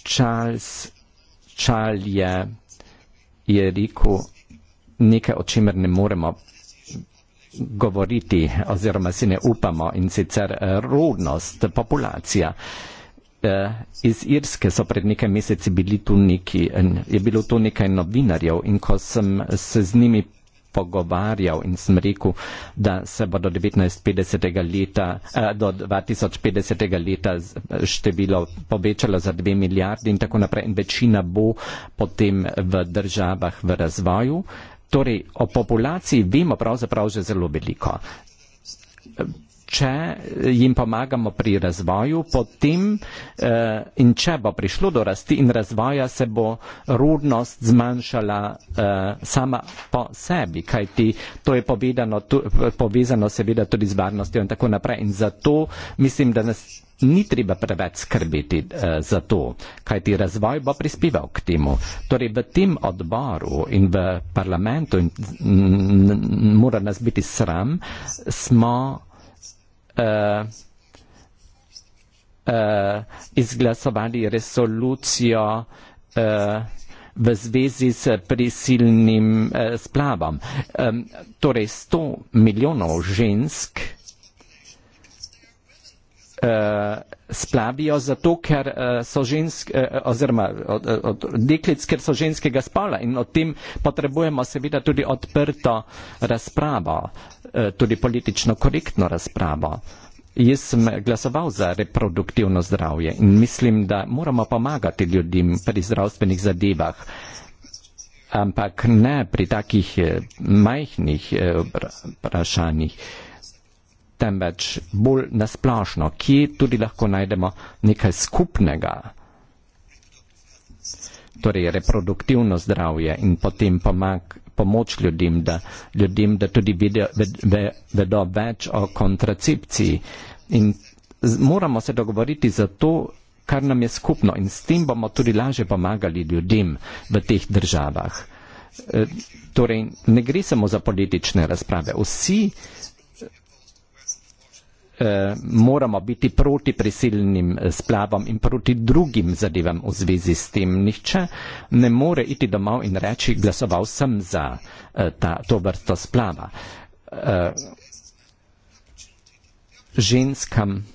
Charles Charles je, je rekel nekaj, o čemer ne moremo govoriti oziroma si ne upamo in sicer eh, rodnost, populacija. Eh, iz Irske so pred nekaj meseci bili tu neki, je bilo tu nekaj novinarjev in ko sem se z njimi pogovarjal in sem rekel, da se bo do, 1950. Leta, eh, do 2050. leta število povečalo za dve milijardi in tako naprej in večina bo potem v državah v razvoju. Torej, o populaciji vemo pravzaprav že zelo veliko če jim pomagamo pri razvoju, potem eh, in če bo prišlo do rasti in razvoja, se bo rudnost zmanjšala eh, sama po sebi, kajti to je povedano, tu, povezano seveda tudi z varnostjo in tako naprej. In zato mislim, da nas ni treba preveč skrbeti eh, za to, kajti razvoj bo prispeval k temu. Torej v tem odboru in v parlamentu in, m, m, m, mora nas biti sram, smo. Eh, eh, izglasovali resolucijo eh, v zvezi s prisilnim splavom. Torej 100 milijonov žensk uh, eh, splavijo zato, ker uh, so ženske, uh, oziroma od, od, od deklic, ker so ženskega spola in o tem potrebujemo seveda tudi odprto razpravo, uh, tudi politično korektno razpravo. Jaz sem glasoval za reproduktivno zdravje in mislim, da moramo pomagati ljudem pri zdravstvenih zadevah, ampak ne pri takih majhnih vprašanjih. Uh, temveč bolj nasplošno, kje tudi lahko najdemo nekaj skupnega. Torej, reproduktivno zdravje in potem pomak, pomoč ljudem, da, ljudem, da tudi vedo, vedo več o kontracepciji. In moramo se dogovoriti za to, kar nam je skupno in s tem bomo tudi lažje pomagali ljudem v teh državah. E, torej, ne gre samo za politične razprave. Vsi Eh, moramo biti proti prisilnim eh, splavom in proti drugim zadevam v zvezi s tem. Nihče ne more iti domov in reči, glasoval sem za eh, ta, to vrsto splava. Ženskam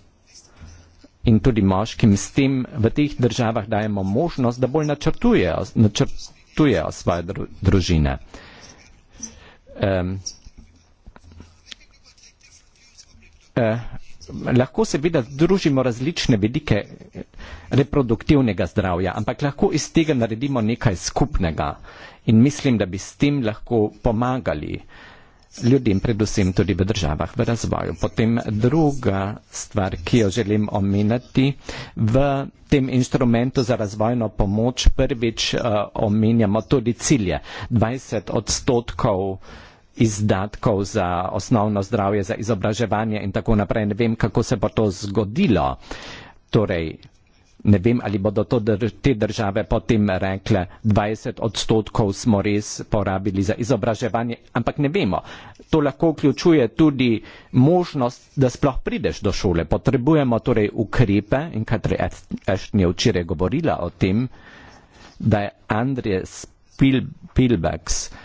in tudi moškim s tem v teh državah dajemo možnost, da bolj načrtujejo, načrtujejo svoje družine. Um, Eh, lahko seveda združimo različne vedike reproduktivnega zdravja, ampak lahko iz tega naredimo nekaj skupnega in mislim, da bi s tem lahko pomagali ljudem, predvsem tudi v državah, v razvoju. Potem druga stvar, ki jo želim omeniti, v tem inštrumentu za razvojno pomoč prvič uh, omenjamo tudi cilje. 20 odstotkov uh, izdatkov za osnovno zdravje, za izobraževanje in tako naprej. Ne vem, kako se bo to zgodilo. Torej, ne vem, ali bodo to dr te države potem rekle, 20 odstotkov smo res porabili za izobraževanje, ampak ne vemo. To lahko vključuje tudi možnost, da sploh prideš do šole. Potrebujemo torej ukrepe in Katri Ešt je včeraj govorila o tem, da je Andrej Spilbeks Pil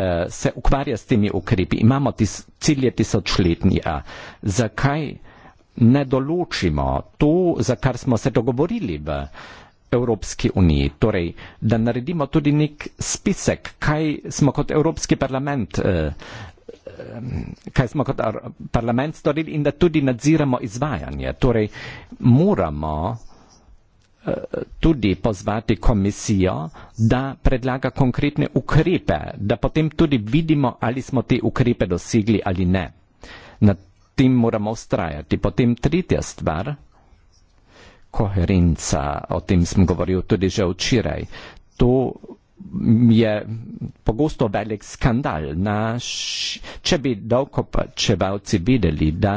Eh, se ukvarja s temi ukrepi, imamo tis, cilje tisočletnja, zakaj ne določimo to, za kar smo se dogovorili v Evropski uniji, torej, da naredimo tudi nek spisek, kaj smo kot Evropski parlament, eh, eh, kaj smo kot parlament storili in da tudi nadziramo izvajanje. Torej, moramo tudi pozvati komisijo, da predlaga konkretne ukrepe, da potem tudi vidimo, ali smo te ukrepe dosegli ali ne. Na tem moramo ustrajati. Potem tretja stvar, koherenca, o tem sem govoril tudi že včeraj. To je pogosto velik skandal. Naš, če bi davkoplačevalci videli, da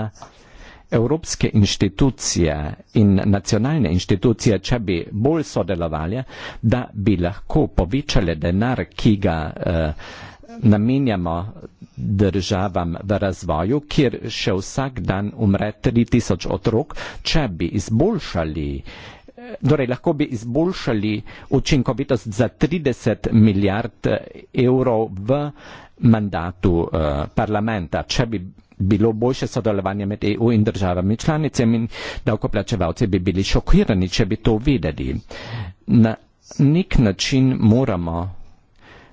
evropske inštitucije in nacionalne inštitucije, če bi bolj sodelovali, da bi lahko povečali denar, ki ga uh, namenjamo državam v razvoju, kjer še vsak dan umre 3000 otrok, če bi izboljšali, eh, torej lahko bi izboljšali učinkovitost za 30 milijard eh, evrov v mandatu uh, parlamenta, če bi bilo boljše sodelovanje med EU in državami članicami in davkoplačevalci bi bili šokirani, če bi to videli. Na nek način moramo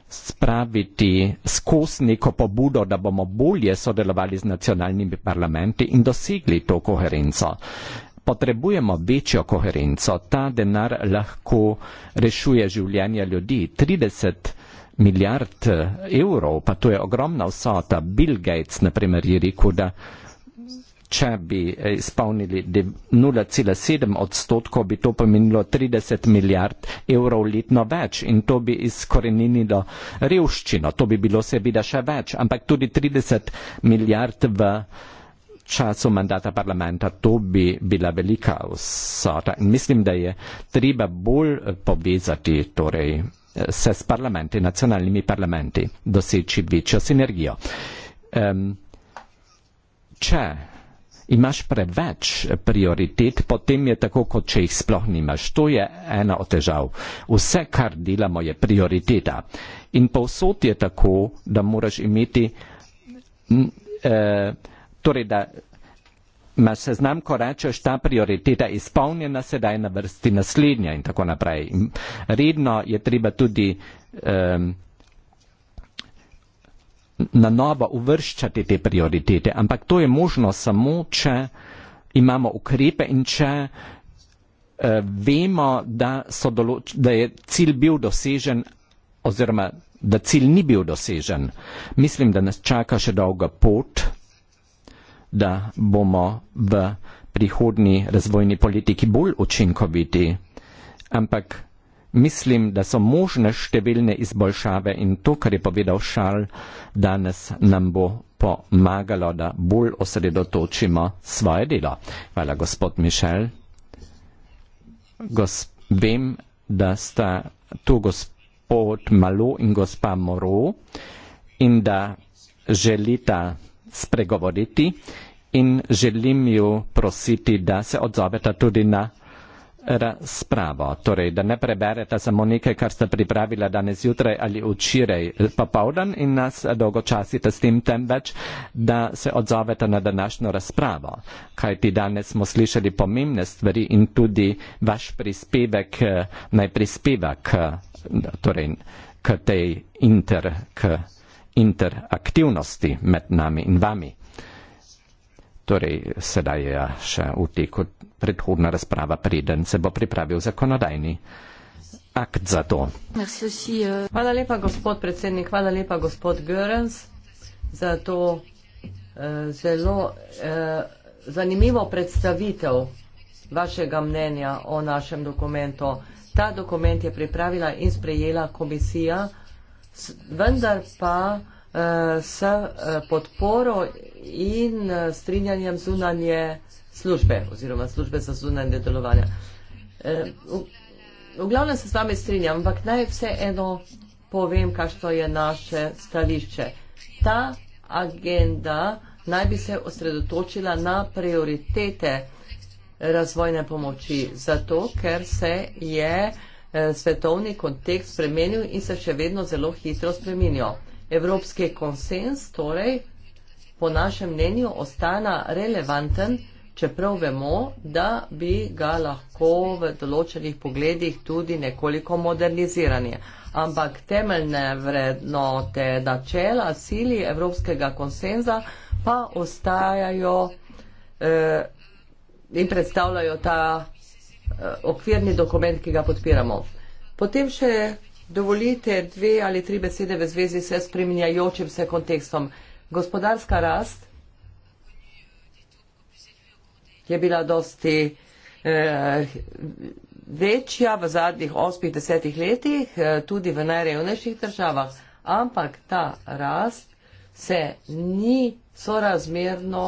spraviti skozi neko pobudo, da bomo bolje sodelovali z nacionalnimi parlamenti in dosegli to koherenco. Potrebujemo večjo koherenco. Ta denar lahko rešuje življenja ljudi. 30 milijard eh, evrov, pa to je ogromna vsota, Bill Gates na primer je rekel, da če bi eh, izpolnili 0,7 odstotkov, bi to pomenilo 30 milijard evrov letno več in to bi izkoreninilo revščino, to bi bilo seveda še več, ampak tudi 30 milijard v času mandata parlamenta, to bi bila velika vsota. In mislim, da je treba bolj eh, povezati torej, ses parlamenti, nacionalnimi parlamenti, doseči večjo sinergijo. Um, če imaš preveč prioritet, potem je tako, kot če jih sploh nimaš. To je ena od težav. Vse, kar delamo, je prioriteta. In povsod je tako, da moraš imeti. Uh, torej, da ima seznam, ko rečeš, ta prioriteta je izpolnjena, sedaj na vrsti naslednja in tako naprej. Redno je treba tudi um, na novo uvrščati te prioritete, ampak to je možno samo, če imamo ukrepe in če uh, vemo, da, določ, da je cilj bil dosežen oziroma da cilj ni bil dosežen. Mislim, da nas čaka še dolga pot da bomo v prihodni razvojni politiki bolj učinkoviti, ampak mislim, da so možne številne izboljšave in to, kar je povedal Šal, danes nam bo pomagalo, da bolj osredotočimo svoje delo. Hvala, gospod Mišel. Gos vem, da sta tu gospod Malo in gospa Moro in da želita spregovoriti in želim ju prositi, da se odzoveta tudi na razpravo. Torej, da ne prebereta samo nekaj, kar ste pripravila danes jutraj ali včeraj eh, popovdan in nas dolgočasite s tem temveč, da se odzoveta na današnjo razpravo. Kaj ti danes smo slišali pomembne stvari in tudi vaš prispevek, eh, naj prispeva k, torej, k tej inter, k interaktivnosti med nami in vami. Torej, sedaj je še v teku predhodna razprava, preden se bo pripravil zakonodajni akt za to. Euh, hvala lepa, gospod predsednik, hvala lepa, gospod Görens, za to eh, zelo eh, zanimivo predstavitev vašega mnenja o našem dokumentu. Ta dokument je pripravila in sprejela komisija vendar pa uh, s uh, podporo in uh, strinjanjem zunanje službe oziroma službe za zunanje delovanje. Uh, v, v glavnem se s vami strinjam, ampak naj vseeno povem, kakšno je naše stališče. Ta agenda naj bi se osredotočila na prioritete razvojne pomoči, zato ker se je uh, Eh, svetovni kontekst spremenil in se še vedno zelo hitro spremenijo. Evropski konsens torej po našem mnenju ostana relevanten, čeprav vemo, da bi ga lahko v določenih pogledih tudi nekoliko modernizirani. Ampak temeljne vrednote, načela, sili evropskega konsenza pa ostajajo eh, in predstavljajo ta Eh, okvirni dokument, ki ga podpiramo. Potem še dovolite dve ali tri besede v zvezi s spreminjajočim se kontekstom. Gospodarska rast je bila dosti eh, večja v zadnjih osmih desetih letih, eh, tudi v najrevnejših državah, ampak ta rast se ni sorazmerno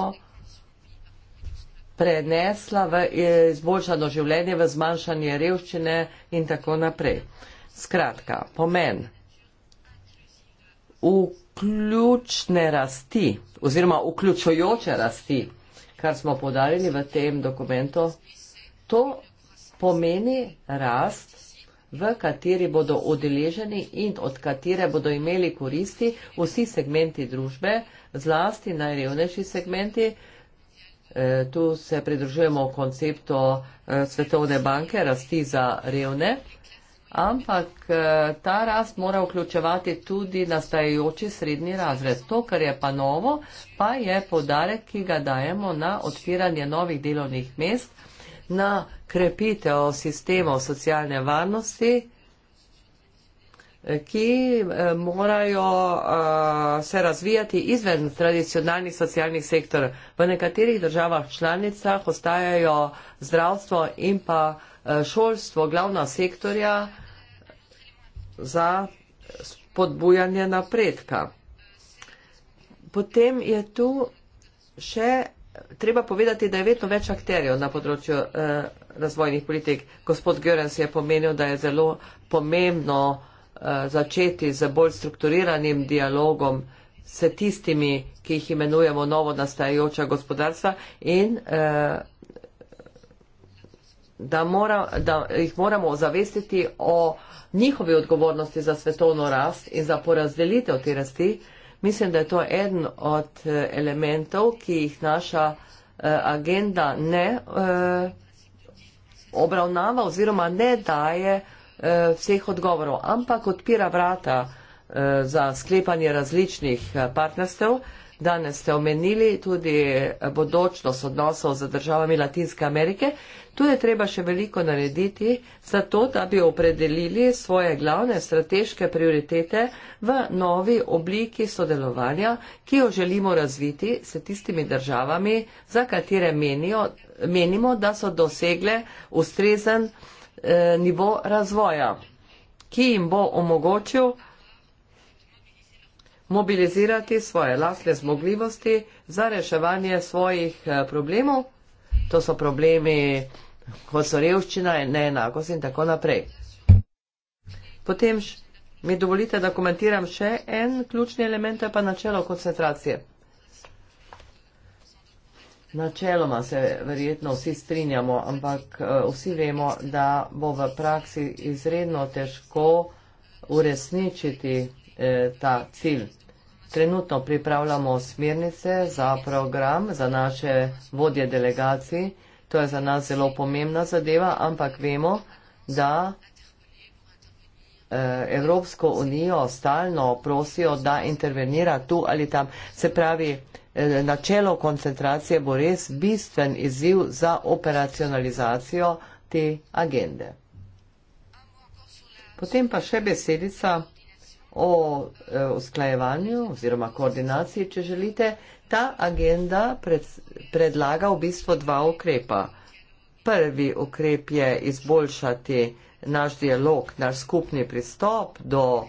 prenesla v eh, izboljšano življenje, v zmanjšanje revščine in tako naprej. Skratka, pomen vključne rasti oziroma vključujoče rasti, kar smo podarili v tem dokumentu, to pomeni rast, v kateri bodo odeleženi in od katere bodo imeli koristi vsi segmenti družbe, zlasti najrevnejši segmenti, E, tu se pridružujemo konceptu e, Svetovne banke rasti za revne, ampak e, ta rast mora vključevati tudi nastajajoči srednji razred. To, kar je pa novo, pa je podarek, ki ga dajemo na odpiranje novih delovnih mest, na krepitev sistemov socialne varnosti ki eh, morajo eh, se razvijati izven tradicionalnih socialnih sektor. V nekaterih državah članicah ostajajo zdravstvo in pa eh, šolstvo glavna sektorja za spodbujanje napredka. Potem je tu še treba povedati, da je vedno več akterjev na področju eh, razvojnih politik. Gospod Görens je pomenil, da je zelo pomembno eh, Eh, začeti z bolj strukturiranim dialogom s tistimi, ki jih imenujemo novo nastajajoča gospodarstva in eh, da, mora, da jih moramo zavestiti o njihovi odgovornosti za svetovno rast in za porazdelitev te rasti. Mislim, da je to eden od eh, elementov, ki jih naša agenda ne obravnava oziroma ne daje Eh, vseh odgovorov, ampak odpira vrata eh, za sklepanje različnih eh, partnerstev. Danes ste omenili tudi bodočnost odnosov z državami Latinske Amerike. Tu je treba še veliko narediti za to, da bi opredelili svoje glavne strateške prioritete v novi obliki sodelovanja, ki jo želimo razviti s tistimi državami, za katere menijo, menimo, da so dosegle ustrezen eh, nivo razvoja, ki jim bo omogočil mobilizirati svoje lastne zmogljivosti za reševanje svojih eh, problemov. To so problemi, kot so revščina, neenakost in tako naprej. Potem mi dovolite, da komentiram še en ključni element, to je pa načelo koncentracije. Načeloma se verjetno vsi strinjamo, ampak eh, vsi vemo, da bo v praksi izredno težko uresničiti eh, ta cilj. Trenutno pripravljamo smernice za program, za naše vodje delegacij. To je za nas zelo pomembna zadeva, ampak vemo, da Eh, Evropsko unijo stalno prosijo, da intervenira tu ali tam. Se pravi, eh, načelo koncentracije bo res bistven izziv za operacionalizacijo te agende. Potem pa še besedica o eh, usklajevanju oziroma koordinaciji, če želite. Ta agenda pred, predlaga v bistvu dva ukrepa. Prvi ukrep je izboljšati naš dialog, naš skupni pristop do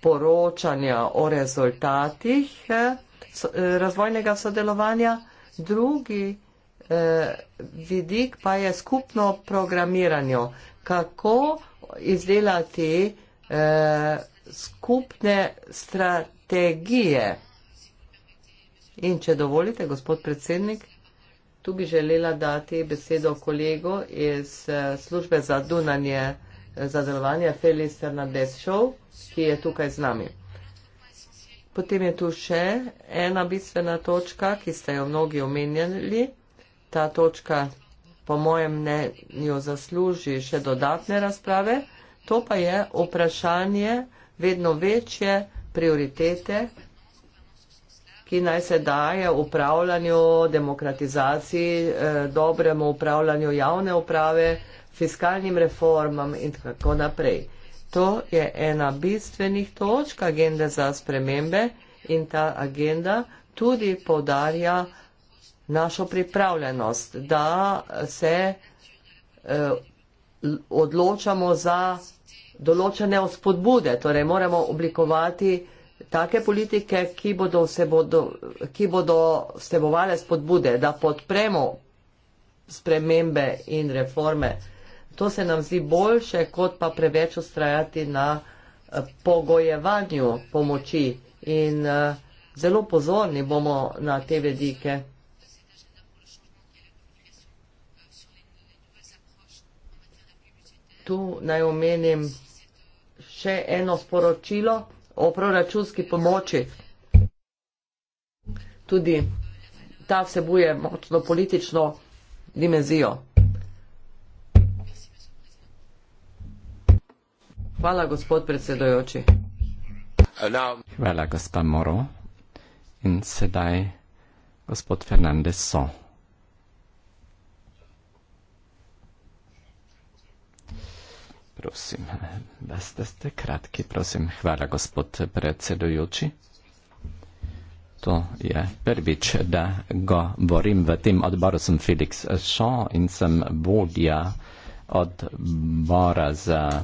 poročanja o rezultatih eh, eh, razvojnega sodelovanja. Drugi eh, vidik pa je skupno programiranje, kako izdelati eh, skupne strategije. In če dovolite, gospod predsednik, Tu bi želela dati besedo kolegu iz eh, službe za dunanje eh, za delovanje Felis Fernandez Show, ki je tukaj z nami. Potem je tu še ena bistvena točka, ki ste jo mnogi omenjali. Ta točka po mojem mnenju zasluži še dodatne razprave. To pa je vprašanje vedno večje prioritete ki naj se daje upravljanju, demokratizaciji, eh, dobremu upravljanju javne uprave, fiskalnim reformam in tako naprej. To je ena bistvenih točk agende za spremembe in ta agenda tudi povdarja našo pripravljenost, da se eh, odločamo za določene vzpodbude, torej moramo oblikovati take politike, ki bodo, bodo, ki bodo vsebovale spodbude, da podpremo spremembe in reforme. To se nam zdi boljše, kot pa preveč ustrajati na eh, pogojevanju pomoči in eh, zelo pozorni bomo na te vedike. Tu naj omenim še eno sporočilo o proračunski pomoči. Tudi ta vsebuje močno politično dimenzijo. Hvala, gospod predsedojoči. Hvala, gospa Moro. In sedaj gospod Fernandez So. Prosim, da ste, ste kratki, prosim. Hvala, gospod predsedujoči. To je prvič, da govorim v tem odboru. Sem Felix Šo in sem vodja odbora za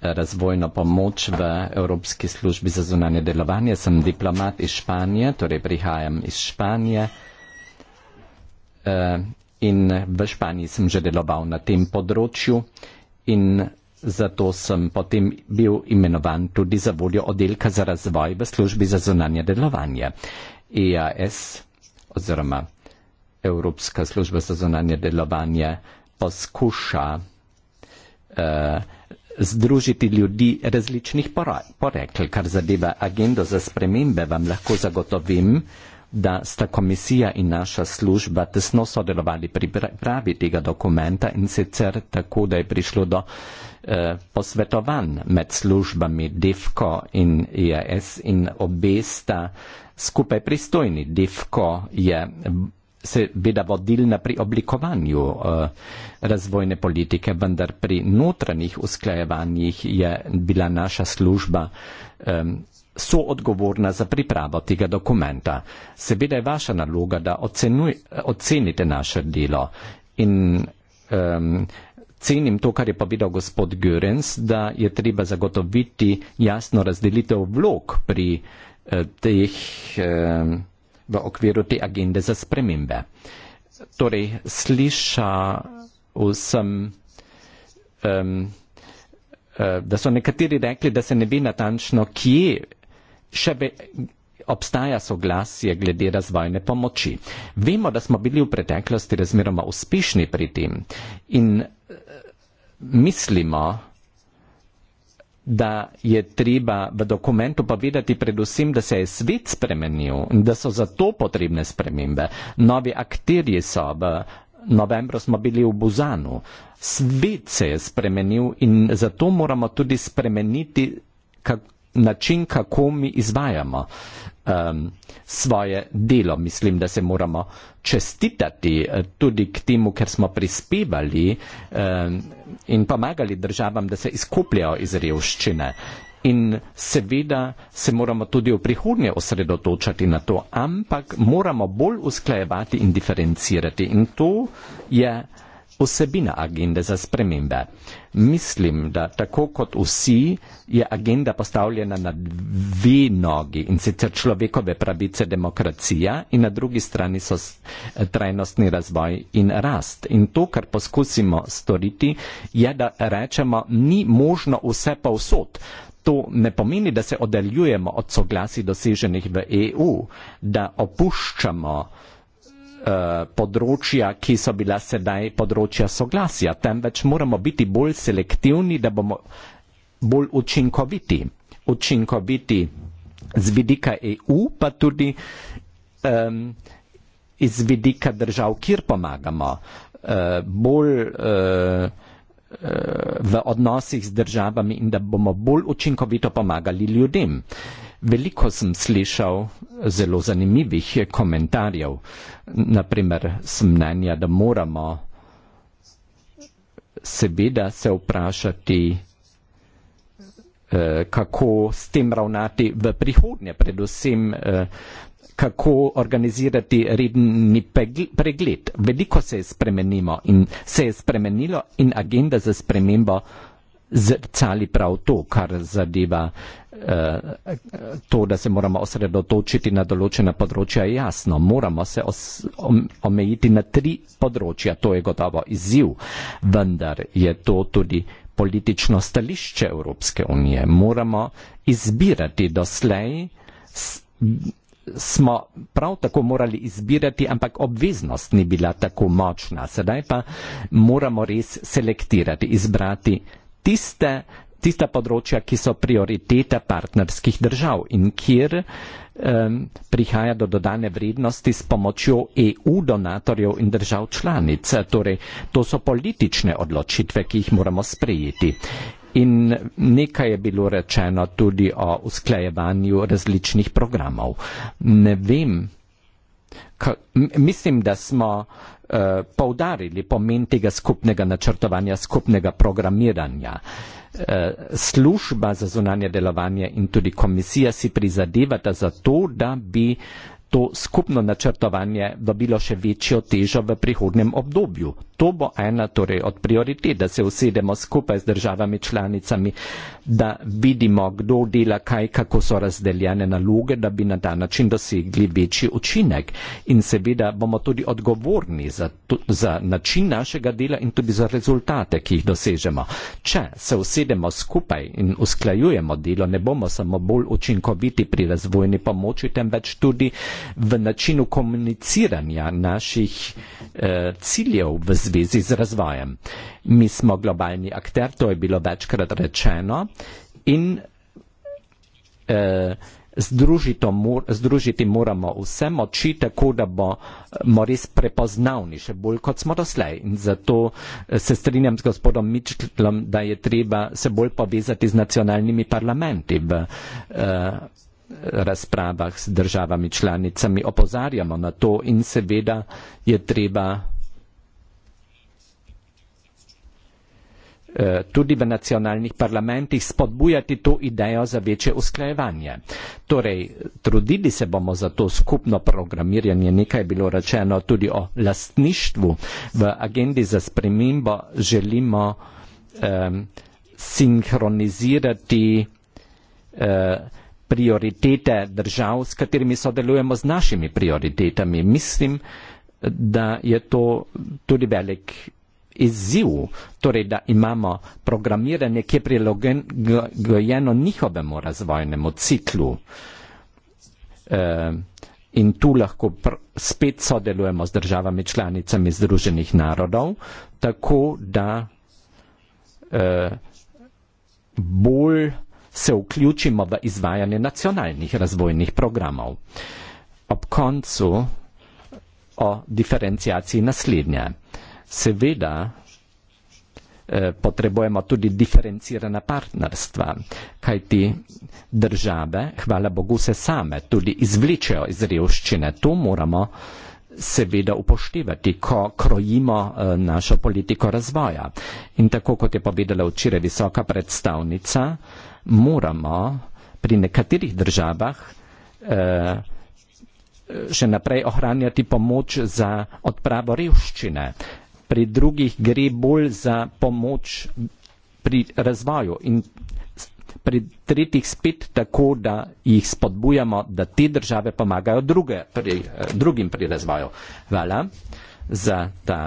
razvojno pomoč v Evropski službi za zunanje delovanje. Sem diplomat iz Španije, torej prihajam iz Španije. Eh, in v Španiji sem že deloval na tem področju. In zato sem potem bil imenovan tudi za vodjo oddelka za razvoj v službi za zunanje delovanje. EAS oziroma Evropska služba za zunanje delovanje poskuša eh, združiti ljudi različnih porekl, kar zadeva agendo za spremembe, vam lahko zagotovim, da sta komisija in naša služba tesno sodelovali pri pravi tega dokumenta in sicer tako, da je prišlo do Eh, posvetovan med službami DIFCO in IAS in obesta skupaj pristojni. DIFCO je seveda vodilna pri oblikovanju eh, razvojne politike, vendar pri notranjih usklajevanjih je bila naša služba eh, so odgovorna za pripravo tega dokumenta. Seveda je vaša naloga, da ocenuj, ocenite naše delo in um, Cenim to, kar je povedal gospod Görens, da je treba zagotoviti jasno razdelitev vlog pri eh, teh eh, v okviru te agende za spremembe. Torej, sliša vsem, um, eh, da so nekateri rekli, da se ne ve natančno, kje še be, obstaja soglasje glede razvojne pomoči. Vemo, da smo bili v preteklosti razmeroma uspešni pri tem in mislimo, da je treba v dokumentu povedati predvsem, da se je svet spremenil in da so zato potrebne spremembe. Novi akterji so, v novembru smo bili v Buzanu, svet se je spremenil in zato moramo tudi spremeniti kak, način, kako mi izvajamo. Uh, um, svoje delo. Mislim, da se moramo čestitati eh, tudi k temu, ker smo prispevali um, in pomagali državam, da se izkupljajo iz revščine. In seveda se moramo tudi v prihodnje osredotočati na to, ampak moramo bolj usklajevati in diferencirati. In to je vsebina agende za spremembe. Mislim, da tako kot vsi je agenda postavljena na dve nogi in sicer človekove pravice demokracija in na drugi strani so eh, trajnostni razvoj in rast. In to, kar poskusimo storiti, je, da rečemo, ni možno vse pa vsot. To ne pomeni, da se oddaljujemo od soglasi doseženih v EU, da opuščamo Eh, področja, ki so bila sedaj področja soglasja, temveč moramo biti bolj selektivni, da bomo bolj učinkoviti. Učinkoviti z vidika EU, pa tudi um, iz vidika držav, kjer pomagamo. Uh, bolj uh, uh, v odnosih z državami in da bomo bolj učinkovito pomagali ljudem. Uh, Veliko sem slišal zelo zanimivih komentarjev, naprimer sem mnenja, da moramo seveda se vprašati, eh, kako s tem ravnati v prihodnje, predvsem eh, kako organizirati redni pregled. Veliko se je spremenilo in se je spremenilo in agenda za spremembo zrcali prav to, kar zadeva eh, to, da se moramo osredotočiti na določena področja, je jasno. Moramo se omejiti na tri področja, to je gotovo izziv, vendar je to tudi politično stališče Evropske unije. Moramo izbirati doslej, smo prav tako morali izbirati, ampak obveznost ni bila tako močna. Sedaj pa moramo res selektirati, izbrati tiste, tista področja, ki so prioritete partnerskih držav in kjer um, prihaja do dodane vrednosti s pomočjo EU donatorjev in držav članic. Torej, to so politične odločitve, ki jih moramo sprejeti. In nekaj je bilo rečeno tudi o usklajevanju različnih programov. Ne vem, Mislim, da smo eh, poudarili pomen tega skupnega načrtovanja, skupnega programiranja. Eh, služba za zunanje delovanje in tudi komisija si prizadevata za to, da bi to skupno načrtovanje dobilo še večjo težo v prihodnem obdobju to bo ena torej, od prioritet, da se usedemo skupaj z državami članicami, da vidimo, kdo dela kaj, kako so razdeljene naloge, da bi na ta način dosegli večji učinek. In seveda bomo tudi odgovorni za, to, za način našega dela in tudi za rezultate, ki jih dosežemo. Če se usedemo skupaj in usklajujemo delo, ne bomo samo bolj učinkoviti pri razvojni pomoči, temveč tudi v načinu komuniciranja naših eh, ciljev v zvezi zvezi z razvojem. Mi smo globalni akter, to je bilo večkrat rečeno in eh, Združito, mor, združiti moramo vse moči, tako da bomo res prepoznavni, še bolj kot smo doslej. In zato eh, se strinjam z gospodom Mičklom, da je treba se bolj povezati z nacionalnimi parlamenti v eh, razpravah s državami članicami. Opozarjamo na to in seveda je treba Eh, tudi v nacionalnih parlamentih spodbujati to idejo za večje usklajevanje. Torej, trudili se bomo za to skupno programiranje, nekaj je bilo rečeno tudi o lastništvu. V agendi za spremembo želimo um, sinhronizirati uh, prioritete držav, s katerimi sodelujemo z našimi prioritetami. Mislim, da je to tudi velik izziv, torej da imamo programiranje, ki je prilagojeno njihovemu razvojnemu ciklu. E, in tu lahko pr, spet sodelujemo z državami članicami Združenih narodov, tako da e, bolj se vključimo v izvajanje nacionalnih razvojnih programov. Ob koncu o diferencijaciji naslednje seveda eh, potrebujemo tudi diferencirana partnerstva, kaj ti države, hvala Bogu, se same tudi izvličejo iz revščine. Tu moramo seveda upoštevati, ko krojimo eh, našo politiko razvoja. In tako, kot je povedala včeraj visoka predstavnica, moramo pri nekaterih državah eh, še naprej ohranjati pomoč za odpravo revščine pri drugih gre bolj za pomoč pri razvoju in pri tretjih spet tako, da jih spodbujamo, da te države pomagajo druge, pri, drugim pri razvoju. Hvala za ta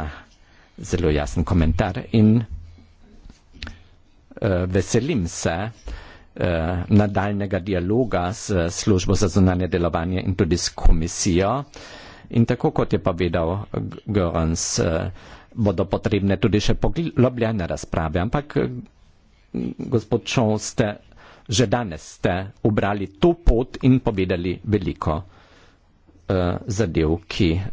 zelo jasen komentar in uh, veselim se uh, nadaljnega dialoga s službo za zunanje delovanje in tudi s komisijo. In tako kot je povedal Gorans, uh, bodo potrebne tudi še poglobljene razprave, ampak eh, gospod Čov, ste že danes ste ubrali to pot in povedali veliko uh, zadev, ki eh,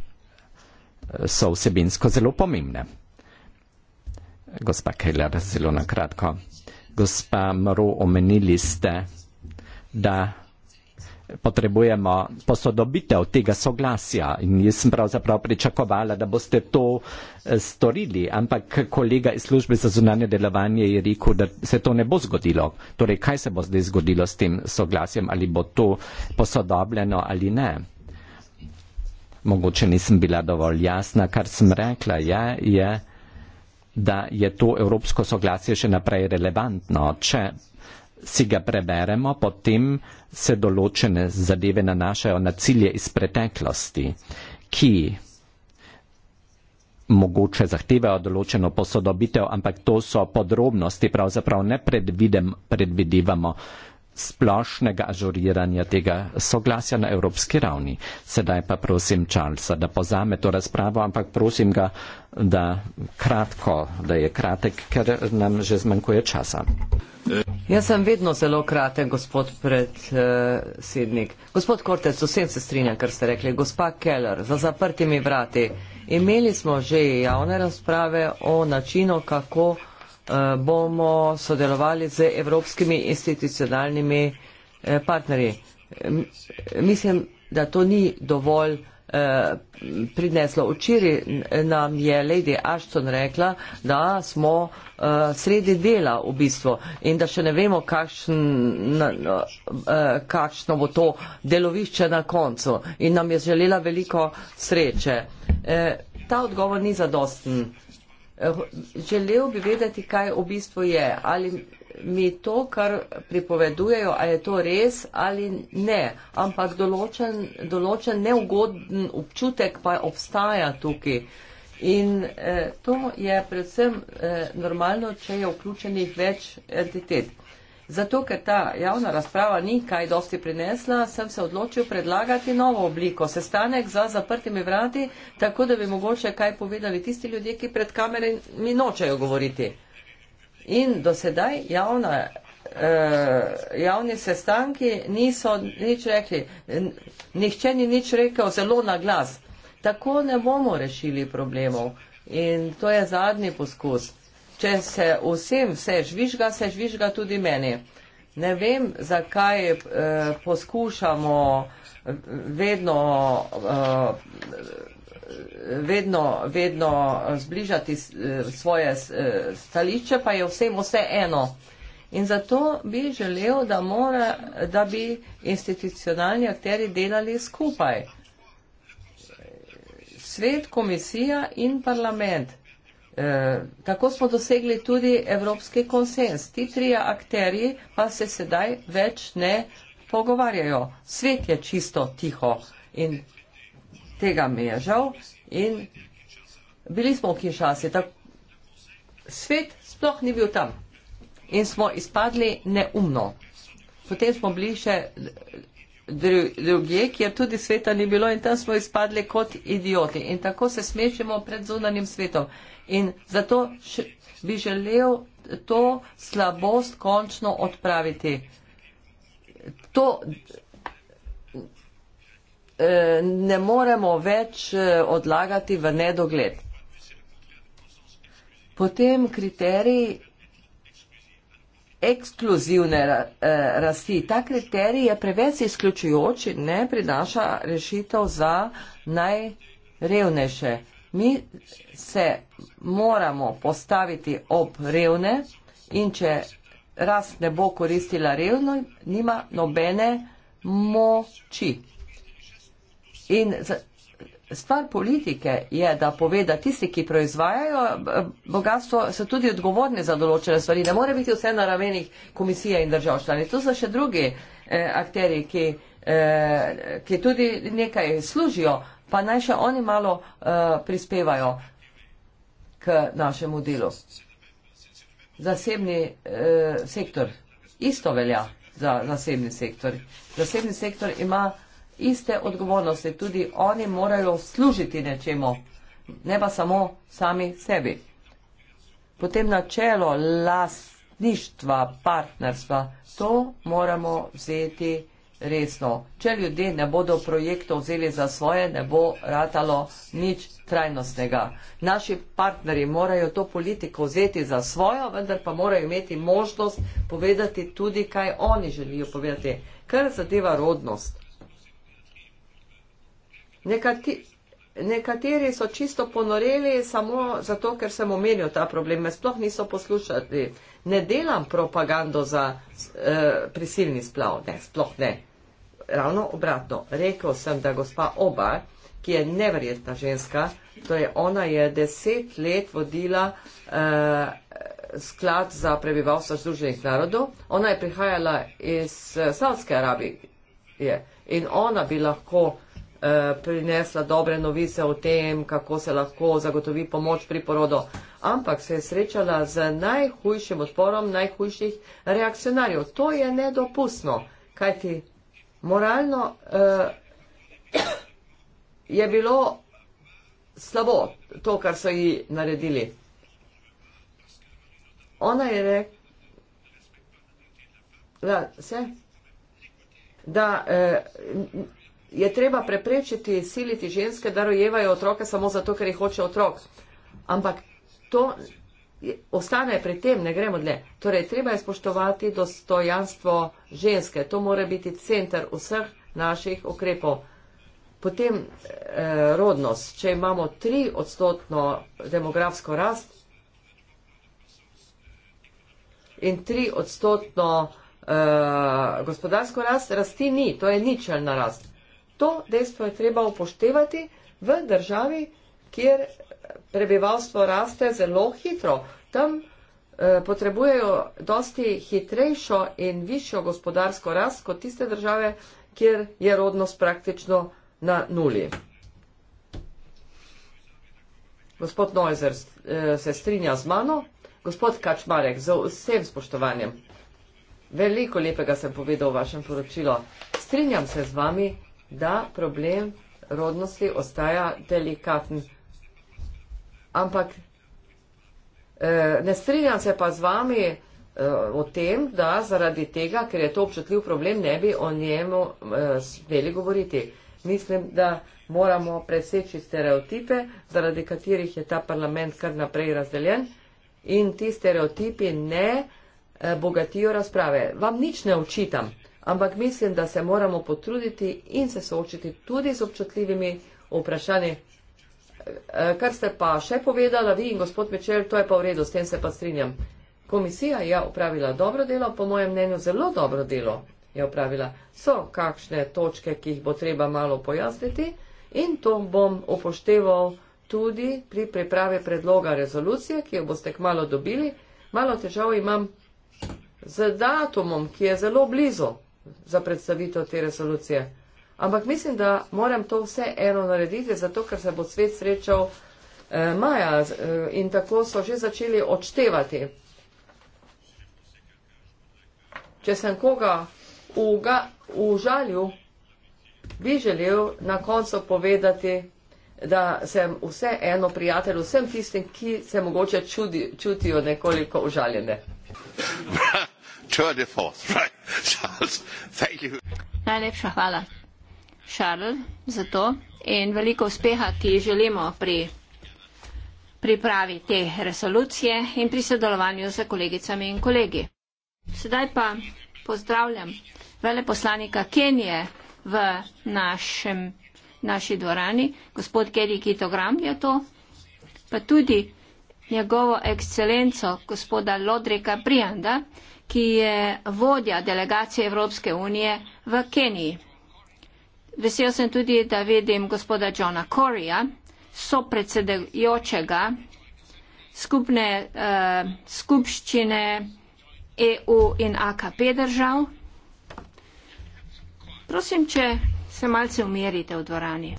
so vsebinsko zelo pomembne. Gospa Keller, zelo nakratko. Gospa Mro, omenili ste, da potrebujemo posodobitev tega soglasja in jaz sem pravzaprav pričakovala, da boste to eh, storili, ampak kolega iz službe za zunanje delovanje je rekel, da se to ne bo zgodilo. Torej, kaj se bo zdaj zgodilo s tem soglasjem, ali bo to posodobljeno ali ne? Mogoče nisem bila dovolj jasna, kar sem rekla, je, je da je to evropsko soglasje še naprej relevantno. Če si ga preberemo, potem se določene zadeve nanašajo na cilje iz preteklosti, ki mogoče zahtevajo določeno posodobitev, ampak to so podrobnosti, pravzaprav ne predvidem, predvidevamo. Uh, splošnega ažuriranja tega soglasja na evropski ravni. Sedaj pa prosim Charlesa, da pozame to razpravo, ampak prosim ga, da kratko, da je kratek, ker nam že zmanjkuje časa. Jaz sem vedno zelo kraten, gospod predsednik. Gospod Kortec, vsem se strinjam, kar ste rekli. Gospa Keller, za zaprtimi vrati. Imeli smo že javne razprave o načinu, kako Eh, bomo sodelovali z evropskimi institucionalnimi eh, partnerji. Mislim, da to ni dovolj eh, prineslo. Včeraj nam je Lady Ashton rekla, da smo sredi dela v bistvu in da še ne vemo, kakšen, no, kakšno bo to delovišče na koncu in nam je želela veliko sreče. Ta odgovor ni zadosten. Želel bi vedeti, kaj v bistvu je. Ali mi to, kar pripovedujejo, a je to res ali ne. Ampak določen, določen neugodn občutek pa obstaja tukaj. In eh, to je predvsem eh, normalno, če je vključenih več entitet. Zato, ker ta javna razprava ni kaj dosti prinesla, sem se odločil predlagati novo obliko, sestanek za zaprtimi vrati, tako da bi mogoče kaj povedali tisti ljudje, ki pred kamere mi nočejo govoriti. In do sedaj javna, eh, javni sestanki niso nič rekli, nihče ni nič rekel zelo na glas. Tako ne bomo rešili problemov. In to je zadnji poskus če se vsem vse žvižga, se žvižga tudi meni. Ne vem, zakaj eh, poskušamo eh, vedno, eh, vedno, vedno zbližati eh, svoje eh, stališče, pa je vsem vse eno. In zato bi želel, da, mora, da bi institucionalni akteri delali skupaj. Svet, komisija in parlament. Eh, kako smo dosegli tudi evropski konsens. Ti trije akteri pa se sedaj več ne pogovarjajo. Svet je čisto tiho in tega mi je žal in bili smo v Kinšasi. Svet sploh ni bil tam in smo izpadli neumno. Potem smo bili še dru, drugje, kjer tudi sveta ni bilo in tam smo izpadli kot idioti. In tako se smešimo pred zunanjim svetom. In zato še, bi želel to slabost končno odpraviti. To e, ne moremo več e, odlagati v nedogled. Potem kriteriji ekskluzivne eh, rasti. Ta kriterij je preveč izključujoč in ne prinaša rešitev za najrevnejše. Mi se moramo postaviti ob revne in če rast ne bo koristila revno, nima nobene moči. In stvar politike je, da pove, da tisti, ki proizvajajo eh, bogatstvo, so tudi odgovorni za določene stvari. Ne more biti vse na ravenih komisije in držav članic. Tu so še drugi eh, akteri, ki, eh, ki tudi nekaj služijo, pa naj še oni malo eh, prispevajo k našemu delu. Zasebni eh, sektor. Isto velja za zasebni sektor. Zasebni sektor ima iste odgovornosti, tudi oni morajo služiti nečemu, ne pa samo sami sebi. Potem načelo lastništva, partnerstva, to moramo vzeti resno. Če ljudje ne bodo projektov vzeli za svoje, ne bo ratalo nič trajnostnega. Naši partnerji morajo to politiko vzeti za svojo, vendar pa morajo imeti možnost povedati tudi, kaj oni želijo povedati. Kar zadeva rodnost. Nekati, nekateri so čisto ponoreli samo zato, ker sem omenil ta problem. Me sploh niso poslušali. Ne delam propagando za uh, prisilni splav. Ne, sploh ne. Ravno obratno. Rekel sem, da gospa Oba, ki je neverjetna ženska, to je ona je deset let vodila uh, sklad za prebivalstvo Združenih narodov. Ona je prihajala iz uh, eh, Saudske Arabije. In ona bi lahko uh, Eh, prinesla dobre novice o tem, kako se lahko zagotovi pomoč pri porodu, ampak se je srečala z najhujšim odporom najhujših reakcionarjev. To je nedopustno, kajti moralno uh, je bilo slabo to, kar so ji naredili. Ona je rekla, da se. Da, uh, je treba preprečiti, siliti ženske, da rojevajo otroke samo zato, ker jih hoče otrok. Ampak to je, ostane pri tem, ne gremo dlje. Torej, treba je spoštovati dostojanstvo ženske. To mora biti centr vseh naših ukrepov. Potem eh, rodnost. Če imamo tri odstotno demografsko rast in tri odstotno eh, gospodarsko rast, rasti ni, to je ničelna rast. To dejstvo je treba upoštevati v državi, kjer prebivalstvo raste zelo hitro. Tam eh, potrebujejo dosti hitrejšo in višjo gospodarsko rast kot tiste države, kjer je rodnost praktično na nuli. Gospod Neuser eh, se strinja z mano. Gospod Kačmarek, z vsem spoštovanjem. Veliko lepega sem povedal v vašem poročilu. Strinjam se z vami, da problem rodnosti ostaja delikaten. Ampak eh, ne strinjam se pa z vami eh, o tem, da zaradi tega, ker je to občutljiv problem, ne bi o njemu eh, smeli govoriti. Mislim, da moramo preseči stereotipe, zaradi katerih je ta parlament kar naprej razdeljen in ti stereotipi ne eh, bogatijo razprave. Vam nič ne očitam ampak mislim, da se moramo potruditi in se soočiti tudi z občutljivimi vprašanji. Eh, eh, kar ste pa še povedala vi in gospod Mečer, to je pa v redu, s tem se pa strinjam. Komisija je upravila dobro delo, po mojem mnenju zelo dobro delo je upravila. So kakšne točke, ki jih bo treba malo pojasniti in to bom upošteval tudi pri pripravi predloga rezolucije, ki jo boste kmalo dobili. Malo težav imam z datumom, ki je zelo blizu za predstavitev te resolucije. Ampak mislim, da moram to vse eno narediti, zato ker se bo svet srečal eh, maja eh, in tako so že začeli odštevati. Če sem koga užalil, bi želel na koncu povedati, da sem vse eno prijatelj vsem tistim, ki se mogoče čudi, čutijo nekoliko užaljene. Tour de Force, right? Charles, thank you. Najlepša hvala, Charles, za to in veliko uspeha ti želimo pri pripravi te resolucije in pri sodelovanju z kolegicami in kolegi. Sedaj pa pozdravljam veleposlanika Kenije v našem, naši dvorani, gospod Kedi Kitogram je to, pa tudi njegovo ekscelenco gospoda Lodrika Prijanda, ki je vodja delegacije Evropske unije v Keniji. Vesel sem tudi, da vidim gospoda Johna Corija, sopredsedujočega skupne uh, skupščine EU in AKP držav. Prosim, če se malce umirite v dvorani.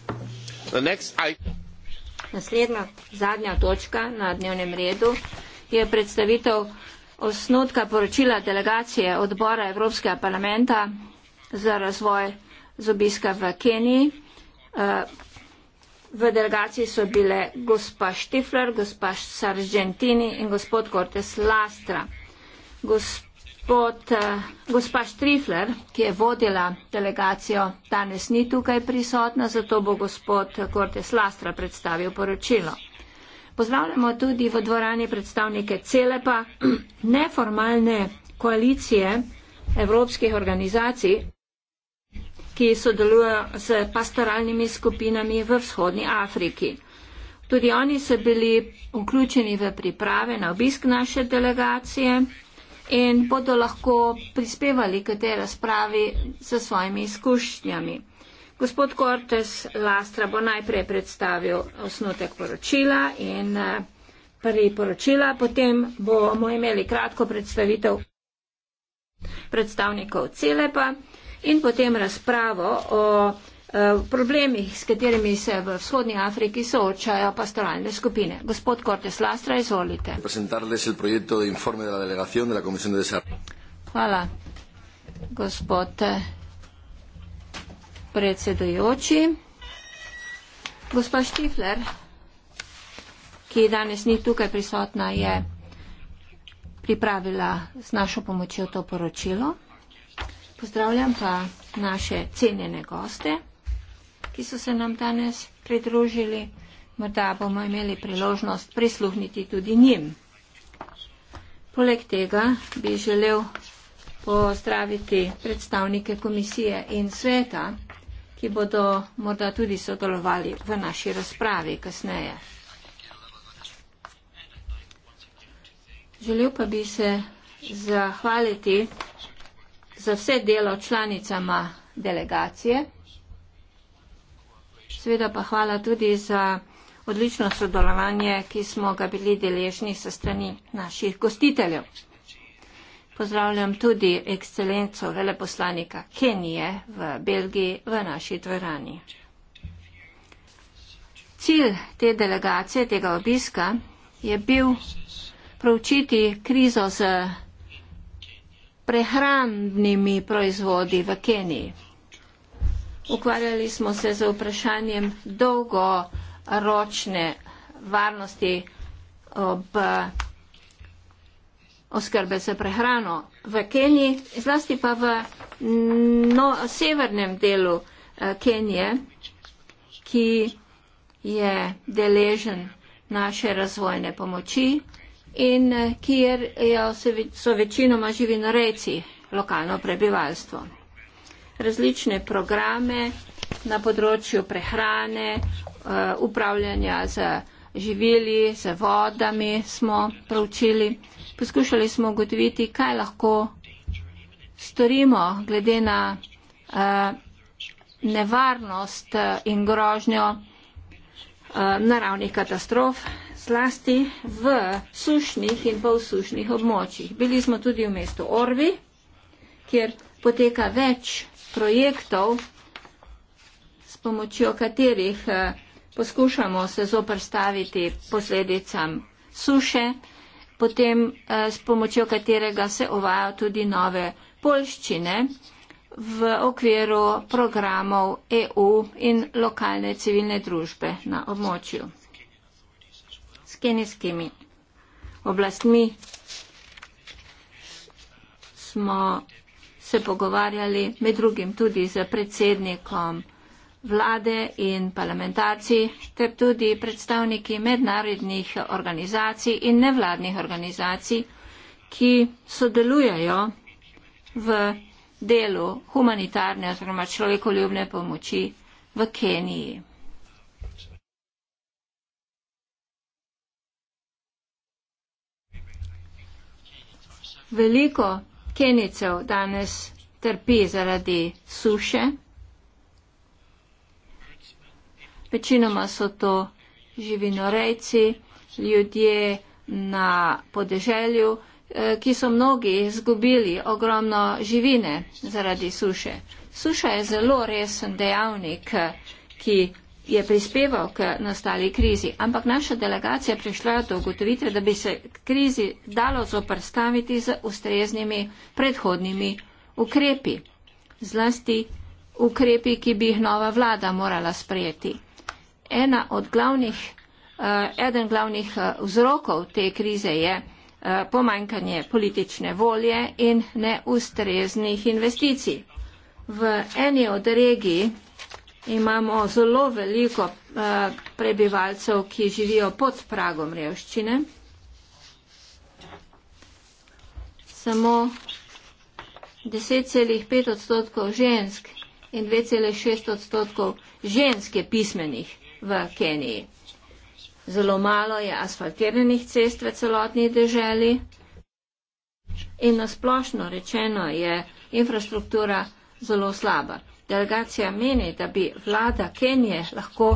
Naslednja, zadnja točka na dnevnem redu je predstavitev osnotka poročila delegacije odbora Evropskega parlamenta za razvoj z obiska v Keniji. Eh, v delegaciji so bile gospa Štifler, gospa Sargentini in gospod Cortes Lastra. Gospod, eh, gospa Štifler, ki je vodila delegacijo, danes ni tukaj prisotna, zato bo gospod Cortes Lastra predstavil poročilo. Pozdravljamo tudi v dvorani predstavnike celepa neformalne koalicije evropskih organizacij, ki sodelujejo s pastoralnimi skupinami v vzhodni Afriki. Tudi oni so bili vključeni v priprave na obisk naše delegacije in bodo lahko prispevali k tej razpravi s svojimi izkušnjami. Gospod Cortes Lastra bo najprej predstavil osnutek poročila in eh, prvi poročila, potem bomo imeli kratko predstavitev predstavnikov CELEPA in potem razpravo o eh, problemih, s katerimi se v vzhodnji Afriki soočajo pastoralne skupine. Gospod Cortes Lastra, izvolite. Hvala, gospod eh, predsedojoči. Gospa Štifler, ki danes ni tukaj prisotna, je ja. pripravila z našo pomočjo to poročilo. Pozdravljam pa naše cenjene goste, ki so se nam danes pridružili. Morda bomo imeli priložnost prisluhniti tudi njim. Poleg tega bi želel pozdraviti predstavnike komisije in sveta, ki bodo morda tudi sodelovali v naši razpravi kasneje. Želel pa bi se zahvaliti za vse delo članicama delegacije. Sveda pa hvala tudi za odlično sodelovanje, ki smo ga bili deležni sa strani naših gostiteljev pozdravljam tudi ekscelenco veleposlanika Kenije v Belgiji v naši dvorani. Cilj te delegacije, tega obiska, je bil proučiti krizo z prehrambnimi proizvodi v Keniji. Ukvarjali smo se z vprašanjem dolgoročne varnosti ob oskrbe za prehrano v Keniji, zlasti pa v no, severnem delu eh, Kenije, ki je deležen naše razvojne pomoči in eh, kjer so večinoma živi na reci lokalno prebivalstvo. Različne programe na področju prehrane, eh, upravljanja z živili, z vodami smo pravčili poskušali smo ugotoviti, kaj lahko storimo glede na uh, nevarnost eh, in grožnjo uh, naravnih katastrof, zlasti v sušnih in polsušnih območjih. Bili smo tudi v mestu Orvi, kjer poteka več projektov, s pomočjo katerih uh, poskušamo se zoprstaviti posledicam suše potem eh, s pomočjo katerega se uvajajo tudi nove polščine v okviru programov EU in lokalne civilne družbe na območju s kenijskimi oblastmi smo se pogovarjali med drugim tudi z predsednikom vlade in parlamentarci ter tudi predstavniki mednarodnih organizacij in nevladnih organizacij, ki sodelujejo v delu humanitarne oziroma človekoljubne pomoči v Keniji. Veliko Kenicev danes trpi zaradi suše. Večinoma so to živinorejci, ljudje na podeželju, eh, ki so mnogi izgubili ogromno živine zaradi suše. Suša je zelo resen dejavnik, ki je prispeval k nastali krizi, ampak naša delegacija prišla do ugotovitve, da bi se krizi dalo zoprstaviti z ustreznimi predhodnimi ukrepi, zlasti ukrepi, ki bi jih nova vlada morala sprejeti ena od glavnih, eh, eden glavnih eh, vzrokov te krize je eh, pomanjkanje politične volje in neustreznih investicij. V eni od regij imamo zelo veliko prebivalcev, ki živijo pod pragom revščine. Samo 10,5 odstotkov žensk in 2,6 odstotkov žensk je pismenih v Keniji. Zelo malo je asfaltiranih cest v celotni deželi in nasplošno rečeno je infrastruktura zelo slaba. Delegacija meni, da bi vlada Kenije lahko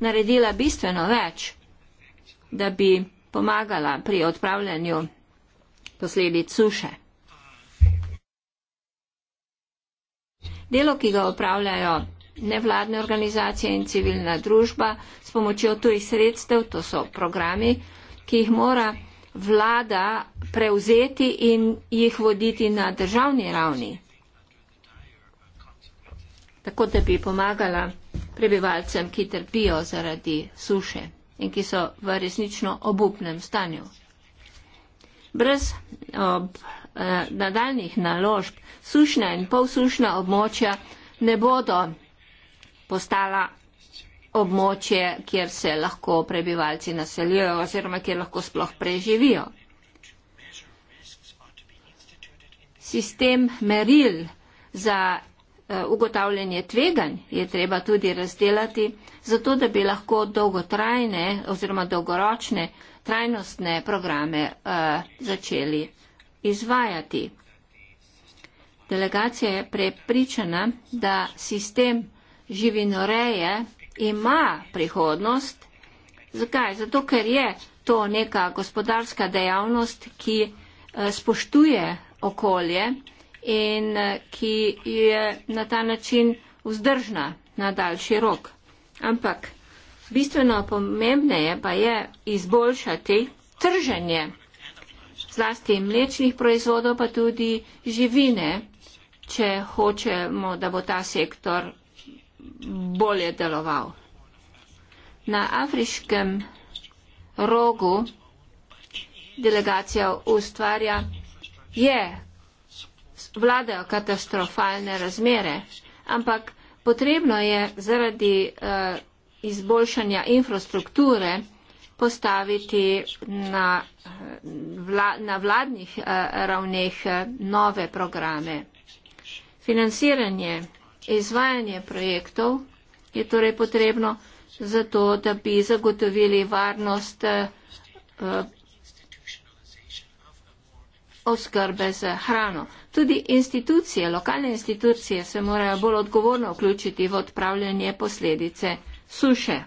naredila bistveno več, da bi pomagala pri odpravljanju posledic suše. Delo, ki ga upravljajo nevladne organizacije in civilna družba s pomočjo tujih sredstev, to so programi, ki jih mora vlada prevzeti in jih voditi na državni ravni, tako da bi pomagala prebivalcem, ki trpijo zaradi suše in ki so v resnično obupnem stanju. Brez ob, eh, nadaljnih naložb sušna in polsušna območja ne bodo postala območje, kjer se lahko prebivalci naseljujejo oziroma kjer lahko sploh preživijo. Sistem meril za eh, ugotavljanje tveganj je treba tudi razdelati, zato da bi lahko dolgotrajne oziroma dolgoročne trajnostne programe uh, začeli izvajati. Delegacija je prepričana, da sistem živinoreje ima prihodnost. Zakaj? Zato, ker je to neka gospodarska dejavnost, ki eh, spoštuje okolje in eh, ki je na ta način vzdržna na daljši rok. Ampak bistveno pomembneje pa je izboljšati trženje zlasti mlečnih proizvodov, pa tudi živine, če hočemo, da bo ta sektor bolje deloval. Na afriškem rogu delegacija ustvarja, je, vladajo katastrofalne razmere, ampak potrebno je zaradi uh, izboljšanja infrastrukture postaviti na, vla, na vladnih uh, ravneh uh, nove programe. Financiranje Izvajanje projektov je torej potrebno za to, da bi zagotovili varnost eh, oskrbe z hrano. Tudi institucije, lokalne institucije se morajo bolj odgovorno vključiti v odpravljanje posledice suše.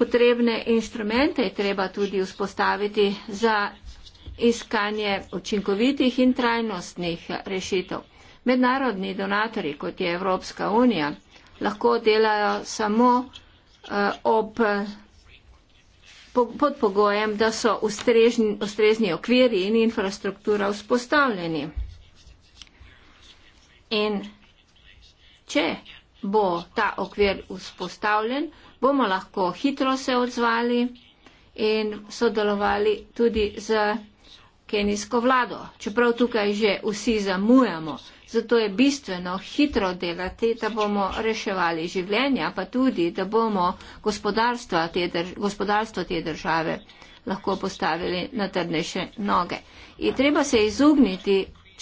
Potrebne inštrumente je treba tudi vzpostaviti za iskanje učinkovitih in trajnostnih rešitev. Mednarodni donatori, kot je Evropska unija, lahko delajo samo uh, ob, po, pod pogojem, da so ustrežni, ustrezni okviri in infrastruktura vzpostavljeni. In če bo ta okvir vzpostavljen, bomo lahko hitro se odzvali in sodelovali tudi z kenijsko vlado, čeprav tukaj že vsi zamujamo. Zato je bistveno hitro delati, da bomo reševali življenja, pa tudi, da bomo gospodarstvo te, drž gospodarstvo te države lahko postavili na trdnejše noge. In treba se izogniti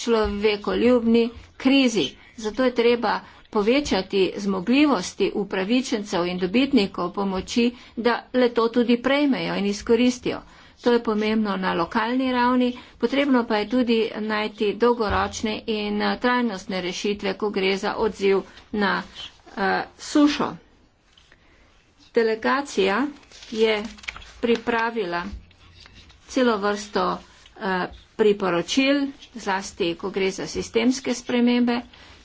človekoljubni krizi. Zato je treba povečati zmogljivosti upravičencev in dobitnikov pomoči, da le to tudi prejmejo in izkoristijo. To je pomembno na lokalni ravni, potrebno pa je tudi najti dolgoročne in eh, trajnostne rešitve, ko gre za odziv na uh, sušo. Delegacija je pripravila celo vrsto uh, priporočil, zlasti, ko gre za sistemske spremembe,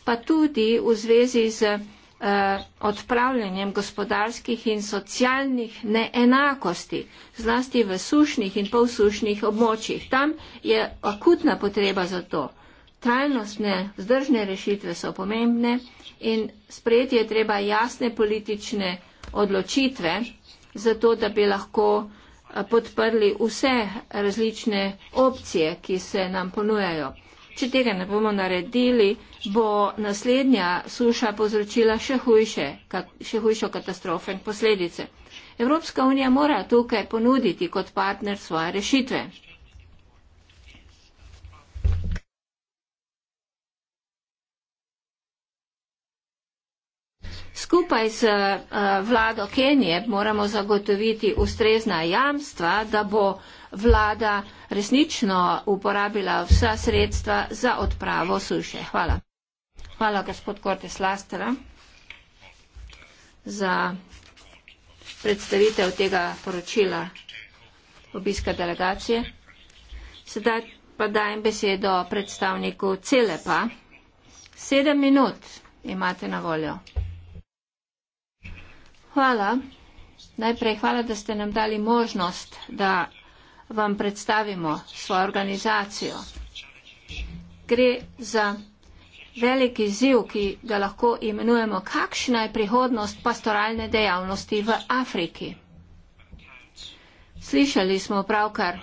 pa tudi v zvezi z Eh, odpravljanjem gospodarskih in socialnih neenakosti, zlasti v sušnih in polsušnih območjih. Tam je akutna potreba za to. Trajnostne, vzdržne rešitve so pomembne in sprejeti je treba jasne politične odločitve za to, da bi lahko eh, podprli vse različne opcije, ki se nam ponujajo. Če tega ne bomo naredili, bo naslednja suša povzročila še, hujše, še hujšo katastrofe in posledice. Evropska unija mora tukaj ponuditi kot partner svoje rešitve. Skupaj z eh, vlado Kenije moramo zagotoviti ustrezna jamstva, da bo vlada resnično uporabila vsa sredstva za odpravo suše. Hvala. Hvala, gospod Kortes Lastra, za predstavitev tega poročila obiska delegacije. Sedaj pa dajem besedo predstavniku Celepa. Sedem minut imate na voljo hvala. Najprej hvala, da ste nam dali možnost, da vam predstavimo svojo organizacijo. Gre za veliki ziv, ki ga lahko imenujemo, kakšna je prihodnost pastoralne dejavnosti v Afriki. Slišali smo pravkar,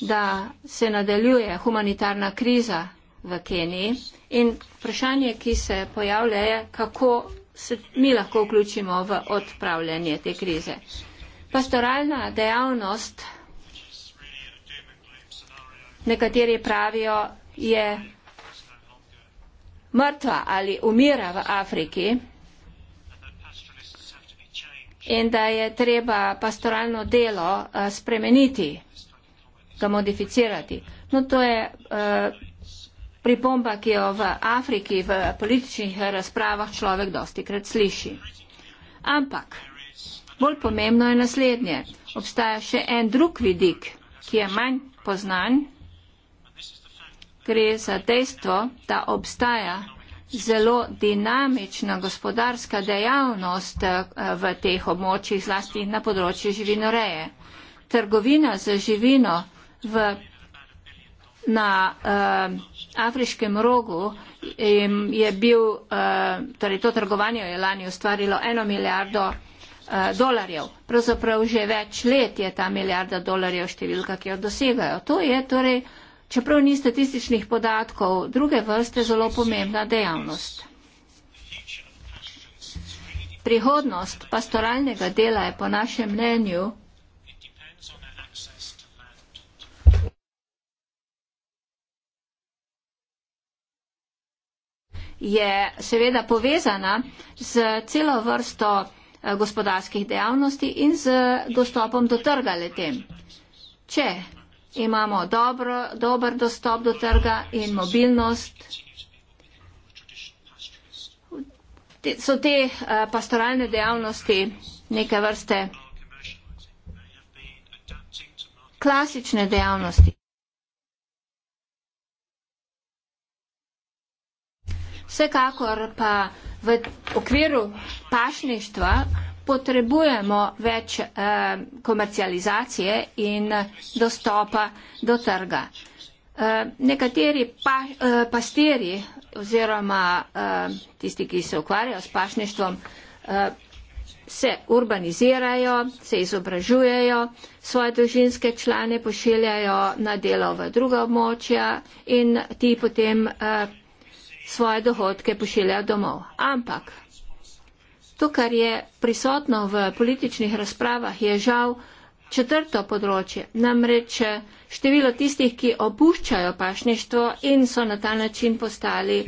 da se nadaljuje humanitarna kriza v Keniji in vprašanje, ki se pojavlja, je, kako se mi lahko vključimo v odpravljanje te krize. Pastoralna dejavnost, nekateri pravijo, je mrtva ali umira v Afriki in da je treba pastoralno delo eh, spremeniti, ga modificirati. No, to je uh, pripomba, ki jo v Afriki v političnih razpravah človek dosti krat sliši. Ampak bolj pomembno je naslednje. Obstaja še en drug vidik, ki je manj poznan. Gre za dejstvo, da obstaja zelo dinamična gospodarska dejavnost eh, v teh območjih, zlasti na področju živinoreje. Trgovina za živino v, na uh, afriškem rogu je bil, eh, torej to trgovanje je lani ustvarilo eno milijardo eh, dolarjev. Pravzaprav že več let je ta milijarda dolarjev številka, ki jo dosegajo. To je torej, čeprav ni statističnih podatkov, druge vrste zelo pomembna dejavnost. Prihodnost pastoralnega dela je po našem mnenju je seveda povezana z celo vrsto eh, gospodarskih dejavnosti in z dostopom do trga letem. Če imamo dobro, dober dostop do trga in mobilnost, so te eh, pastoralne dejavnosti neke vrste klasične dejavnosti. Vsekakor pa v okviru pašništva potrebujemo več eh, komercializacije in dostopa do trga. Eh, nekateri pa, eh, pastiri oziroma eh, tisti, ki se ukvarjajo s pašništvom, eh, se urbanizirajo, se izobražujejo, svoje družinske člane pošiljajo na delo v druga območja in ti potem eh, svoje dohodke pošiljajo domov. Ampak to, kar je prisotno v političnih razpravah, je žal četrto področje. Namreč število tistih, ki opuščajo pašništvo in so na ta način postali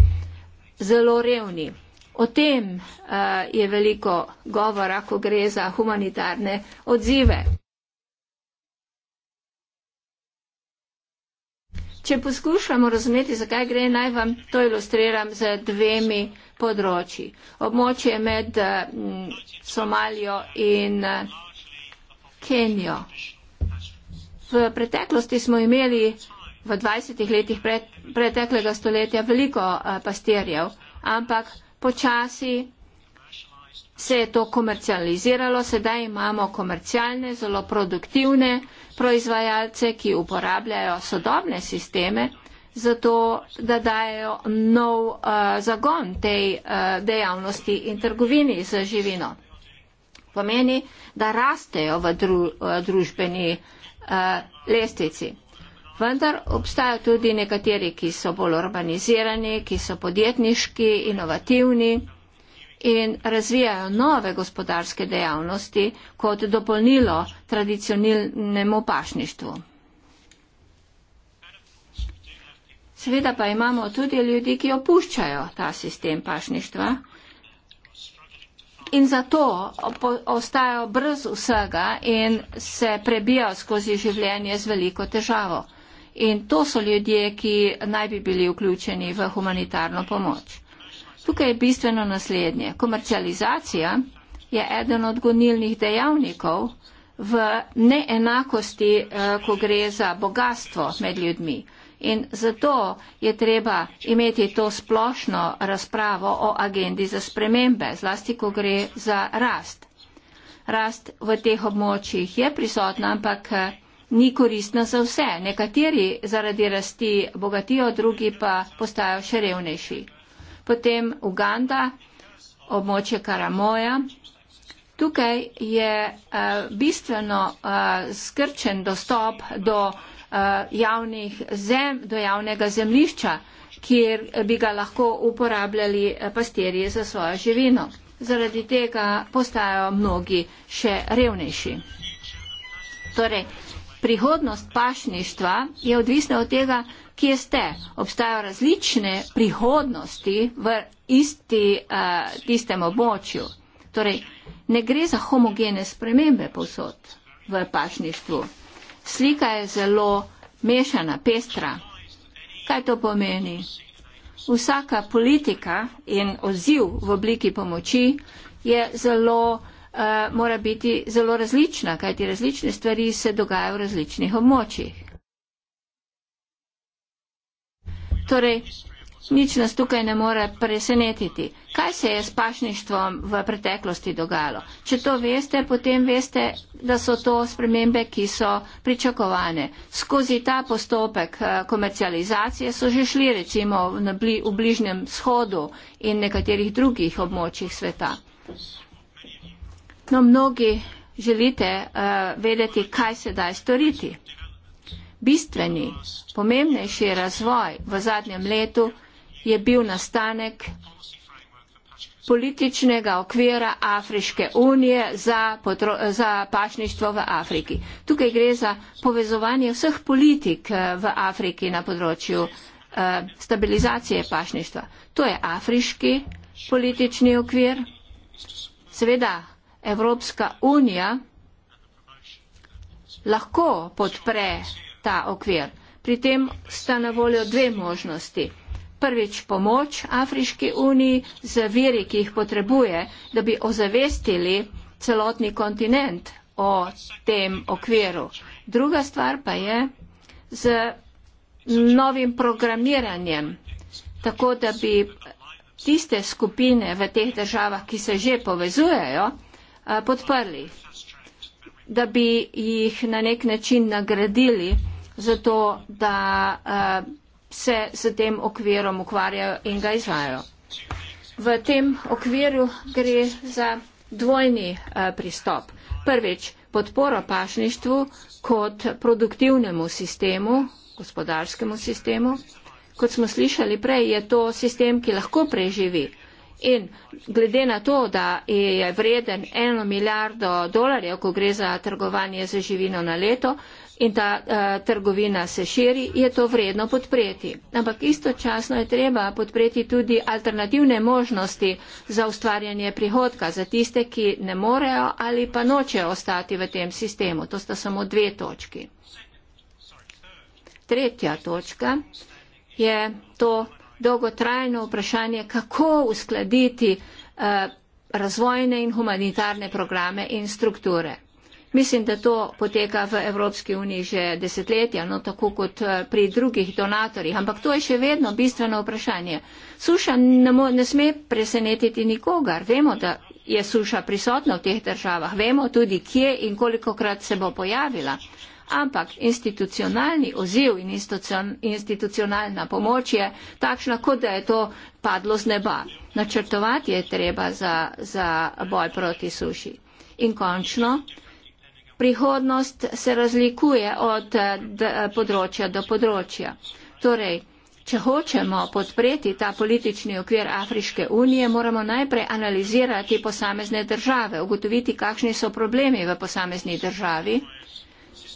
zelo revni. O tem uh, je veliko govora, ko gre za humanitarne odzive. Če poskušamo razumeti, zakaj gre, naj vam to ilustriram z dvemi področji. Območje med mm, Somalijo in Kenijo. V preteklosti smo imeli v 20 letih pred, preteklega stoletja veliko pastirjev, ampak počasi se je to komercializiralo, sedaj imamo komercialne, zelo produktivne proizvajalce, ki uporabljajo sodobne sisteme, zato da dajo nov uh, zagon tej uh, dejavnosti in trgovini za živino. Pomeni, da rastejo v dru, uh, družbeni uh, lestici. Vendar obstajajo tudi nekateri, ki so bolj urbanizirani, ki so podjetniški, inovativni in razvijajo nove gospodarske dejavnosti kot dopolnilo tradicionalnemu pašništvu. Seveda pa imamo tudi ljudi, ki opuščajo ta sistem pašništva in zato ostajajo brez vsega in se prebijajo skozi življenje z veliko težavo. In to so ljudje, ki naj bi bili vključeni v humanitarno pomoč. Tukaj je bistveno naslednje. Komercializacija je eden od gonilnih dejavnikov v neenakosti, eh, ko gre za bogatstvo med ljudmi. In zato je treba imeti to splošno razpravo o agendi za spremembe, zlasti, ko gre za rast. Rast v teh območjih je prisotna, ampak eh, ni koristna za vse. Nekateri zaradi rasti bogatijo, drugi pa postajajo še revnejši potem Uganda, območje Karamoja. Tukaj je uh, bistveno uh, skrčen dostop do, uh, zem, do javnega zemlišča, kjer bi ga lahko uporabljali pastirji za svojo živino. Zaradi tega postajajo mnogi še revnejši. Torej, prihodnost pašništva je odvisna od tega, kje ste. Obstajajo različne prihodnosti v isti, a, eh, istem območju. Torej, ne gre za homogene spremembe posod v pašništvu. Slika je zelo mešana, pestra. Kaj to pomeni? Vsaka politika in odziv v obliki pomoči je zelo, uh, mora biti zelo različna, kajti različne stvari se dogajajo v različnih območjih. Torej, nič nas tukaj ne more presenetiti. Kaj se je s pašništvom v preteklosti dogajalo? Če to veste, potem veste, da so to spremembe, ki so pričakovane. Skozi ta postopek eh, komercializacije so že šli recimo v bližnjem shodu in nekaterih drugih območjih sveta. No, mnogi želite uh, vedeti, kaj se da storiti bistveni, pomembnejši razvoj v zadnjem letu je bil nastanek političnega okvira Afriške unije za, za pašništvo v Afriki. Tukaj gre za povezovanje vseh politik eh, v Afriki na področju eh, stabilizacije pašništva. To je afriški politični okvir. Seveda Evropska unija lahko podpre ta okvir. Pri tem sta na voljo dve možnosti. Prvič pomoč Afriški uniji z viri, ki jih potrebuje, da bi ozavestili celotni kontinent o tem okviru. Druga stvar pa je z novim programiranjem, tako da bi tiste skupine v teh državah, ki se že povezujejo, eh, podprli, da bi jih na nek način nagradili zato da uh, se s tem okvirom ukvarjajo in ga izvajo. V tem okviru gre za dvojni uh, pristop. Prvič, podporo pašništvu kot produktivnemu sistemu, gospodarskemu sistemu. Kot smo slišali prej, je to sistem, ki lahko preživi. In glede na to, da je vreden eno milijardo dolarjev, ko gre za trgovanje za živino na leto, uh, in ta uh, trgovina se širi, je to vredno podpreti. Ampak istočasno je treba podpreti tudi alternativne možnosti za ustvarjanje prihodka za tiste, ki ne morejo ali pa nočejo ostati v tem sistemu. To sta samo dve točki. Tretja točka je to dolgotrajno vprašanje, kako uskladiti uh, razvojne in humanitarne programe in strukture. Mislim, da to poteka v Evropski uniji že desetletja, no tako kot eh, pri drugih donatorjih, ampak to je še vedno bistveno vprašanje. Suša ne, mo, ne sme presenetiti nikogar. Vemo, da je suša prisotna v teh državah, vemo tudi, kje in kolikokrat se bo pojavila. Ampak institucionalni oziv in institucionalna pomoč je takšna, kot da je to padlo z neba. Načrtovati je treba za, za boj proti suši. In končno, prihodnost se razlikuje od eh, eh, področja do področja. Torej, če hočemo podpreti ta politični okvir Afriške unije, moramo najprej analizirati posamezne države, ugotoviti, kakšni so problemi v posamezni državi.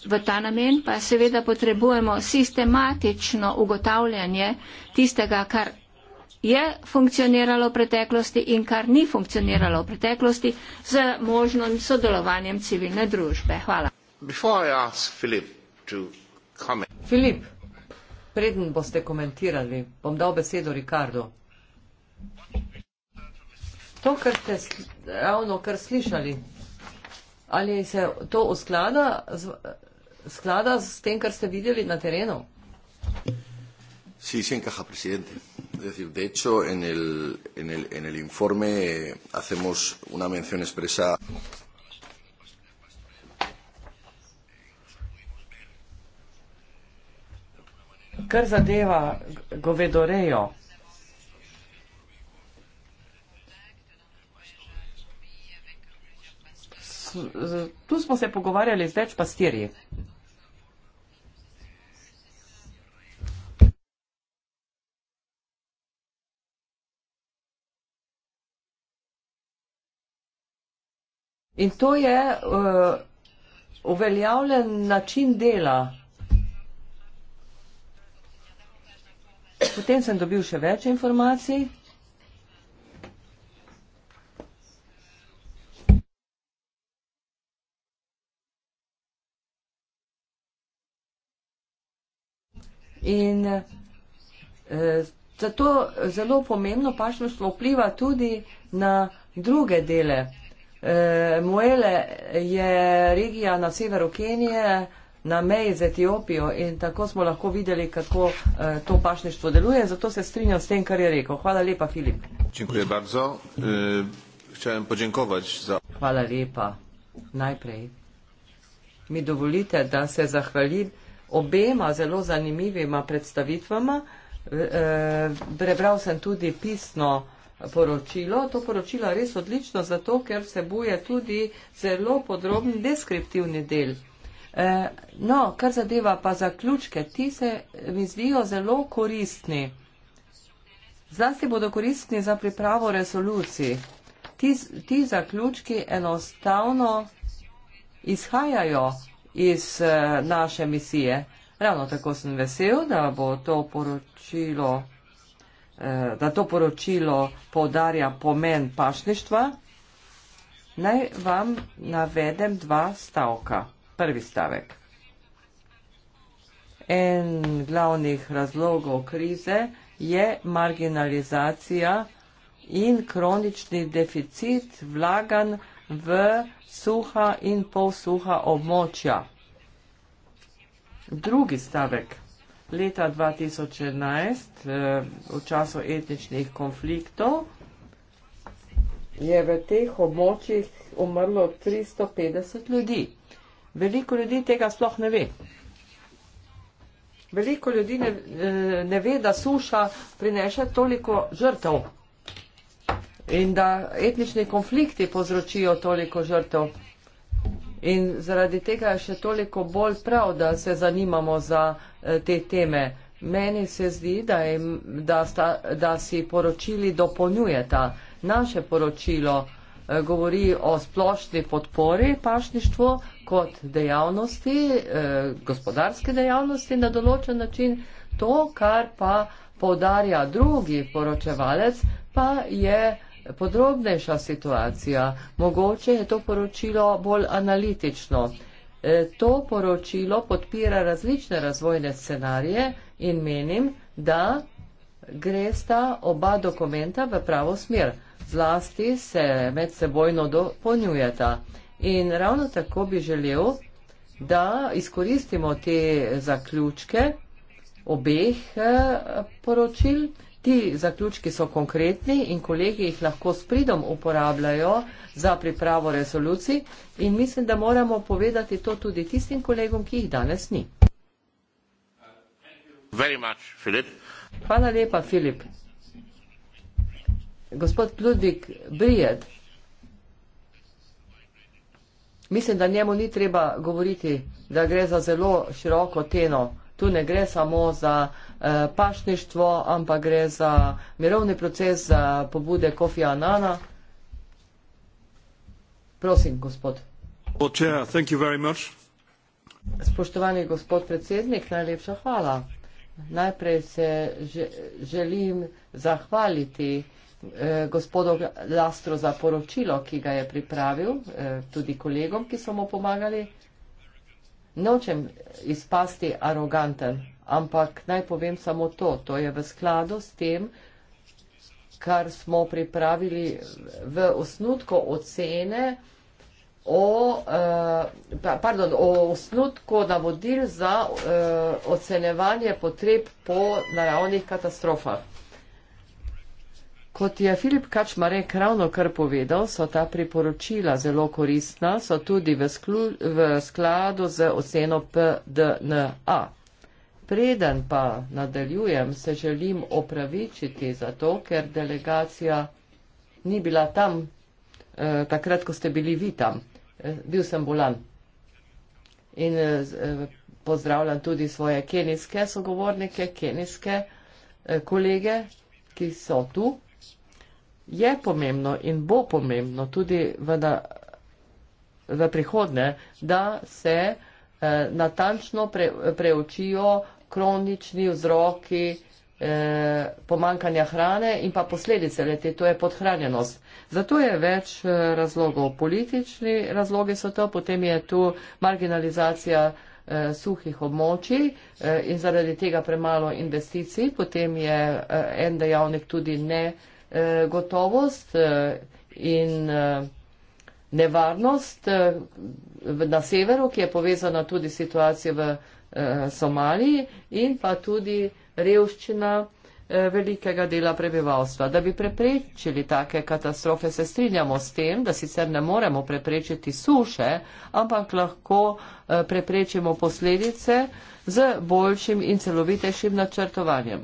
V ta namen pa seveda potrebujemo sistematično ugotavljanje tistega, kar je funkcioniralo v preteklosti in kar ni funkcioniralo v preteklosti z možnim sodelovanjem civilne družbe. Hvala. Filip, preden boste komentirali, bom dal besedo Rikardu. To, kar ste ravno kar slišali, ali se to usklada z, sklada s tem, kar ste videli na terenu? Sí, sí encaja, presidente. Es decir, de hecho, en el, en el, en el informe eh, hacemos una mención expresa. Kar zadeva govedorejo, tu smo se pogovarjali z več pastirji. In to je uh, uveljavljen način dela. Potem sem dobil še več informacij. In eh, zato zelo pomembno pašnostvo vpliva tudi na druge dele E, Moele je regija na severu Kenije, na meji z Etiopijo in tako smo lahko videli, kako e, to pašništvo deluje. Zato se strinjam s tem, kar je rekel. Hvala lepa, Filip. Čekuje bardzo. E, Hvala lepa. Hvala lepa. Najprej mi dovolite, da se zahvalim obema zelo zanimivima predstavitvama. Prebral sem tudi pisno poročilo. To poročilo je res odlično, zato ker vsebuje tudi zelo podroben deskriptivni del. E, no, kar zadeva pa zaključke, ti se mi zdijo zelo koristni. Zlasti bodo koristni za pripravo resolucij. Ti, ti zaključki enostavno izhajajo iz e, naše misije. Ravno tako sem vesel, da bo to poročilo Eh, da to poročilo povdarja pomen pašništva, naj vam navedem dva stavka. Prvi stavek. En glavnih razlogov krize je marginalizacija in kronični deficit vlagan v suha in polsuha območja. Drugi stavek leta 2011 eh, v času etničnih konfliktov je v teh območjih umrlo 350 ljudi. Veliko ljudi tega sploh ne ve. Veliko ljudi ne, eh, ne ve, da suša prineša toliko žrtev in da etnični konflikti povzročijo toliko žrtev. In zaradi tega je še toliko bolj prav, da se zanimamo za Eh, te teme. Meni se zdi, da, je, da, sta, da si poročili dopolnjujeta. Naše poročilo eh, govori o splošni podpori pašništvu kot dejavnosti, eh, gospodarske dejavnosti na določen način. To, kar pa podarja drugi poročevalec, pa je podrobnejša situacija. Mogoče je to poročilo bolj analitično. E, to poročilo podpira različne razvojne scenarije in menim, da gresta oba dokumenta v pravo smer. Zlasti se med sebojno dopolnjujeta. In ravno tako bi želel, da izkoristimo te zaključke obeh e, poročil. Ti zaključki so konkretni in kolegi jih lahko s pridom uporabljajo za pripravo resolucij in mislim, da moramo povedati to tudi tistim kolegom, ki jih danes ni. Much, Hvala lepa, Filip. Gospod Ludvik Brijed, mislim, da njemu ni treba govoriti, da gre za zelo široko teno. Tu ne gre samo za. Eh, pašništvo, ampak gre za mirovni proces za pobude Kofi Anana. Prosim, gospod. Spoštovani gospod predsednik, najlepša hvala. Najprej se želim zahvaliti eh, gospodu Lastro za poročilo, ki ga je pripravil, eh, tudi kolegom, ki so mu pomagali. Nočem izpasti aroganten ampak naj povem samo to, to je v skladu s tem, kar smo pripravili v osnutku ocene o, eh, pardon, o osnutku navodil za eh, ocenevanje potreb po naravnih katastrofah. Kot je Filip Kačmarek ravno kar povedal, so ta priporočila zelo koristna, so tudi v, sklu, v skladu z oceno PDNA preden pa nadaljujem, se želim opravičiti za to, ker delegacija ni bila tam eh, takrat, ko ste bili vi tam. Eh, bil sem bolan. In eh, eh pozdravljam tudi svoje kenijske sogovornike, kenijske eh, kolege, ki so tu. Je pomembno in bo pomembno tudi v, da, v prihodne, da se eh, natančno pre, preučijo kronični vzroki eh, pomankanja hrane in pa posledice lete, to je podhranjenost. Zato je več eh, razlogov. Politični razlogi so to, potem je tu marginalizacija eh, suhih območij in zaradi tega premalo investicij, potem je en dejavnik tudi negotovost in nevarnost na severu, ki je povezana tudi situacija v Eh, Somaliji in pa tudi revščina eh, velikega dela prebivalstva. Da bi preprečili take katastrofe, se strinjamo s tem, da sicer ne moremo preprečiti suše, ampak lahko eh, preprečimo posledice z boljšim in celovitejšim načrtovanjem.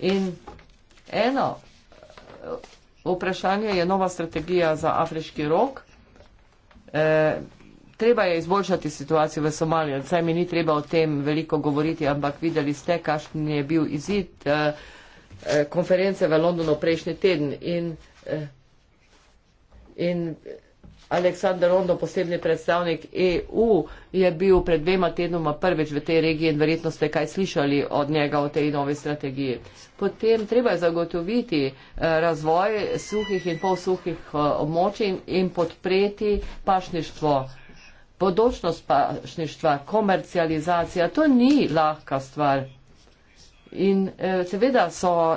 In eno vprašanje je nova strategija za afriški rok treba je izboljšati situacijo v Somaliji. Saj mi ni treba o tem veliko govoriti, ampak videli ste, kakšen je bil izid eh, eh konference v Londonu prejšnji teden. In, eh, in Aleksandr Rondo, posebni predstavnik EU, je bil pred dvema tednoma prvič v tej regiji in verjetno ste kaj slišali od njega o tej novi strategiji. Potem treba je zagotoviti eh, razvoj suhih in polsuhih eh, območij in podpreti pašništvo bodočnost pašništva, komercializacija, to ni lahka stvar. In e, seveda so e,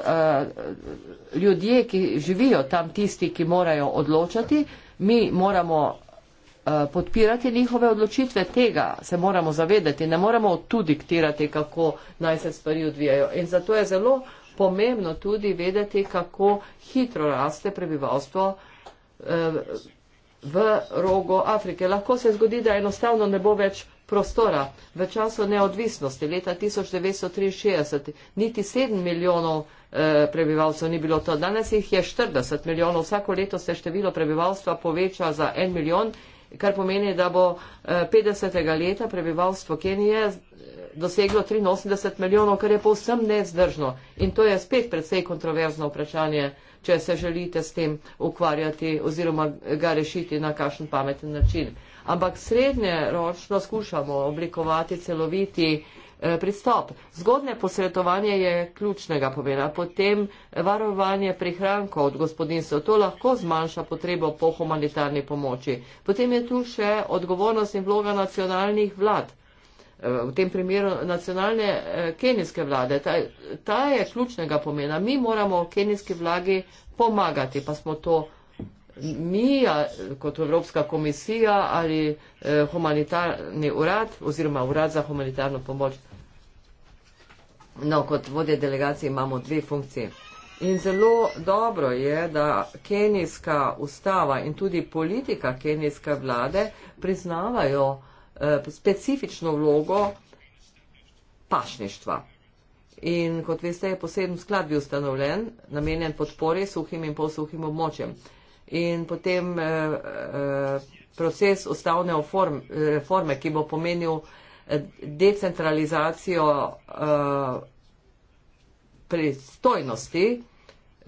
ljudje, ki živijo tam, tisti, ki morajo odločati, mi moramo e, podpirati njihove odločitve, tega se moramo zavedati, ne moramo tu diktirati, kako naj se stvari odvijajo. In zato je zelo pomembno tudi vedeti, kako hitro raste prebivalstvo v rogo Afrike. Lahko se zgodi, da enostavno ne bo več prostora. V času neodvisnosti leta 1963 niti 7 milijonov eh, prebivalcev ni bilo to. Danes jih je 40 milijonov. Vsako leto se število prebivalstva poveča za 1 milijon, kar pomeni, da bo 50. Eh, leta prebivalstvo Kenije eh, doseglo 83 milijonov, kar je povsem nezdržno. In to je spet predvsej kontroverzno vprašanje če se želite s tem ukvarjati oziroma ga rešiti na kakšen pameten način. Ampak srednje ročno skušamo oblikovati celoviti eh, pristop. Zgodne posvetovanje je ključnega pomena, potem varovanje prihrankov od gospodinstva, to lahko zmanjša potrebo po humanitarni pomoči. Potem je tu še odgovornost in vloga nacionalnih vlad. Eh, v tem primeru nacionalne eh, kenijske vlade. Ta, ta je ključnega pomena. Mi moramo kenijski vlagi pomagati, pa smo to mi kot Evropska komisija ali eh, humanitarni urad oziroma urad za humanitarno pomoč. No, kot vodje delegacije imamo dve funkcije. In zelo dobro je, da kenijska ustava in tudi politika kenijske vlade priznavajo, Eh, specifično vlogo pašništva. In kot veste, je poseben sklad bil ustanovljen, namenjen podpori suhim in polsuhim območjem. In potem eh, eh proces ustavne oform, reforme, ki bo pomenil eh, decentralizacijo eh, pristojnosti,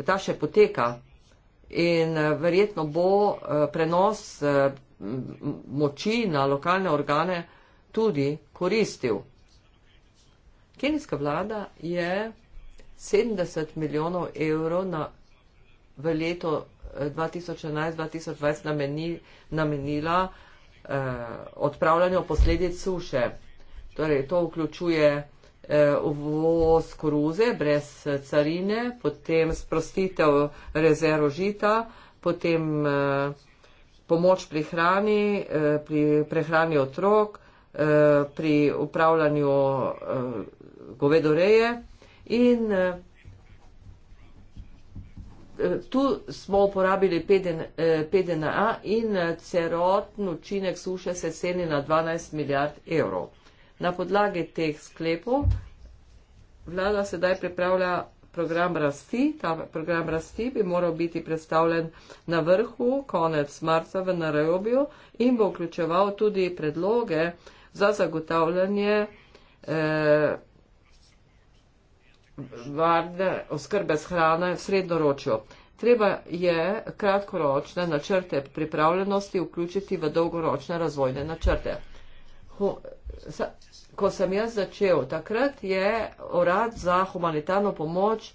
ta še poteka. In eh, verjetno bo eh, prenos. Eh, moči na lokalne organe tudi koristil. Kenijska vlada je 70 milijonov evrov na, v letu 2011-2020 eh, nameni, namenila eh, odpravljanju posledic suše. Torej, to vključuje eh, uvoz koruze brez carine, potem sprostitev rezervo žita, potem eh, pomoč pri hrani, eh, pri prehrani otrok, eh, pri upravljanju eh, govedoreje in tu smo uporabili PDNA in celoten učinek suše se ceni na 12 milijard evrov. Na podlagi teh sklepov vlada sedaj pripravlja program rasti. Ta program rasti bi moral biti predstavljen na vrhu konec marca v Narajobju in bo vključeval tudi predloge za zagotavljanje eh, varne oskrbe s hrano v srednjeročju. Treba je kratkoročne načrte pripravljenosti vključiti v dolgoročne razvojne načrte. Ho, sa, ko sem jaz začel, takrat je urad za humanitarno pomoč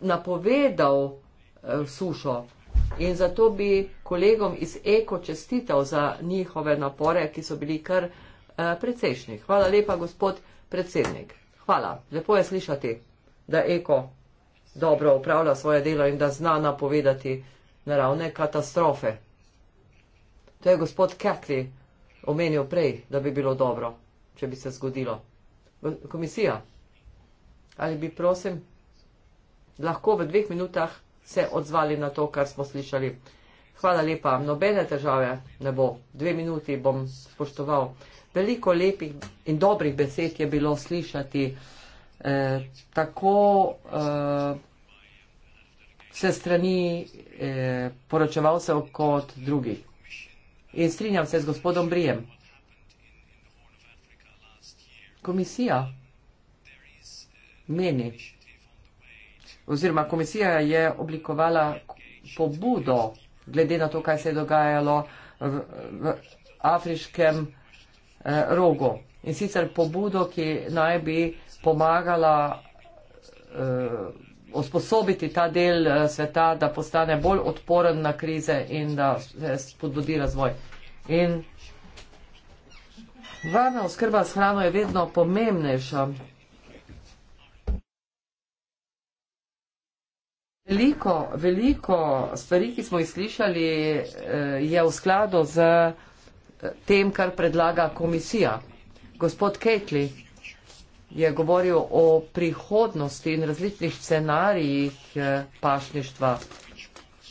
napovedal eh, sušo in zato bi kolegom iz Eko čestital za njihove napore, ki so bili kar eh, precejšnji. Hvala lepa, gospod predsednik. Hvala. Lepo je slišati, da Eko dobro upravlja svoje delo in da zna napovedati naravne katastrofe. To je gospod Ketli omenil prej, da bi bilo dobro če bi se zgodilo. Komisija, ali bi prosim lahko v dveh minutah se odzvali na to, kar smo slišali. Hvala lepa, nobene težave ne bo. Dve minuti bom spoštoval. Veliko lepih in dobrih besed je bilo slišati. E, tako e, se strani e, poročevalcev kot drugih. In strinjam se z gospodom Brijem komisija meni oziroma komisija je oblikovala pobudo glede na to, kaj se je dogajalo v, v afriškem eh, rogu. In sicer pobudo, ki naj bi pomagala eh, osposobiti ta del eh, sveta, da postane bolj odporen na krize in da se eh, spodbudi razvoj. In Varna oskrba s hrano je vedno pomembnejša. Veliko, veliko stvari, ki smo jih slišali, eh, je v skladu z eh, tem, kar predlaga komisija. Gospod Ketli je govoril o prihodnosti in različnih scenarijih eh, pašništva.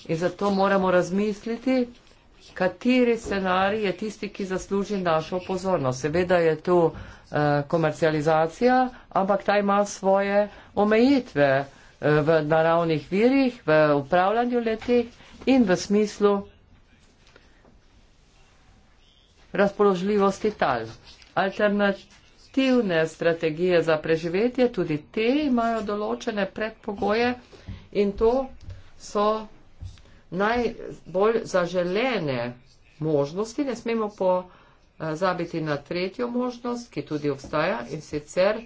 In zato moramo razmisliti, kateri scenarij je tisti, ki zasluži našo pozornost. Seveda je tu eh, komercializacija, ampak ta ima svoje omejitve eh, v naravnih virih, v upravljanju letih in v smislu razpoložljivosti tal. Alternativne strategije za preživetje, tudi te imajo določene predpogoje in to so najbolj zaželene možnosti, ne smemo pozabiti eh, na tretjo možnost, ki tudi obstaja in sicer,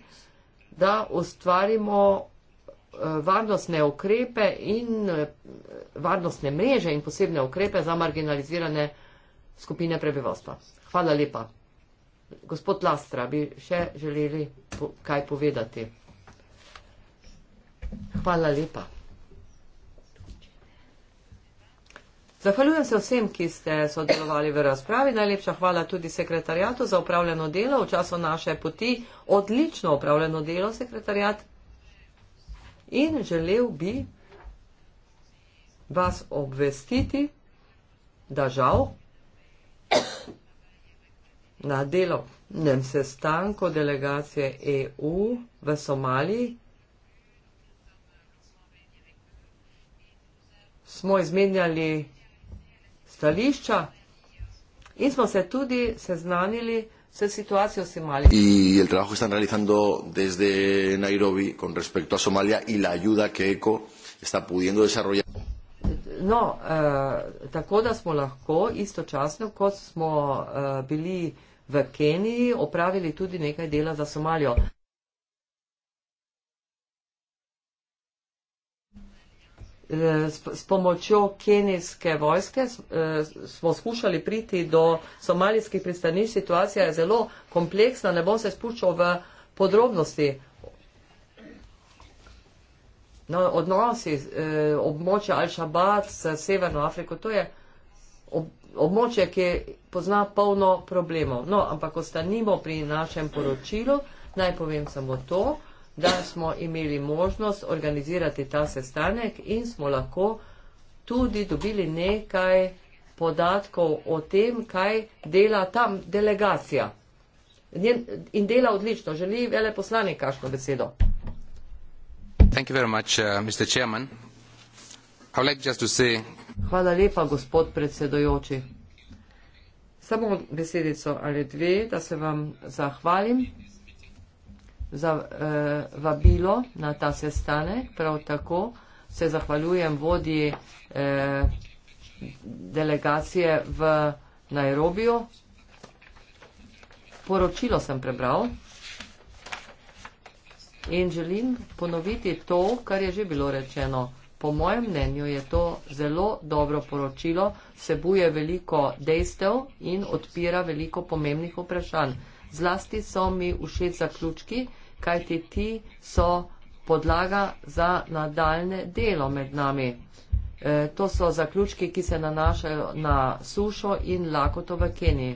da ustvarimo eh, varnostne ukrepe in eh, varnostne mreže in posebne ukrepe za marginalizirane skupine prebivalstva. Hvala lepa. Gospod Lastra, bi še želeli kaj povedati. Hvala lepa. Zahvaljujem se vsem, ki ste sodelovali v razpravi. Najlepša hvala tudi sekretarjatu za upravljeno delo v času naše poti. Odlično upravljeno delo, sekretarjat. In želel bi vas obvestiti, da žal na delovnem sestanku delegacije EU v Somaliji smo izmenjali stališča in smo se tudi seznanili s situacijo v Somaliji. In el trabajo están realizando desde Nairobi con respecto a Somalia y la ayuda que ECO está pudiendo desarrollar. No, eh, tako da smo lahko istočasno, kot smo eh, bili v Keniji, opravili tudi nekaj dela za Somalijo. Eh, s, s pomočjo kenijske vojske s, eh, smo skušali priti do somalijskih pristanišč. Situacija je zelo kompleksna, ne bom se spuščal v podrobnosti. No, odnosi eh, območja Al-Shabaab s Severno Afriko, to je ob, območje, ki pozna polno problemov. No, ampak ostanimo pri našem poročilu, naj povem samo to. Eh, da smo imeli možnost organizirati ta sestanek in smo lahko tudi dobili nekaj podatkov o tem, kaj dela tam delegacija. In dela odlično. Želi vele poslani kakšno besedo. Thank you very much, uh, Mr. Chairman. I would like just to say... Hvala lepa, gospod predsedojoči. Samo besedico ali dve, da se vam zahvalim za eh, vabilo na ta sestanek. Prav tako se zahvaljujem vodji eh, delegacije v Nairobiju. Poročilo sem prebral in želim ponoviti to, kar je že bilo rečeno. Po mojem mnenju je to zelo dobro poročilo, sebuje veliko dejstev in odpira veliko pomembnih vprašanj. Zlasti so mi všeč zaključki, kajti ti so podlaga za nadaljne delo med nami. E, to so zaključki, ki se nanašajo na sušo in lakoto v Keniji.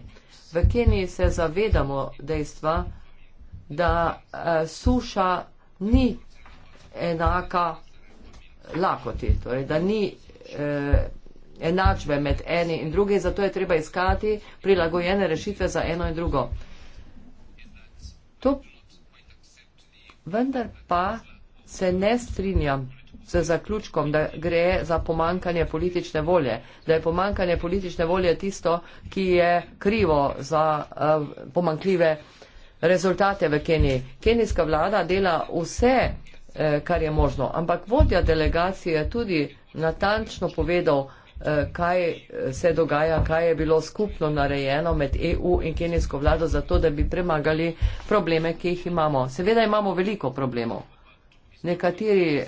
V Keniji se zavedamo dejstva, da e, suša ni enaka lakoti, torej da ni e, enačbe med eni in drugi, zato je treba iskati prilagojene rešitve za eno in drugo. To vendar pa se ne strinjam z zaključkom, da gre za pomankanje politične volje, da je pomankanje politične volje tisto, ki je krivo za uh, eh, pomankljive rezultate v Keniji. Kenijska vlada dela vse, uh, kar je možno, ampak vodja delegacije je tudi natančno povedal, Eh, kaj eh, se dogaja, kaj je bilo skupno narejeno med EU in kenijsko vlado za to, da bi premagali probleme, ki jih imamo. Seveda imamo veliko problemov. Nekateri eh,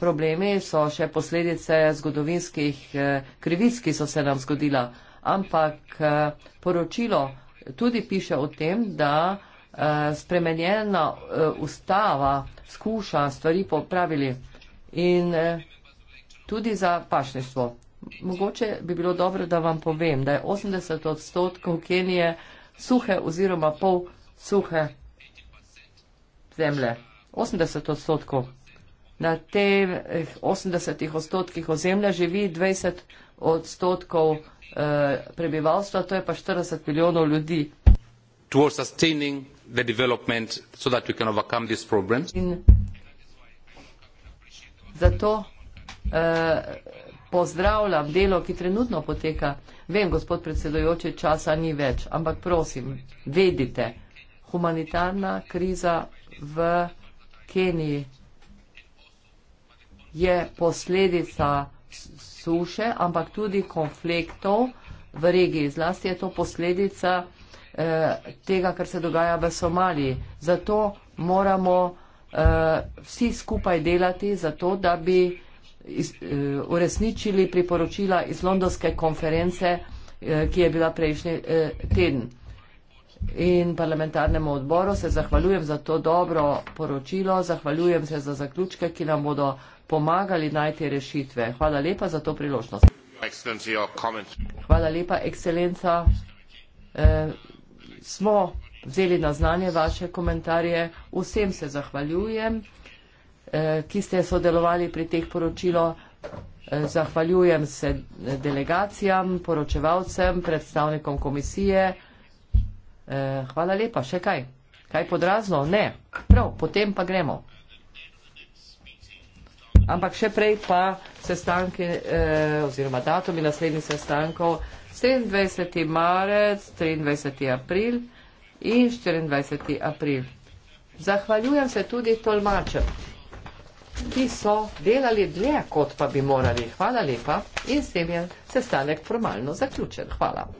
problemi so še posledice zgodovinskih eh, krivic, ki so se nam zgodila, ampak eh, poročilo tudi piše o tem, da eh, spremenjena eh, ustava skuša stvari popravili in eh, tudi za pašnestvo mogoče bi bilo dobro, da vam povem, da je 80 odstotkov Kenije suhe oziroma pol suhe zemlje. 80 odstotkov. Na teh 80 odstotkih ozemlja živi 20 odstotkov eh, prebivalstva, to je pa 40 milijonov ljudi. Zato eh, pozdravljam delo, ki trenutno poteka. Vem, gospod predsedujoči, časa ni več, ampak prosim, vedite, humanitarna kriza v Keniji je posledica suše, ampak tudi konfliktov v regiji. Zlasti je to posledica eh, tega, kar se dogaja v Somaliji. Zato moramo eh, vsi skupaj delati, zato da bi eh, iz, uh, uresničili priporočila iz londonske konference, uh, ki je bila prejšnji uh, teden. In parlamentarnemu odboru se zahvaljujem za to dobro poročilo, zahvaljujem se za zaključke, ki nam bodo pomagali najti rešitve. Hvala lepa za to priložnost. Hvala lepa, ekscelenca. Uh, smo vzeli na znanje vaše komentarje. Vsem se zahvaljujem. Eh, ki ste sodelovali pri teh poročilo. Eh, zahvaljujem se delegacijam, poročevalcem, predstavnikom komisije. Eh, hvala lepa, še kaj? Kaj podrazno? Ne. Prav, potem pa gremo. Ampak še prej pa sestanki oziroma datumi naslednjih sestankov 27. marec, 23. april in 24. april. Zahvaljujem se tudi tolmačem ki so delali dlje, kot pa bi morali. Hvala lepa in s tem je sestanek formalno zaključen. Hvala.